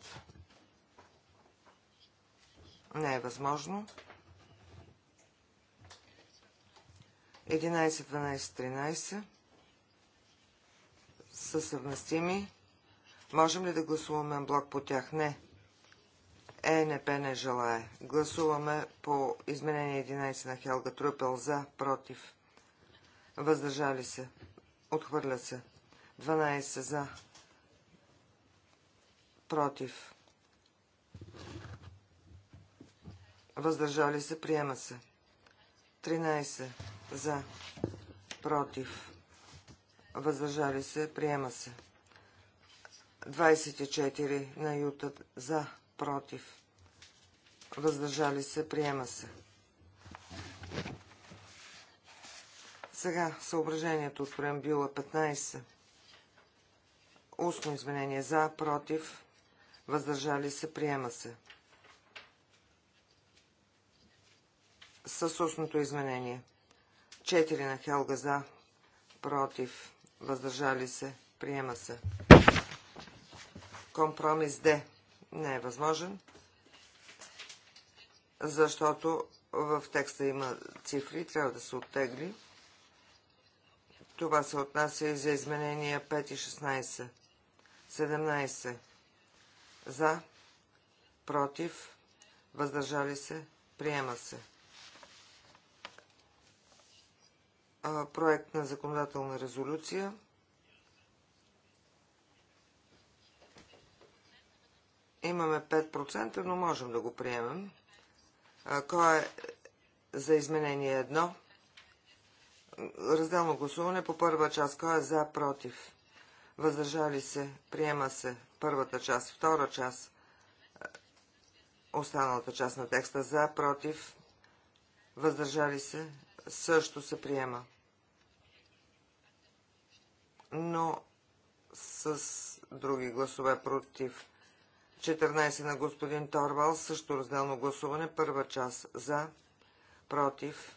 не е възможно. 11, 12, 13 са съвместими. Можем ли да гласуваме блок по тях? Не. ЕНП не желая. Гласуваме по изменение 11 на Хелга Трупел за, против. Въздържали се. Отхвърля се. 12 за. Против. Въздържали се. Приема се. 13 за. Против. Въздържали се. Приема се. 24 на Юта за против, въздържали се, приема се. Сега съображението от преамбюла 15. Устно изменение за, против, въздържали се, приема се. С устното изменение. 4 на Хелга за, против, въздържали се, приема се. Компромис Д не е възможен, защото в текста има цифри, трябва да се оттегли. Това се отнася и за изменения 5 и 16. 17. За, против, въздържали се, приема се. Проект на законодателна резолюция. Имаме 5%, но можем да го приемем. А, кой е за изменение 1? Разделно гласуване по първа част. Кой е за, против? Въздържали се, приема се първата част, втора част, останалата част на текста за, против, въздържали се, също се приема. Но с други гласове против. 14 на господин Торвал, също разделно гласуване, първа част за, против,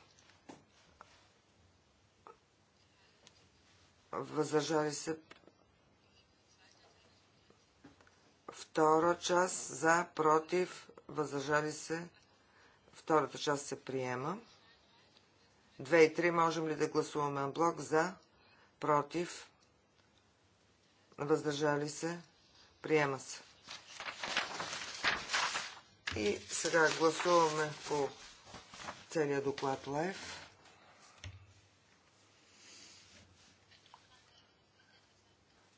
въздържали се, втора част за, против, въздържали се, втората част се приема. 2 и 3 можем ли да гласуваме на блок за, против, въздържали се, приема се. И сега гласуваме по целият доклад лайф.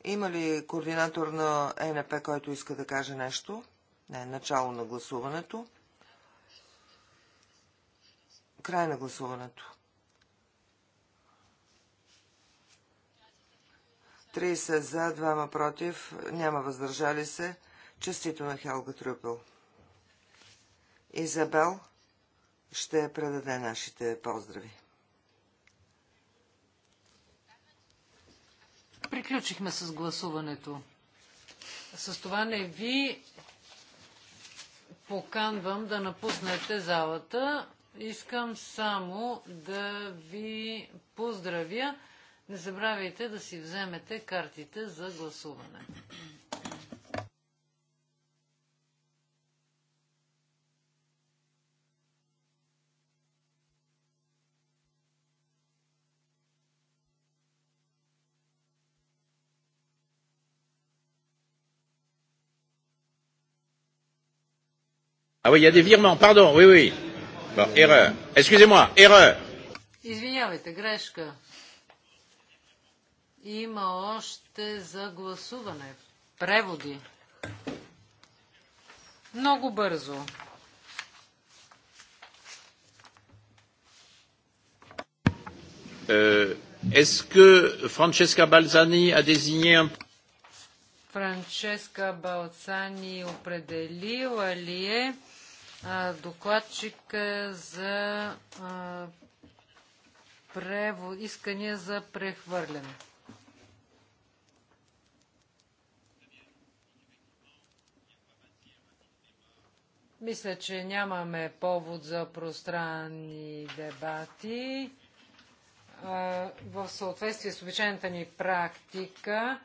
Има ли координатор на ЕНП, който иска да каже нещо? Не, начало на гласуването. Край на гласуването. 30 за, 2 против, няма въздържали се. Честито на Хелга Трюпел. Изабел ще предаде нашите поздрави. Приключихме с гласуването. С това не ви поканвам да напуснете залата. Искам само да ви поздравя. Не забравяйте да си вземете картите за гласуване. Ah oui, il y a des virements, pardon, oui, oui. Bon, erreur. Excusez-moi, erreur. Извинявайте, грешка. Има още за гласуване. Преводи. Много бързо. Euh, Est-ce que Francesca Balzani a désigné un... Франческа Балцани определила ли е докладчик за искания за прехвърляне. Мисля, че нямаме повод за пространни дебати. В съответствие с обичайната ни практика,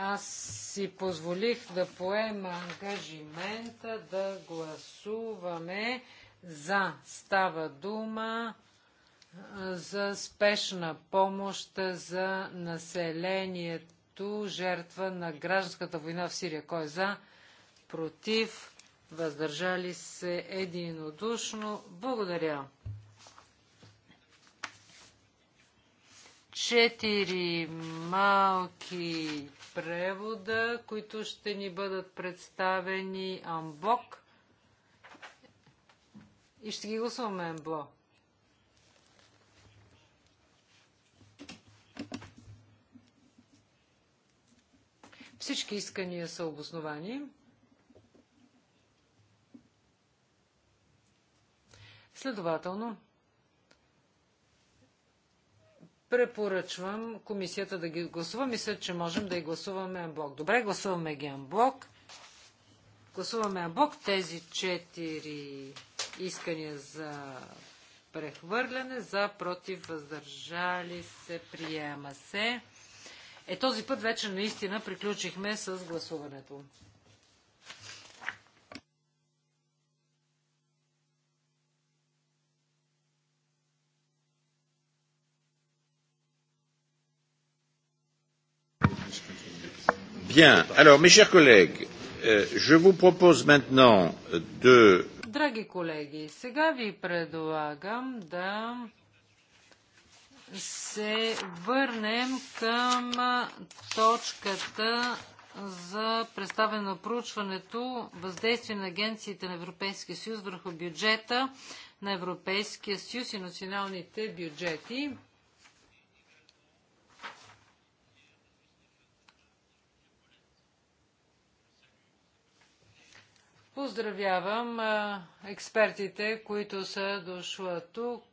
аз си позволих да поема ангажимента да гласуваме за. Става дума за спешна помощ за населението, жертва на гражданската война в Сирия. Кой е за? Против? Въздържали се единодушно. Благодаря. четири малки превода, които ще ни бъдат представени амбок. И ще ги гласуваме Амбло. Всички искания са обосновани. Следователно, Препоръчвам комисията да ги гласува. Мисля, че можем да ги гласуваме анблок. Добре, гласуваме ги анблок. Гласуваме анблок тези четири искания за прехвърляне, за против, въздържали се, приема се. Е, този път вече наистина приключихме с гласуването. Bien, alors mes chers collègues, euh, je vous propose maintenant de. Драги колеги, сега ви предлагам да се върнем към точката за представяне на проучването въздействие на агенциите на Европейския съюз върху бюджета на Европейския съюз и националните бюджети. Поздравявам експертите, които са дошла тук.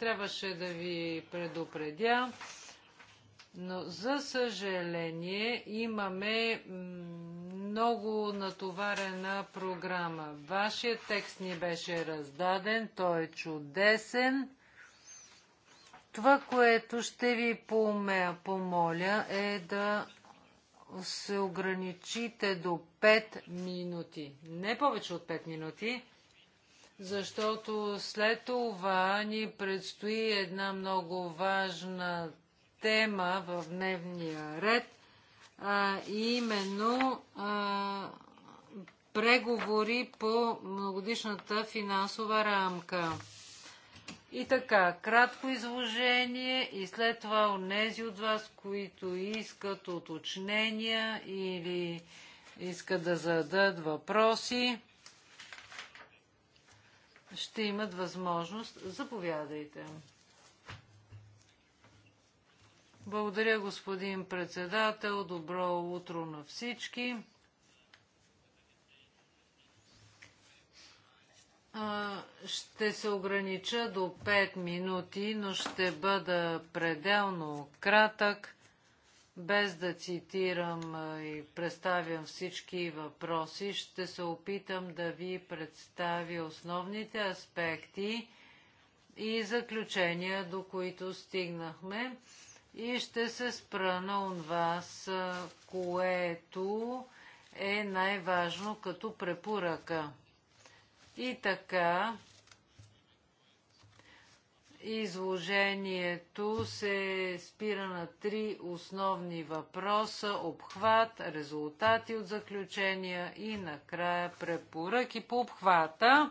Трябваше да ви предупредя, но за съжаление имаме много натоварена програма. Вашия текст ни беше раздаден, той е чудесен. Това, което ще ви помоля е да се ограничите до 5 минути. Не повече от 5 минути, защото след това ни предстои една много важна тема в дневния ред, а именно а, преговори по многодишната финансова рамка. И така, кратко изложение и след това онези от вас, които искат уточнения или искат да зададат въпроси, ще имат възможност. Заповядайте. Благодаря, господин председател. Добро утро на всички. Ще се огранича до 5 минути, но ще бъда пределно кратък, без да цитирам и представям всички въпроси. Ще се опитам да ви представя основните аспекти и заключения, до които стигнахме. И ще се спра на вас, което е най-важно като препоръка. И така, изложението се спира на три основни въпроса – обхват, резултати от заключения и накрая препоръки по обхвата.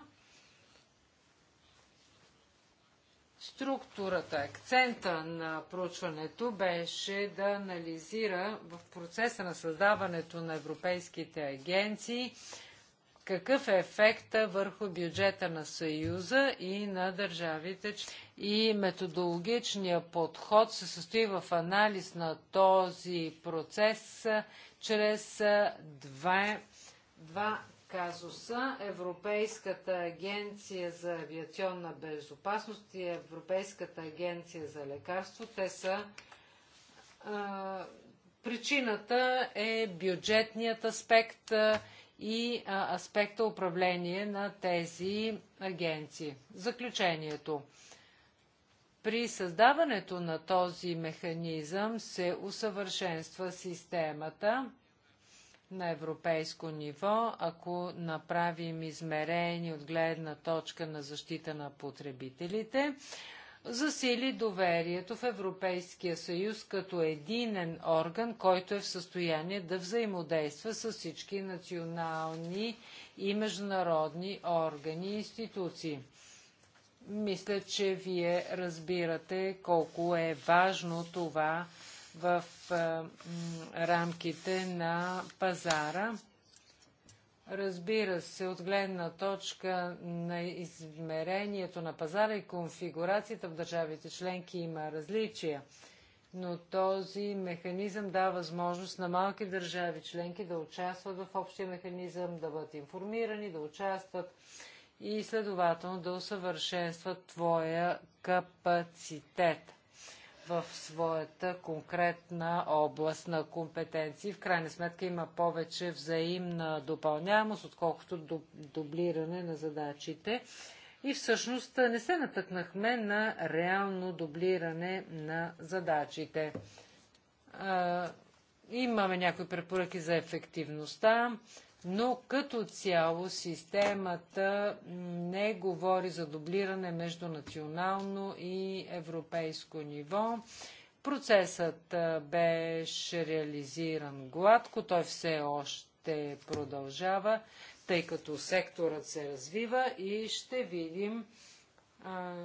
Структурата, акцента на проучването беше да анализира в процеса на създаването на европейските агенции – какъв е ефекта върху бюджета на Съюза и на държавите. И методологичният подход се състои в анализ на този процес чрез два, два казуса. Европейската агенция за авиационна безопасност и Европейската агенция за лекарство. Те са а, Причината е бюджетният аспект и аспекта управление на тези агенции. Заключението. При създаването на този механизъм се усъвършенства системата на европейско ниво, ако направим измерение от гледна точка на защита на потребителите, засили доверието в Европейския съюз като единен орган, който е в състояние да взаимодейства с всички национални и международни органи и институции. Мисля, че вие разбирате колко е важно това в рамките на пазара Разбира се, от гледна точка на измерението на пазара и конфигурацията в държавите членки има различия, но този механизъм дава възможност на малки държави членки да участват в общия механизъм, да бъдат информирани, да участват и следователно да усъвършенстват твоя капацитет в своята конкретна област на компетенции. В крайна сметка има повече взаимна допълняемост, отколкото дублиране на задачите. И всъщност не се натъкнахме на реално дублиране на задачите. Имаме някои препоръки за ефективността но като цяло системата не говори за дублиране между национално и европейско ниво. Процесът беше реализиран гладко, той все още продължава, тъй като секторът се развива и ще видим а,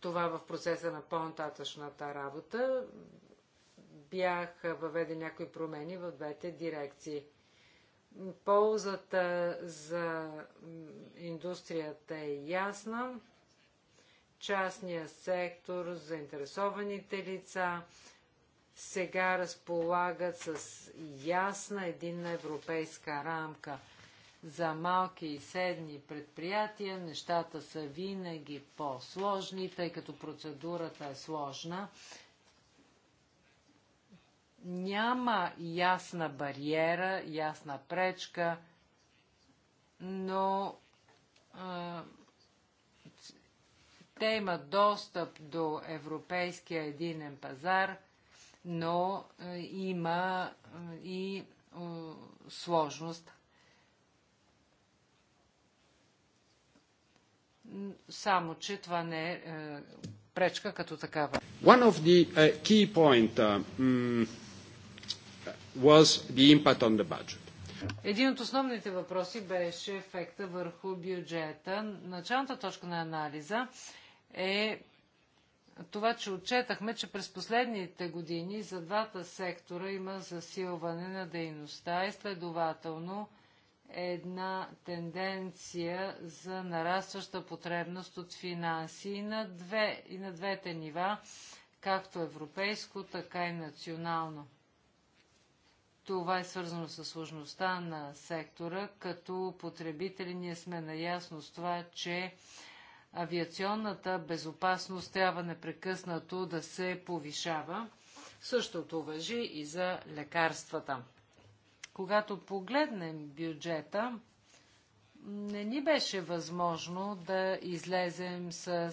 това в процеса на по-нататъчната работа. Бяха въведени някои промени в двете дирекции. Ползата за индустрията е ясна. Частния сектор, заинтересованите лица сега разполагат с ясна единна европейска рамка. За малки и средни предприятия нещата са винаги по-сложни, тъй като процедурата е сложна няма ясна бариера, ясна пречка, но а, те имат достъп до европейския единен пазар, но а, има а, и а, сложност. Само, че това не е пречка като такава. One of the uh, key point, uh, mm was the impact on the budget. Един от основните въпроси беше ефекта върху бюджета. Началната точка на анализа е това, че отчетахме, че през последните години за двата сектора има засилване на дейността и следователно една тенденция за нарастваща потребност от финанси и на, две, и на двете нива, както европейско, така и национално. Това е свързано с сложността на сектора. Като потребители ние сме наясно с това, че авиационната безопасност трябва непрекъснато да се повишава. Същото въжи и за лекарствата. Когато погледнем бюджета, не ни беше възможно да излезем с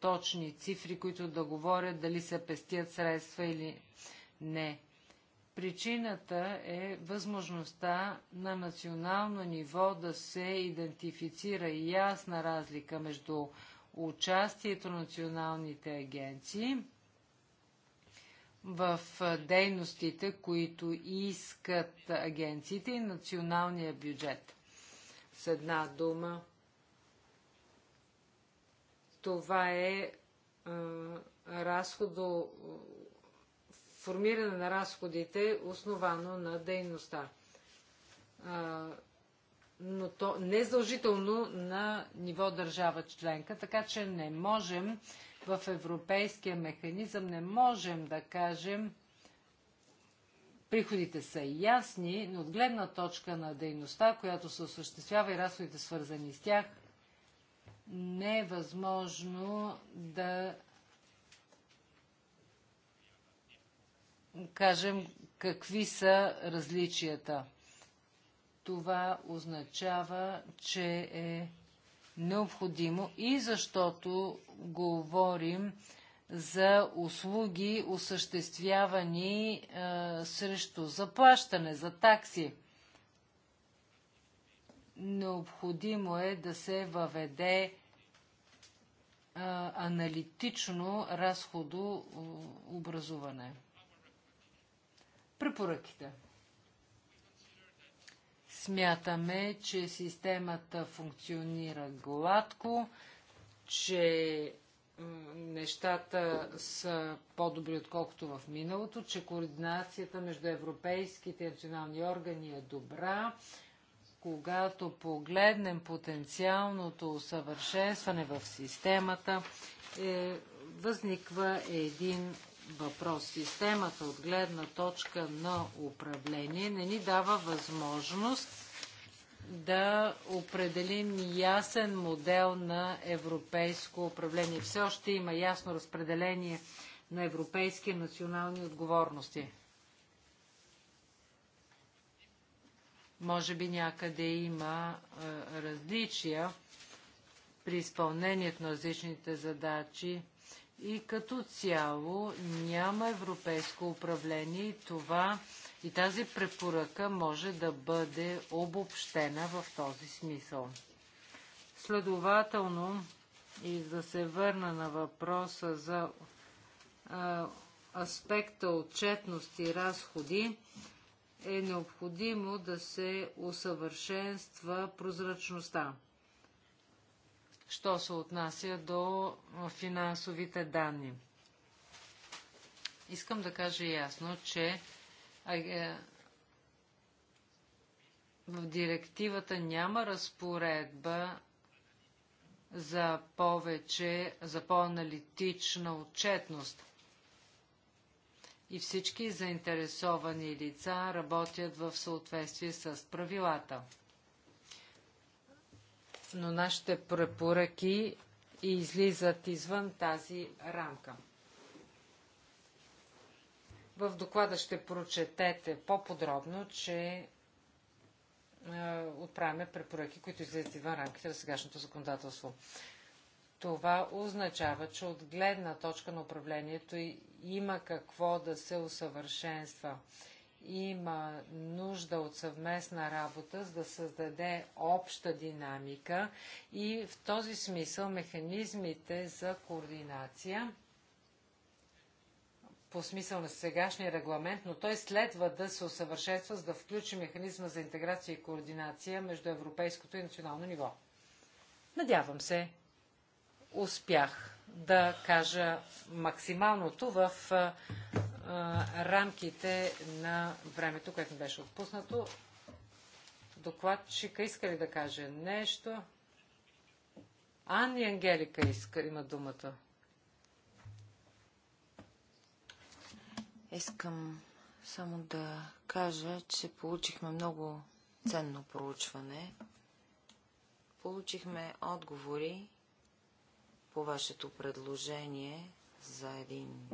точни цифри, които да говорят дали се пестят средства или не. Причината е възможността на национално ниво да се идентифицира ясна разлика между участието на националните агенции в дейностите, които искат агенциите и националния бюджет. С една дума, това е разходо формиране на разходите, основано на дейността. но то не е задължително на ниво държава членка, така че не можем в европейския механизъм, не можем да кажем, приходите са ясни, но от гледна точка на дейността, която се осъществява и разходите свързани с тях, не е възможно да кажем какви са различията. Това означава, че е необходимо и защото говорим за услуги, осъществявани е, срещу заплащане, за такси. Необходимо е да се въведе е, аналитично разходообразуване. Е, Препоръките. Смятаме, че системата функционира гладко, че нещата са по-добри, отколкото в миналото, че координацията между европейските и национални органи е добра. Когато погледнем потенциалното усъвършенстване в системата, е, възниква един въпрос. Системата от гледна точка на управление не ни дава възможност да определим ясен модел на европейско управление. Все още има ясно разпределение на европейски и национални отговорности. Може би някъде има различия при изпълнението на различните задачи и като цяло няма европейско управление и това и тази препоръка може да бъде обобщена в този смисъл. Следователно, и да се върна на въпроса за а, аспекта отчетност и разходи, е необходимо да се усъвършенства прозрачността що се отнася до финансовите данни. Искам да кажа ясно, че е, в директивата няма разпоредба за повече, за по-аналитична отчетност. И всички заинтересовани лица работят в съответствие с правилата но нашите препоръки излизат извън тази рамка. В доклада ще прочетете по-подробно, че е, отправяме препоръки, които излизат извън рамките на сегашното законодателство. Това означава, че от гледна точка на управлението има какво да се усъвършенства има нужда от съвместна работа, за да създаде обща динамика и в този смисъл механизмите за координация по смисъл на сегашния регламент, но той следва да се усъвършенства, за да включи механизма за интеграция и координация между европейското и национално ниво. Надявам се, успях да кажа максималното в рамките на времето, което беше отпуснато. Докладчика иска ли да каже нещо? Анни Ангелика иска, има думата. Искам само да кажа, че получихме много ценно проучване. Получихме отговори по вашето предложение за един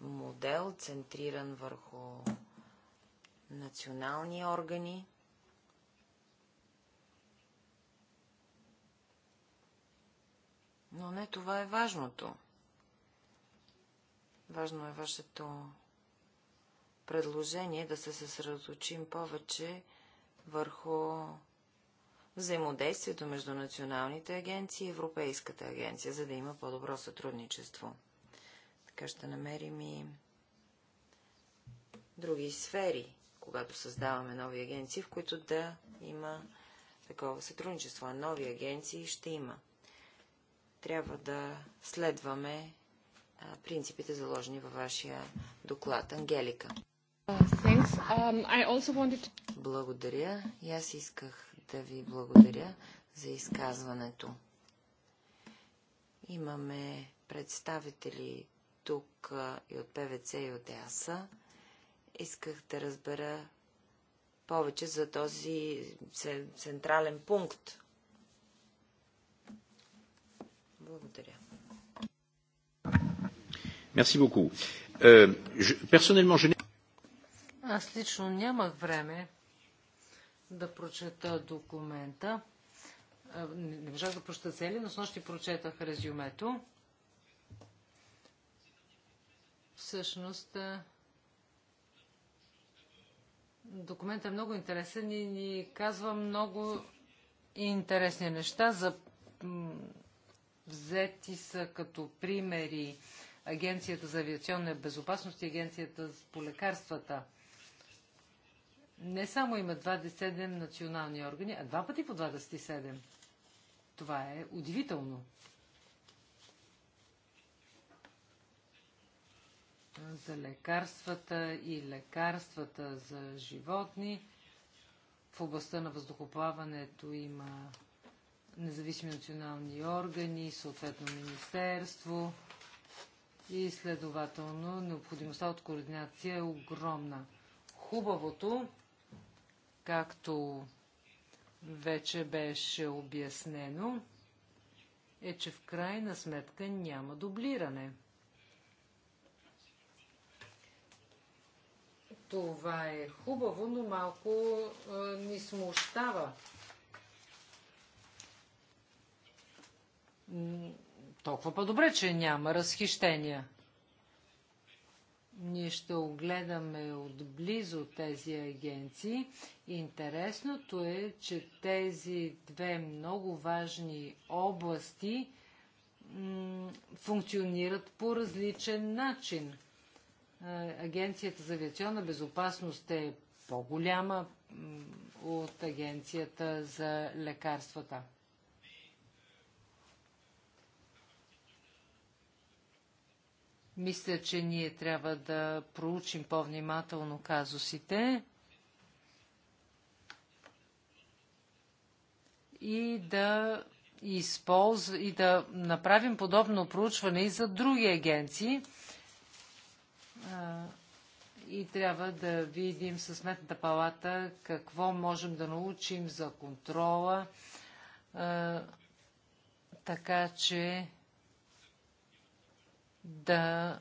модел, центриран върху национални органи. Но не това е важното. Важно е вашето предложение да се съсредоточим повече върху взаимодействието между националните агенции и Европейската агенция, за да има по-добро сътрудничество. Така ще намерим и други сфери, когато създаваме нови агенции, в които да има такова сътрудничество. А нови агенции ще има. Трябва да следваме принципите, заложени във вашия доклад. Ангелика. Uh, um, благодаря. И аз исках да ви благодаря за изказването. Имаме представители тук и от ПВЦ и от ЕАСА. Исках да разбера повече за този централен пункт. Благодаря. Merci beaucoup. Euh, je, personnellement, je Аз лично нямах време да прочета документа. Е, не можах да прочета цели, но с нощи прочетах резюмето. Всъщност, документът е много интересен и ни казва много интересни неща. За... Взети са като примери Агенцията за авиационна безопасност и Агенцията по лекарствата. Не само има 27 национални органи, а два пъти по 27. Това е удивително. за лекарствата и лекарствата за животни. В областта на въздухоплаването има независими национални органи, съответно министерство и следователно необходимостта от координация е огромна. Хубавото, както вече беше обяснено, е, че в крайна сметка няма дублиране – Това е хубаво, но малко а, ни смущава. Толкова по-добре, че няма разхищения. Ние ще огледаме отблизо тези агенции. Интересното е, че тези две много важни области функционират по различен начин. Е, агенцията за авиационна безопасност е по-голяма от Агенцията за лекарствата. Мисля, че ние трябва да проучим по-внимателно казусите и да използ... и да направим подобно проучване и за други агенции – и трябва да видим със сметната палата какво можем да научим за контрола, така че да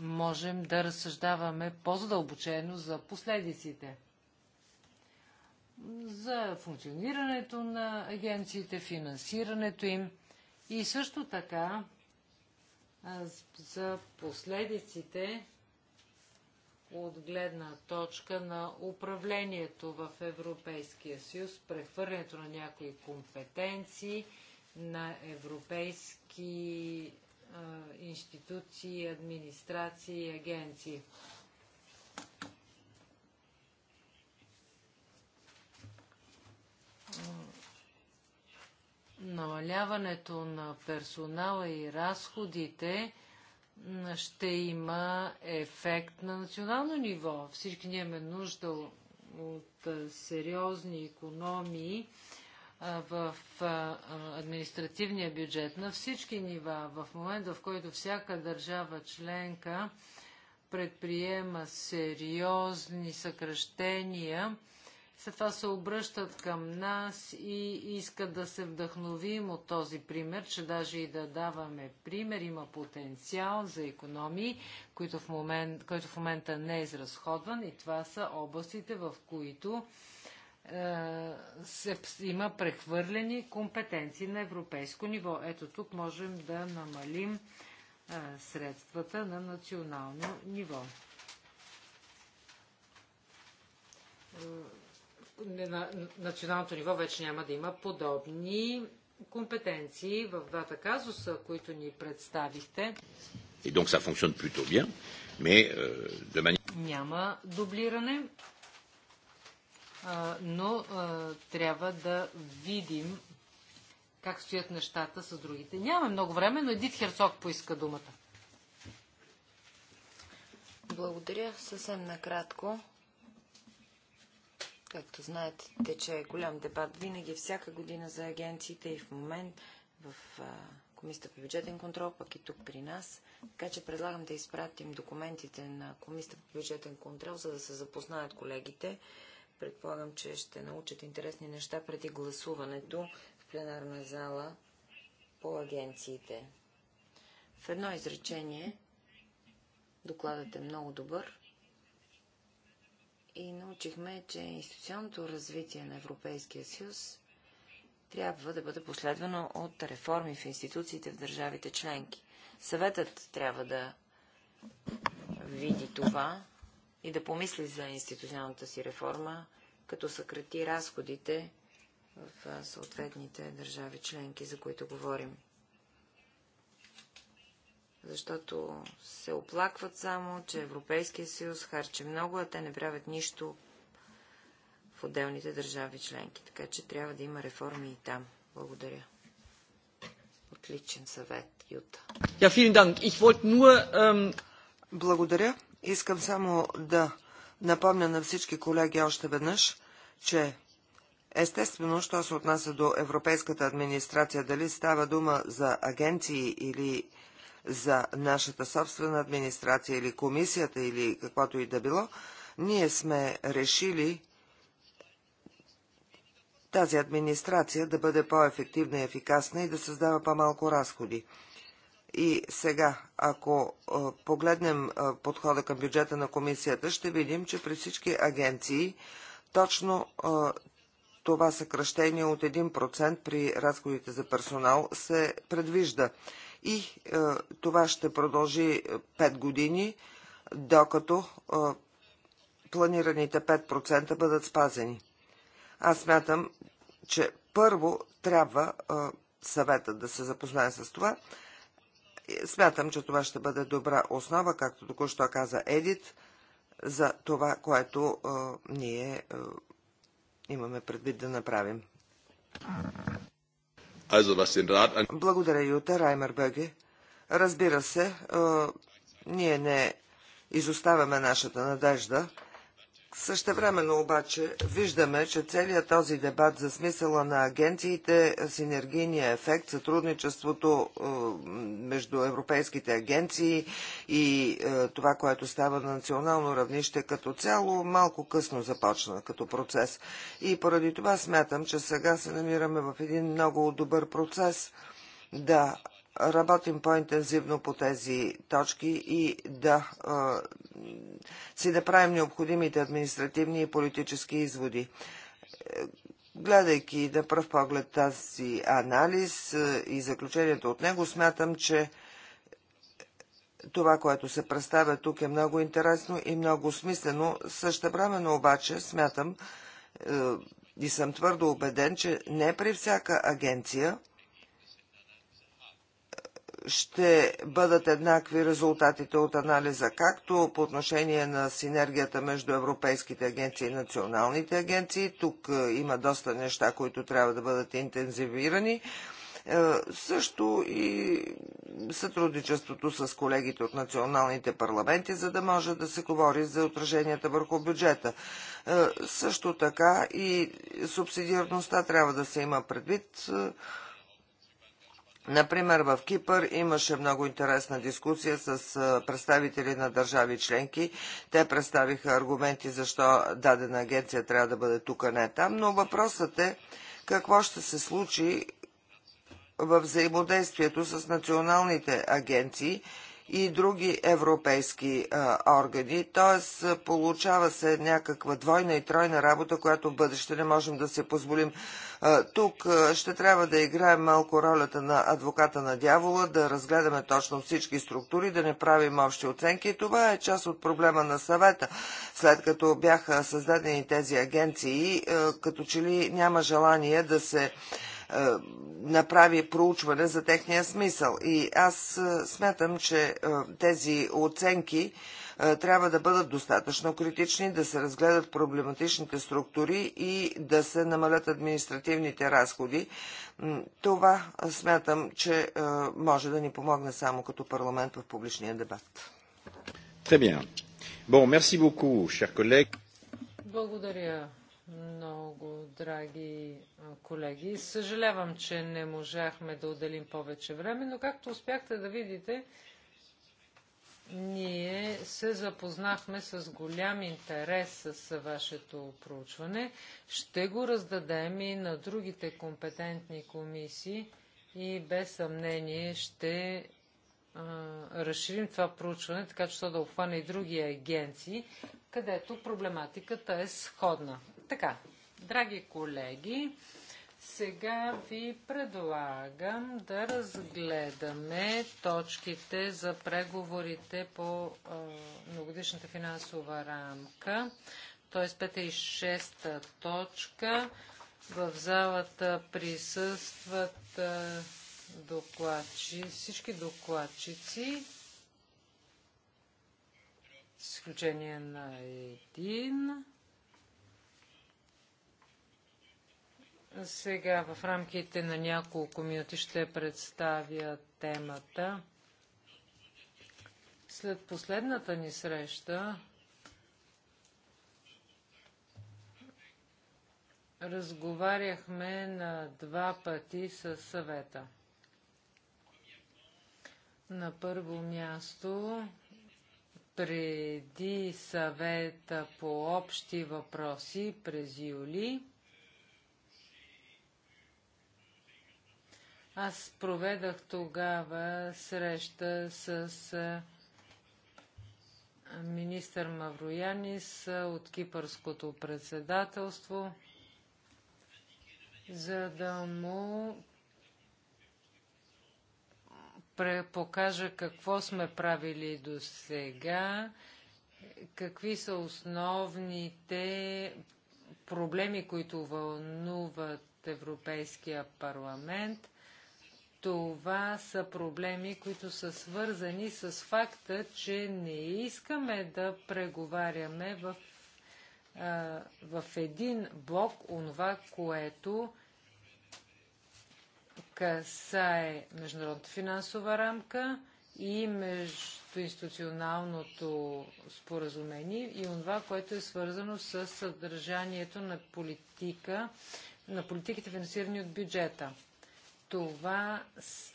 можем да разсъждаваме по-задълбочено за последиците. За функционирането на агенциите, финансирането им и също така за последиците от гледна точка на управлението в Европейския съюз, прехвърлянето на някои компетенции на европейски институции, администрации и агенции. намаляването на персонала и разходите ще има ефект на национално ниво. Всички ние имаме нужда от сериозни економии в административния бюджет на всички нива. В момента, в който всяка държава членка предприема сериозни съкръщения, след това се обръщат към нас и искат да се вдъхновим от този пример, че даже и да даваме пример, има потенциал за економии, който в, момент, който в момента не е изразходван и това са областите, в които е, се, има прехвърлени компетенции на европейско ниво. Ето тук можем да намалим е, средствата на национално ниво. Е, на националното ниво вече няма да има подобни компетенции в двата казуса, които ни представихте. И donc ça fonctionne plutôt bien, mais euh, de manière... Няма дублиране, но трябва да видим как стоят нещата с другите. Нямаме много време, но Едит Херцог поиска думата. Благодаря. Съвсем накратко. Както знаете, тече голям дебат винаги, всяка година за агенциите и в момент в Комисията по бюджетен контрол, пък и тук при нас. Така че предлагам да изпратим документите на Комисията по бюджетен контрол, за да се запознаят колегите. Предполагам, че ще научат интересни неща преди гласуването в пленарна зала по агенциите. В едно изречение докладът е много добър и научихме, че институционното развитие на Европейския съюз трябва да бъде последвано от реформи в институциите в държавите членки. Съветът трябва да види това и да помисли за институционалната си реформа, като съкрати разходите в съответните държави членки, за които говорим защото се оплакват само, че Европейския съюз харчи много, а те не правят нищо в отделните държави членки. Така че трябва да има реформи и там. Благодаря. Отличен съвет, Юта. Ja, vielen Dank. Ich wollte nur, ähm... Благодаря. Искам само да напомня на всички колеги още веднъж, че Естествено, що се отнася до Европейската администрация, дали става дума за агенции или за нашата собствена администрация или комисията или каквото и да било, ние сме решили тази администрация да бъде по-ефективна и ефикасна и да създава по-малко разходи. И сега, ако е, погледнем е, подхода към бюджета на комисията, ще видим, че при всички агенции точно е, това съкръщение от 1% при разходите за персонал се предвижда и е, това ще продължи 5 е, години, докато е, планираните 5% бъдат спазени. Аз смятам, че първо трябва е, съветът да се запознае с това. Смятам, че това ще бъде добра основа, както току-що каза Едит, за това, което е, ние е, имаме предвид да направим. Благодаря was den Rat Благодаря, Юта Разбира се, ние не изоставяме нашата надежда Същевременно обаче виждаме, че целият този дебат за смисъла на агенциите, синергийния ефект, сътрудничеството е, между европейските агенции и е, това, което става на национално равнище като цяло, малко късно започна като процес. И поради това смятам, че сега се намираме в един много добър процес да работим по-интензивно по тези точки и да а, си направим необходимите административни и политически изводи. Е, гледайки на пръв поглед тази анализ е, и заключението от него, смятам, че това, което се представя тук е много интересно и много смислено. Същевременно обаче смятам е, и съм твърдо убеден, че не при всяка агенция – ще бъдат еднакви резултатите от анализа, както по отношение на синергията между европейските агенции и националните агенции. Тук е, има доста неща, които трябва да бъдат интензивирани. Е, също и сътрудничеството с колегите от националните парламенти, за да може да се говори за отраженията върху бюджета. Е, също така и субсидиарността трябва да се има предвид. Например, в Кипър имаше много интересна дискусия с представители на държави членки. Те представиха аргументи защо дадена агенция трябва да бъде тук, а не там. Но въпросът е какво ще се случи в взаимодействието с националните агенции и други европейски а, органи. Т.е. получава се някаква двойна и тройна работа, която в бъдеще не можем да се позволим. Тук ще трябва да играем малко ролята на адвоката на дявола, да разгледаме точно всички структури, да не правим общи оценки. Това е част от проблема на съвета. След като бяха създадени тези агенции, като че ли няма желание да се направи проучване за техния смисъл. И аз смятам, че тези оценки е, трябва да бъдат достатъчно критични, да се разгледат проблематичните структури и да се намалят административните разходи. Това смятам, че е, може да ни помогне само като парламент в публичния дебат. Благодаря много, драги колеги. Съжалявам, че не можахме да отделим повече време, но както успяхте да видите, ние се запознахме с голям интерес с вашето проучване. Ще го раздадем и на другите компетентни комисии и без съмнение ще а, разширим това проучване, така че то да обхване и други агенции, където проблематиката е сходна. Така, драги колеги, сега ви предлагам да разгледаме точките за преговорите по а, многодишната финансова рамка, т.е. 5 и шеста точка. В залата присъстват докладчи, всички докладчици, с изключение на един. Сега в рамките на няколко минути ще представя темата. След последната ни среща разговаряхме на два пъти с съвета. На първо място, преди съвета по общи въпроси през юли, Аз проведах тогава среща с министър Мавроянис от Кипърското председателство, за да му покажа какво сме правили до сега, какви са основните проблеми, които вълнуват Европейския парламент това са проблеми, които са свързани с факта, че не искаме да преговаряме в, а, в един блок онова, което касае международната финансова рамка и междуинституционалното споразумение и онова, което е свързано с съдържанието на политика, на политиките финансирани от бюджета това,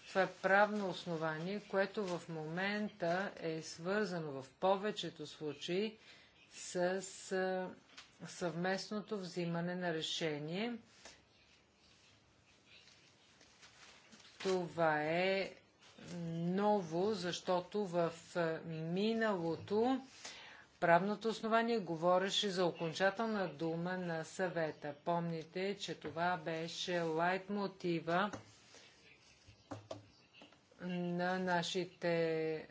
това е правно основание, което в момента е свързано в повечето случаи с съвместното взимане на решение. Това е ново, защото в миналото правното основание говореше за окончателна дума на съвета. Помните, че това беше лайт мотива на нашите е,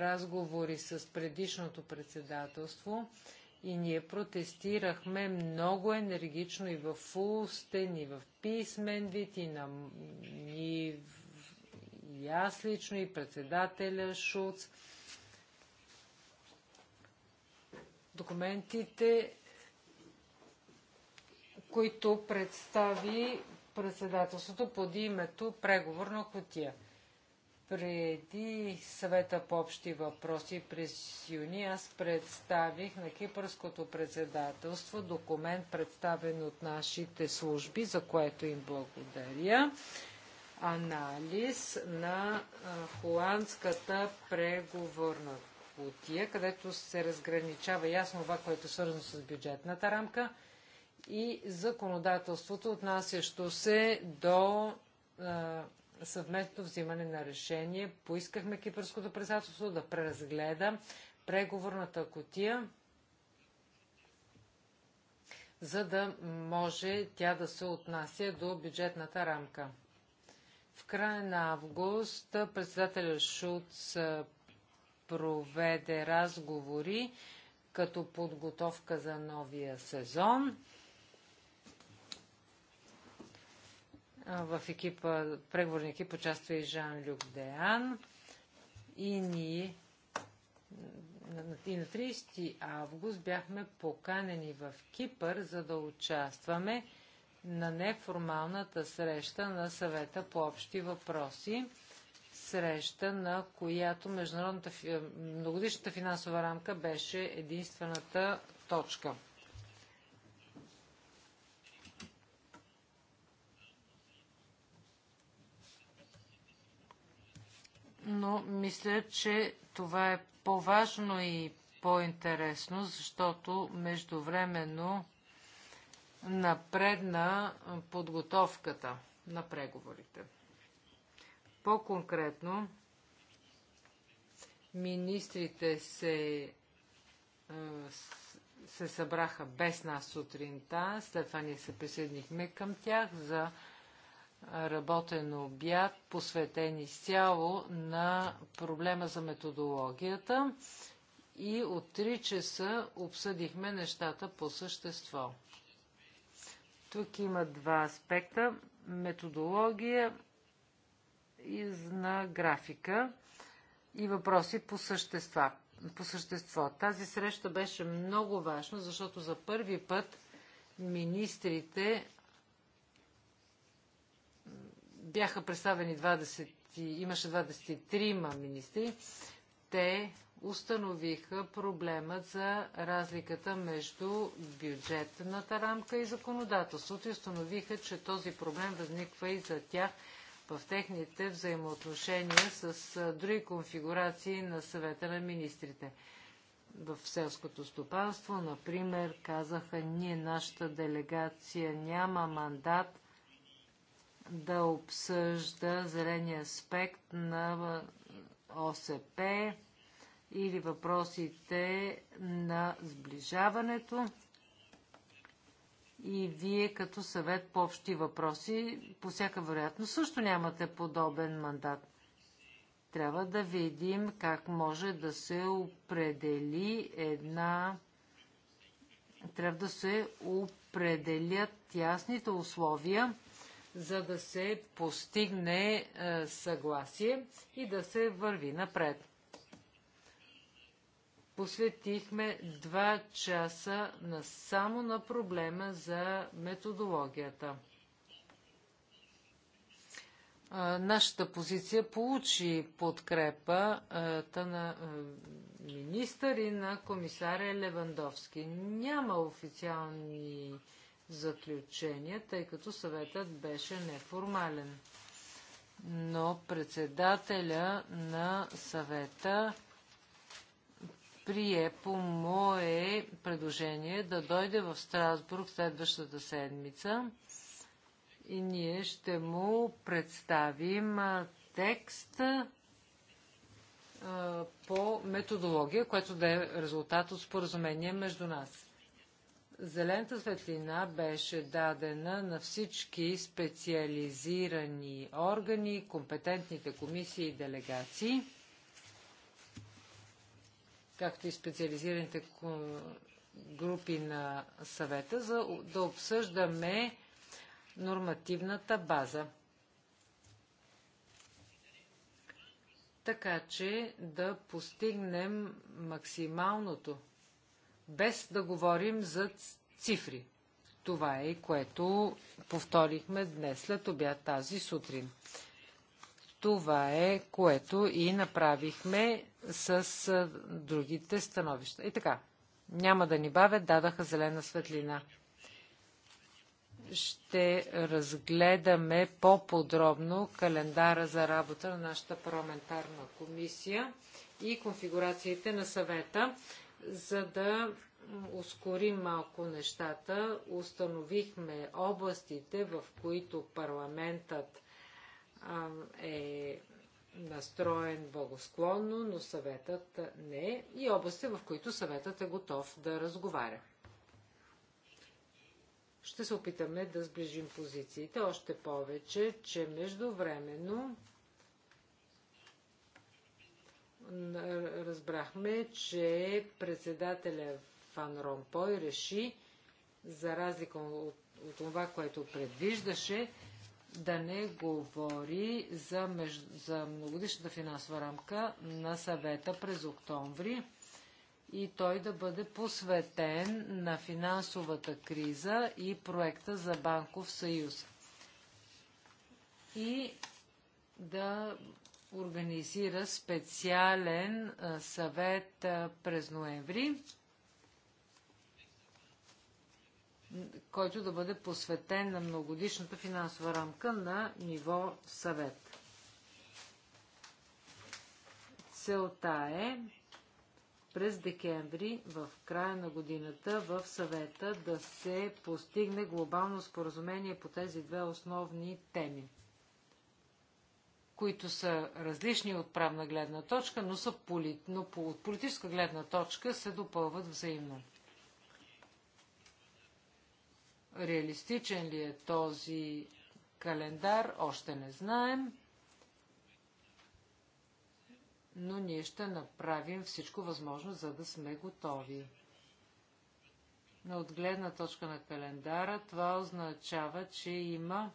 разговори с предишното председателство и ние протестирахме много енергично и в устен, и в писмен вид, и, на, и, и аз лично, и председателя Шуц. Документите, които представи председателството под името преговорна котия преди съвета по общи въпроси през юни аз представих на кипърското председателство документ, представен от нашите служби, за което им благодаря. Анализ на холандската преговорна кутия, където се разграничава ясно това, което е свързано с бюджетната рамка и законодателството, отнасящо се до съвместно взимане на решение. Поискахме кипърското председателство да преразгледа преговорната котия, за да може тя да се отнася до бюджетната рамка. В края на август председателя Шуц проведе разговори като подготовка за новия сезон. В екипа, преговорния екип участва и Жан-Люк Деан. И ние и на 30 август бяхме поканени в Кипър, за да участваме на неформалната среща на съвета по общи въпроси, среща на която международната, е, многодишната финансова рамка беше единствената точка. но мисля, че това е по-важно и по-интересно, защото междувременно напредна подготовката на преговорите. По-конкретно, министрите се, се събраха без нас сутринта, след това ние се присъединихме към тях за работен обяд, посветен изцяло на проблема за методологията и от 3 часа обсъдихме нещата по същество. Тук има два аспекта. Методология и на графика и въпроси по, същества, по същество. Тази среща беше много важна, защото за първи път министрите бяха представени 20, имаше 23 министри. Те установиха проблемът за разликата между бюджетната рамка и законодателството и установиха, че този проблем възниква и за тях в техните взаимоотношения с други конфигурации на съвета на министрите. В селското стопанство, например, казаха, ние, нашата делегация, няма мандат да обсъжда зеления аспект на ОСП или въпросите на сближаването. И вие като съвет по общи въпроси, по всяка вероятност, също нямате подобен мандат. Трябва да видим как може да се определи една. Трябва да се определят ясните условия за да се постигне е, съгласие и да се върви напред. Посветихме два часа на само на проблема за методологията. Е, нашата позиция получи подкрепа е, на министър и на комисаря Левандовски. Няма официални заключения, тъй като съветът беше неформален. Но председателя на съвета прие по мое предложение да дойде в Страсбург следващата седмица и ние ще му представим текст по методология, което да е резултат от споразумение между нас. Зелената светлина беше дадена на всички специализирани органи, компетентните комисии и делегации, както и специализираните групи на съвета, за да обсъждаме нормативната база. Така че да постигнем максималното – без да говорим за цифри. Това е, което повторихме днес след обяд тази сутрин. Това е, което и направихме с другите становища. И така, няма да ни бавят, дадаха зелена светлина. Ще разгледаме по-подробно календара за работа на нашата парламентарна комисия и конфигурациите на съвета. За да ускорим малко нещата, установихме областите, в които парламентът а, е настроен благосклонно, но съветът не е и области, в които съветът е готов да разговаря. Ще се опитаме да сближим позициите, още повече, че междувременно разбрахме, че председателя Фан Ромпой реши, за разлика от, от това, което предвиждаше, да не говори за, между, за многодишната финансова рамка на съвета през октомври и той да бъде посветен на финансовата криза и проекта за банков съюз. И да организира специален съвет през ноември, който да бъде посветен на многодишната финансова рамка на ниво съвет. Целта е през декември, в края на годината, в съвета да се постигне глобално споразумение по тези две основни теми които са различни от правна гледна точка, но, са полит, но по, от политическа гледна точка се допълват взаимно. Реалистичен ли е този календар, още не знаем, но ние ще направим всичко възможно, за да сме готови. Но от гледна точка на календара това означава, че има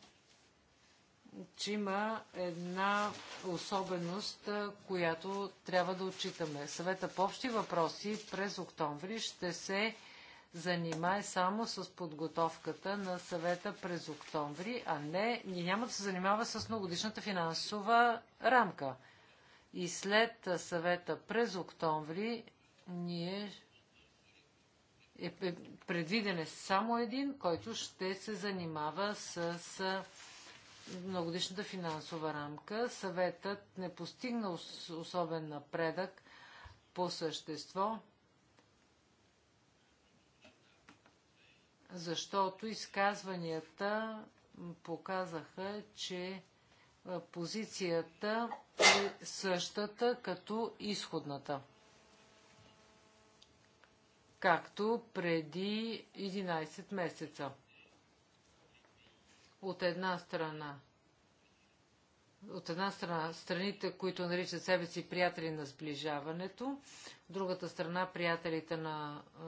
че има една особеност, която трябва да отчитаме. Съвета по общи въпроси през октомври ще се занимае само с подготовката на съвета през октомври, а не няма да се занимава с многодишната финансова рамка. И след съвета през октомври ние е, е предвиден е само един, който ще се занимава с многодишната финансова рамка. Съветът не постигна особен напредък по същество, защото изказванията показаха, че позицията е същата като изходната. Както преди 11 месеца. От една страна, от една страна страните, които наричат себе си приятели на сближаването, другата страна приятелите на е,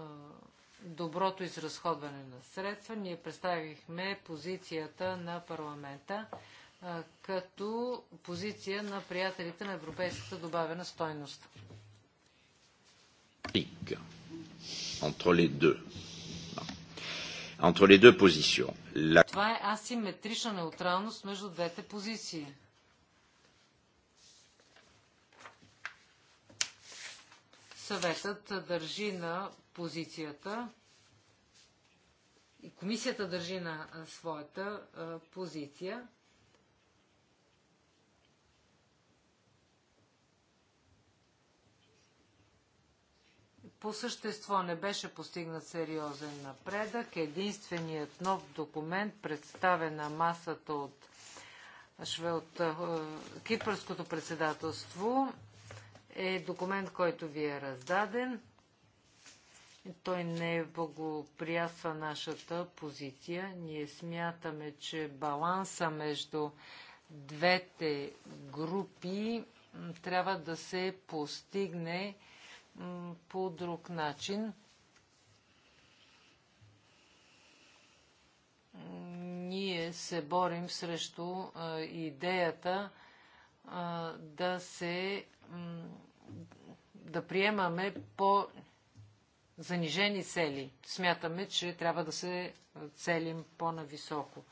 доброто изразходване на средства. Ние представихме позицията на парламента е, като позиция на приятелите на европейската добавена стойност. Entre les deux entre les deux positions. La... Това е асиметрична неутралност между двете позиции. Съветът държи на позицията и комисията държи на своята позиция. по същество не беше постигнат сериозен напредък. Единственият нов документ, представен на масата от, е, Кипърското председателство, е документ, който ви е раздаден. Той не е благоприятства нашата позиция. Ние смятаме, че баланса между двете групи трябва да се постигне по друг начин. Ние се борим срещу идеята да се да приемаме по занижени цели. Смятаме, че трябва да се целим по-нависоко.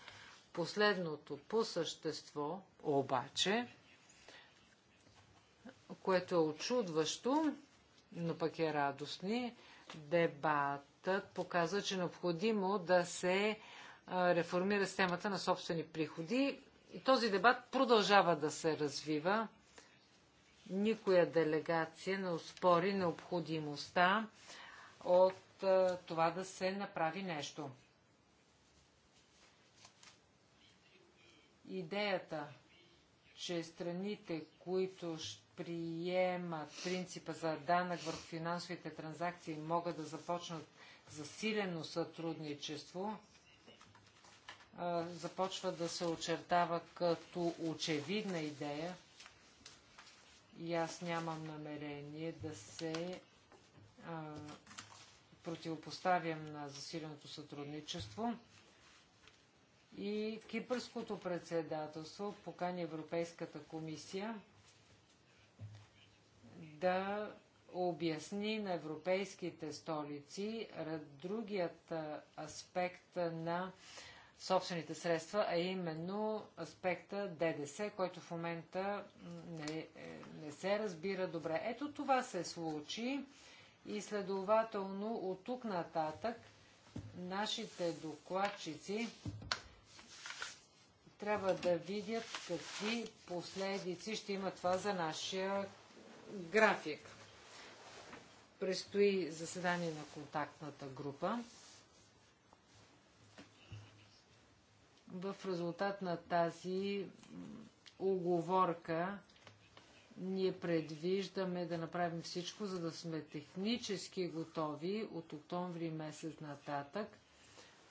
Последното по същество, обаче, което е очудващо, но пък и е радостни. Дебатът показва, че е необходимо да се реформира системата на собствени приходи. И този дебат продължава да се развива. Никоя делегация не успори необходимостта от това да се направи нещо. Идеята, че страните, които ще приемат принципа за данък върху финансовите транзакции, могат да започнат засилено сътрудничество, започва да се очертава като очевидна идея. И аз нямам намерение да се а, противопоставям на засиленото сътрудничество. И Кипърското председателство покани Европейската комисия да обясни на европейските столици другият аспект на собствените средства, а именно аспекта ДДС, който в момента не, е, не се разбира добре. Ето това се случи и следователно от тук нататък нашите докладчици трябва да видят какви последици ще има това за нашия график. Престои заседание на контактната група. В резултат на тази оговорка ние предвиждаме да направим всичко, за да сме технически готови от октомври месец нататък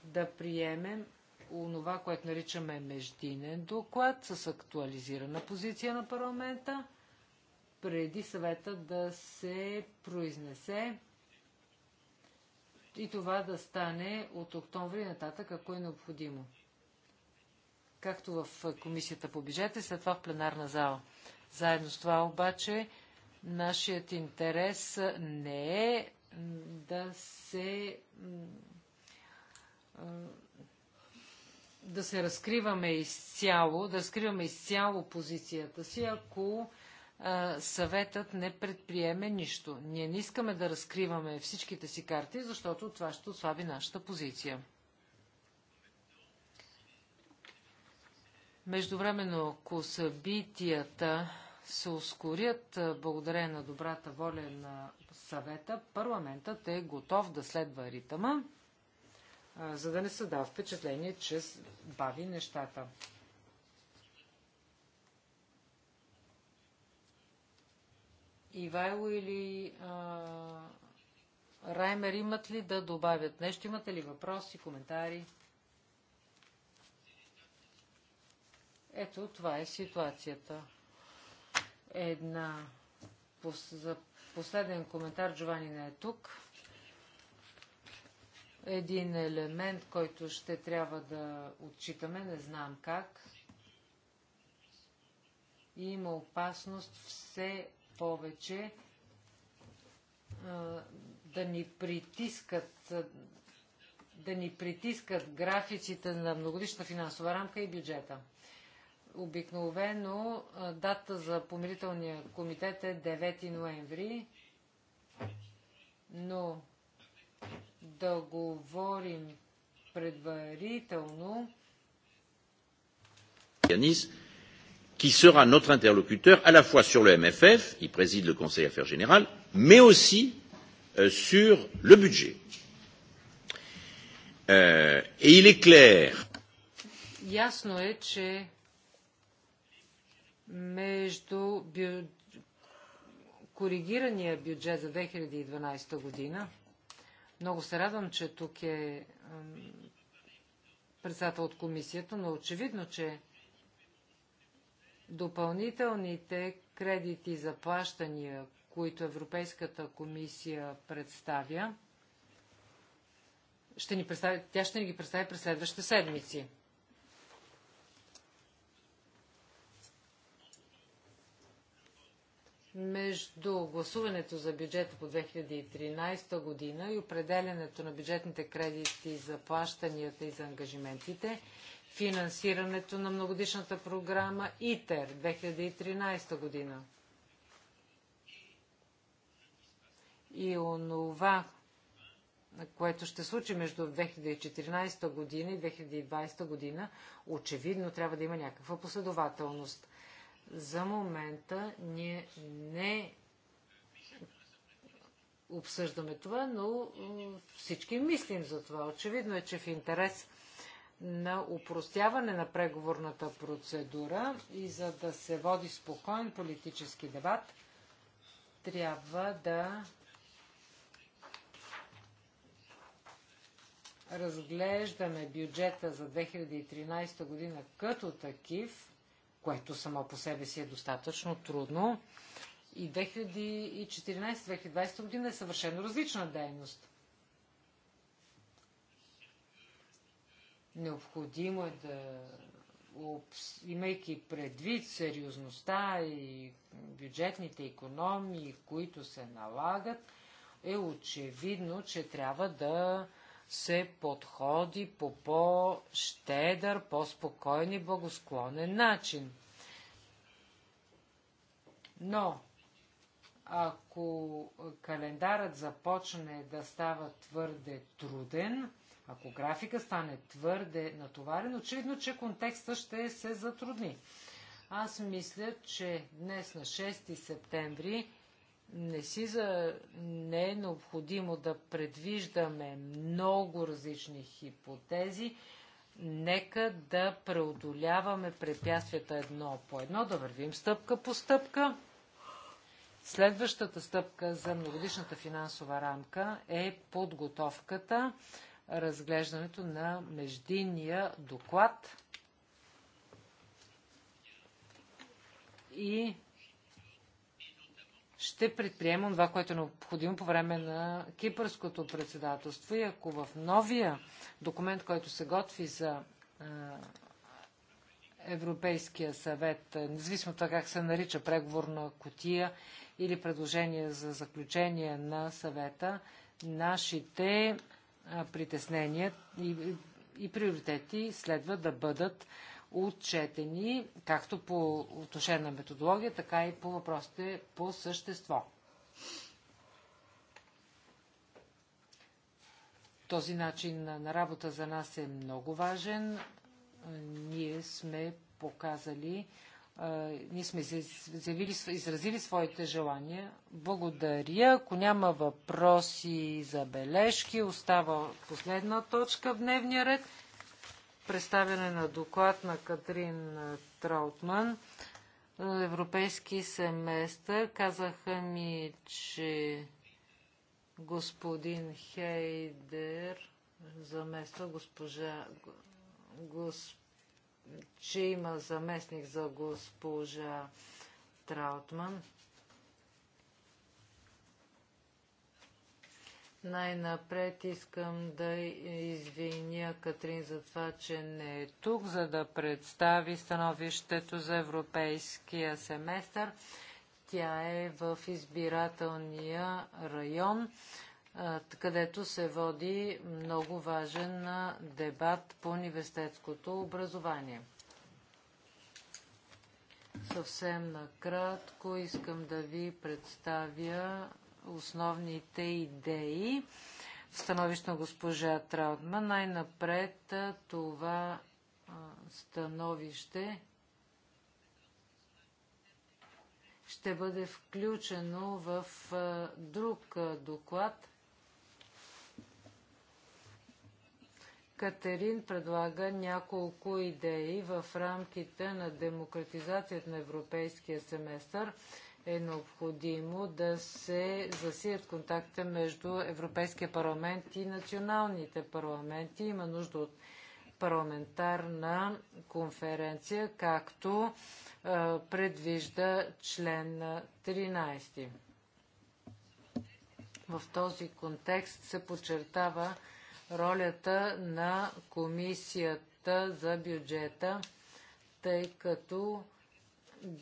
да приемем онова, което наричаме междинен доклад с актуализирана позиция на парламента – преди съвета да се произнесе и това да стане от октомври нататък, ако е необходимо. Както в комисията по бюджета, след това в пленарна зала. Заедно с това обаче, нашият интерес не е да се да се разкриваме изцяло, да разкриваме изцяло позицията си, ако съветът не предприеме нищо. Ние не искаме да разкриваме всичките си карти, защото това ще ослаби нашата позиция. Междувременно, ако събитията се ускорят благодарение на добрата воля на съвета, парламентът е готов да следва ритъма, за да не се дава впечатление, че бави нещата. Ивайло или а, Раймер имат ли да добавят нещо? Имате ли въпроси, коментари? Ето, това е ситуацията. Една за последен коментар Джовани не е тук. Един елемент, който ще трябва да отчитаме, не знам как. Има опасност все повече да ни притискат да ни притискат графиците на многодишна финансова рамка и бюджета. Обикновено дата за помирителния комитет е 9 ноември, но да говорим предварително qui sera notre interlocuteur à la fois sur le MFF, il préside le Conseil Affaires Générales, mais aussi sur le budget. et il est clair. Ясно е, че между бю... коригирания бюджет за 2012 година, много се радвам, че тук е председател от комисията, но очевидно, че Допълнителните кредити за плащания, които Европейската комисия представя, ще ни представи, тя ще ни ги представи през следващите седмици. между гласуването за бюджета по 2013 година и определенето на бюджетните кредити за плащанията и за ангажиментите, финансирането на многодишната програма ИТЕР 2013 година. И онова, което ще случи между 2014 година и 2020 година, очевидно трябва да има някаква последователност. За момента ние не обсъждаме това, но всички мислим за това. Очевидно е, че в интерес на упростяване на преговорната процедура и за да се води спокоен политически дебат, трябва да разглеждаме бюджета за 2013 година като такив, което само по себе си е достатъчно трудно. И 2014-2020 година е съвършено различна дейност. Необходимо е да, имайки предвид сериозността и бюджетните економии, които се налагат, е очевидно, че трябва да се подходи по по-щедър, по-спокоен и благосклонен начин. Но, ако календарът започне да става твърде труден, ако графика стане твърде натоварен, очевидно, че контекста ще се затрудни. Аз мисля, че днес на 6 септември не, си за... не е необходимо да предвиждаме много различни хипотези. Нека да преодоляваме препятствията едно по едно, да вървим стъпка по стъпка. Следващата стъпка за многодишната финансова рамка е подготовката разглеждането на междинния доклад и ще предприемам това, което е необходимо по време на кипърското председателство и ако в новия документ, който се готви за Европейския съвет, независимо от това как се нарича преговорна котия или предложение за заключение на съвета, нашите притеснения и, и приоритети следва да бъдат отчетени както по отношение на методология, така и по въпросите по същество. Този начин на работа за нас е много важен. Ние сме показали ние сме заявили, изразили своите желания. Благодаря. Ако няма въпроси и забележки, остава последна точка в дневния ред. Представяне на доклад на Катрин Траутман. Европейски семестър. Казаха ми, че господин Хейдер замества госпожа госп че има заместник за госпожа Траутман. Най-напред искам да извиня Катрин за това, че не е тук, за да представи становището за европейския семестър. Тя е в избирателния район където се води много важен дебат по университетското образование. Съвсем накратко искам да ви представя основните идеи в становище на госпожа Траутман. Най-напред това становище ще бъде включено в друг доклад – Катерин предлага няколко идеи в рамките на демократизацията на европейския семестър. Е необходимо да се засият контакта между Европейския парламент и националните парламенти. Има нужда от парламентарна конференция, както е, предвижда член 13. В този контекст се подчертава ролята на комисията за бюджета, тъй като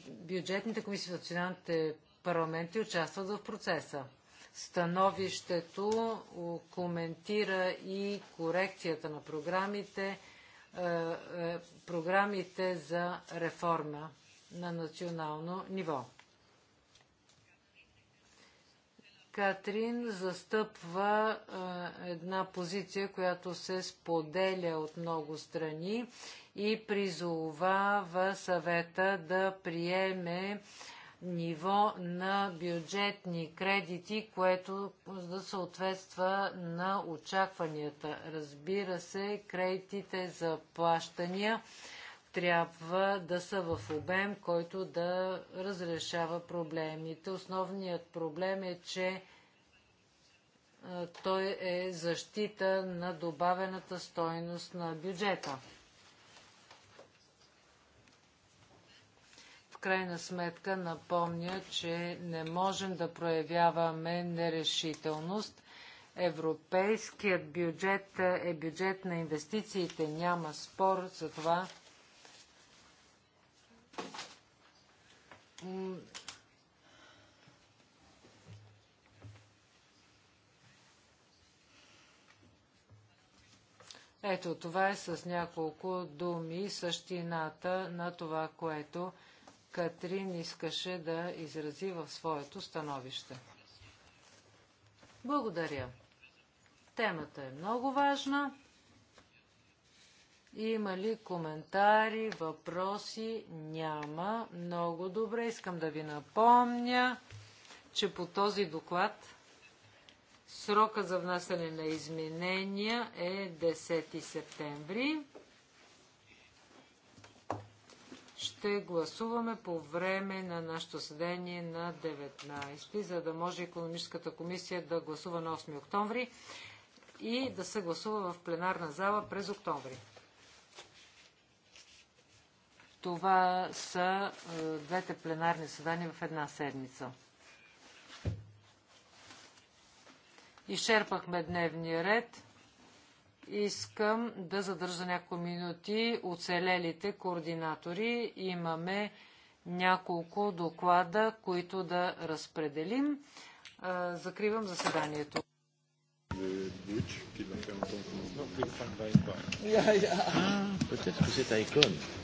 бюджетните комисии в националните парламенти участват в процеса. Становището коментира и корекцията на програмите, е, е, програмите за реформа на национално ниво. Катрин застъпва една позиция, която се споделя от много страни и призовава съвета да приеме ниво на бюджетни кредити, което да съответства на очакванията. Разбира се, кредитите за плащания трябва да са в обем, който да разрешава проблемите. Основният проблем е, че е, той е защита на добавената стойност на бюджета. В крайна сметка напомня, че не можем да проявяваме нерешителност. Европейският бюджет е бюджет на инвестициите. Няма спор за това ето, това е с няколко думи същината на това, което Катрин искаше да изрази в своето становище. Благодаря. Темата е много важна. Има ли коментари, въпроси? Няма. Много добре. Искам да ви напомня, че по този доклад срока за внасяне на изменения е 10 септември. Ще гласуваме по време на нашето съдение на 19, за да може економическата комисия да гласува на 8 октомври и да се гласува в пленарна зала през октомври. Това са е, двете пленарни съдания в една седмица. Изчерпахме дневния ред. Искам да задържа няколко минути оцелелите координатори. Имаме няколко доклада, които да разпределим. Е, закривам заседанието. Ah, peut-être que c'est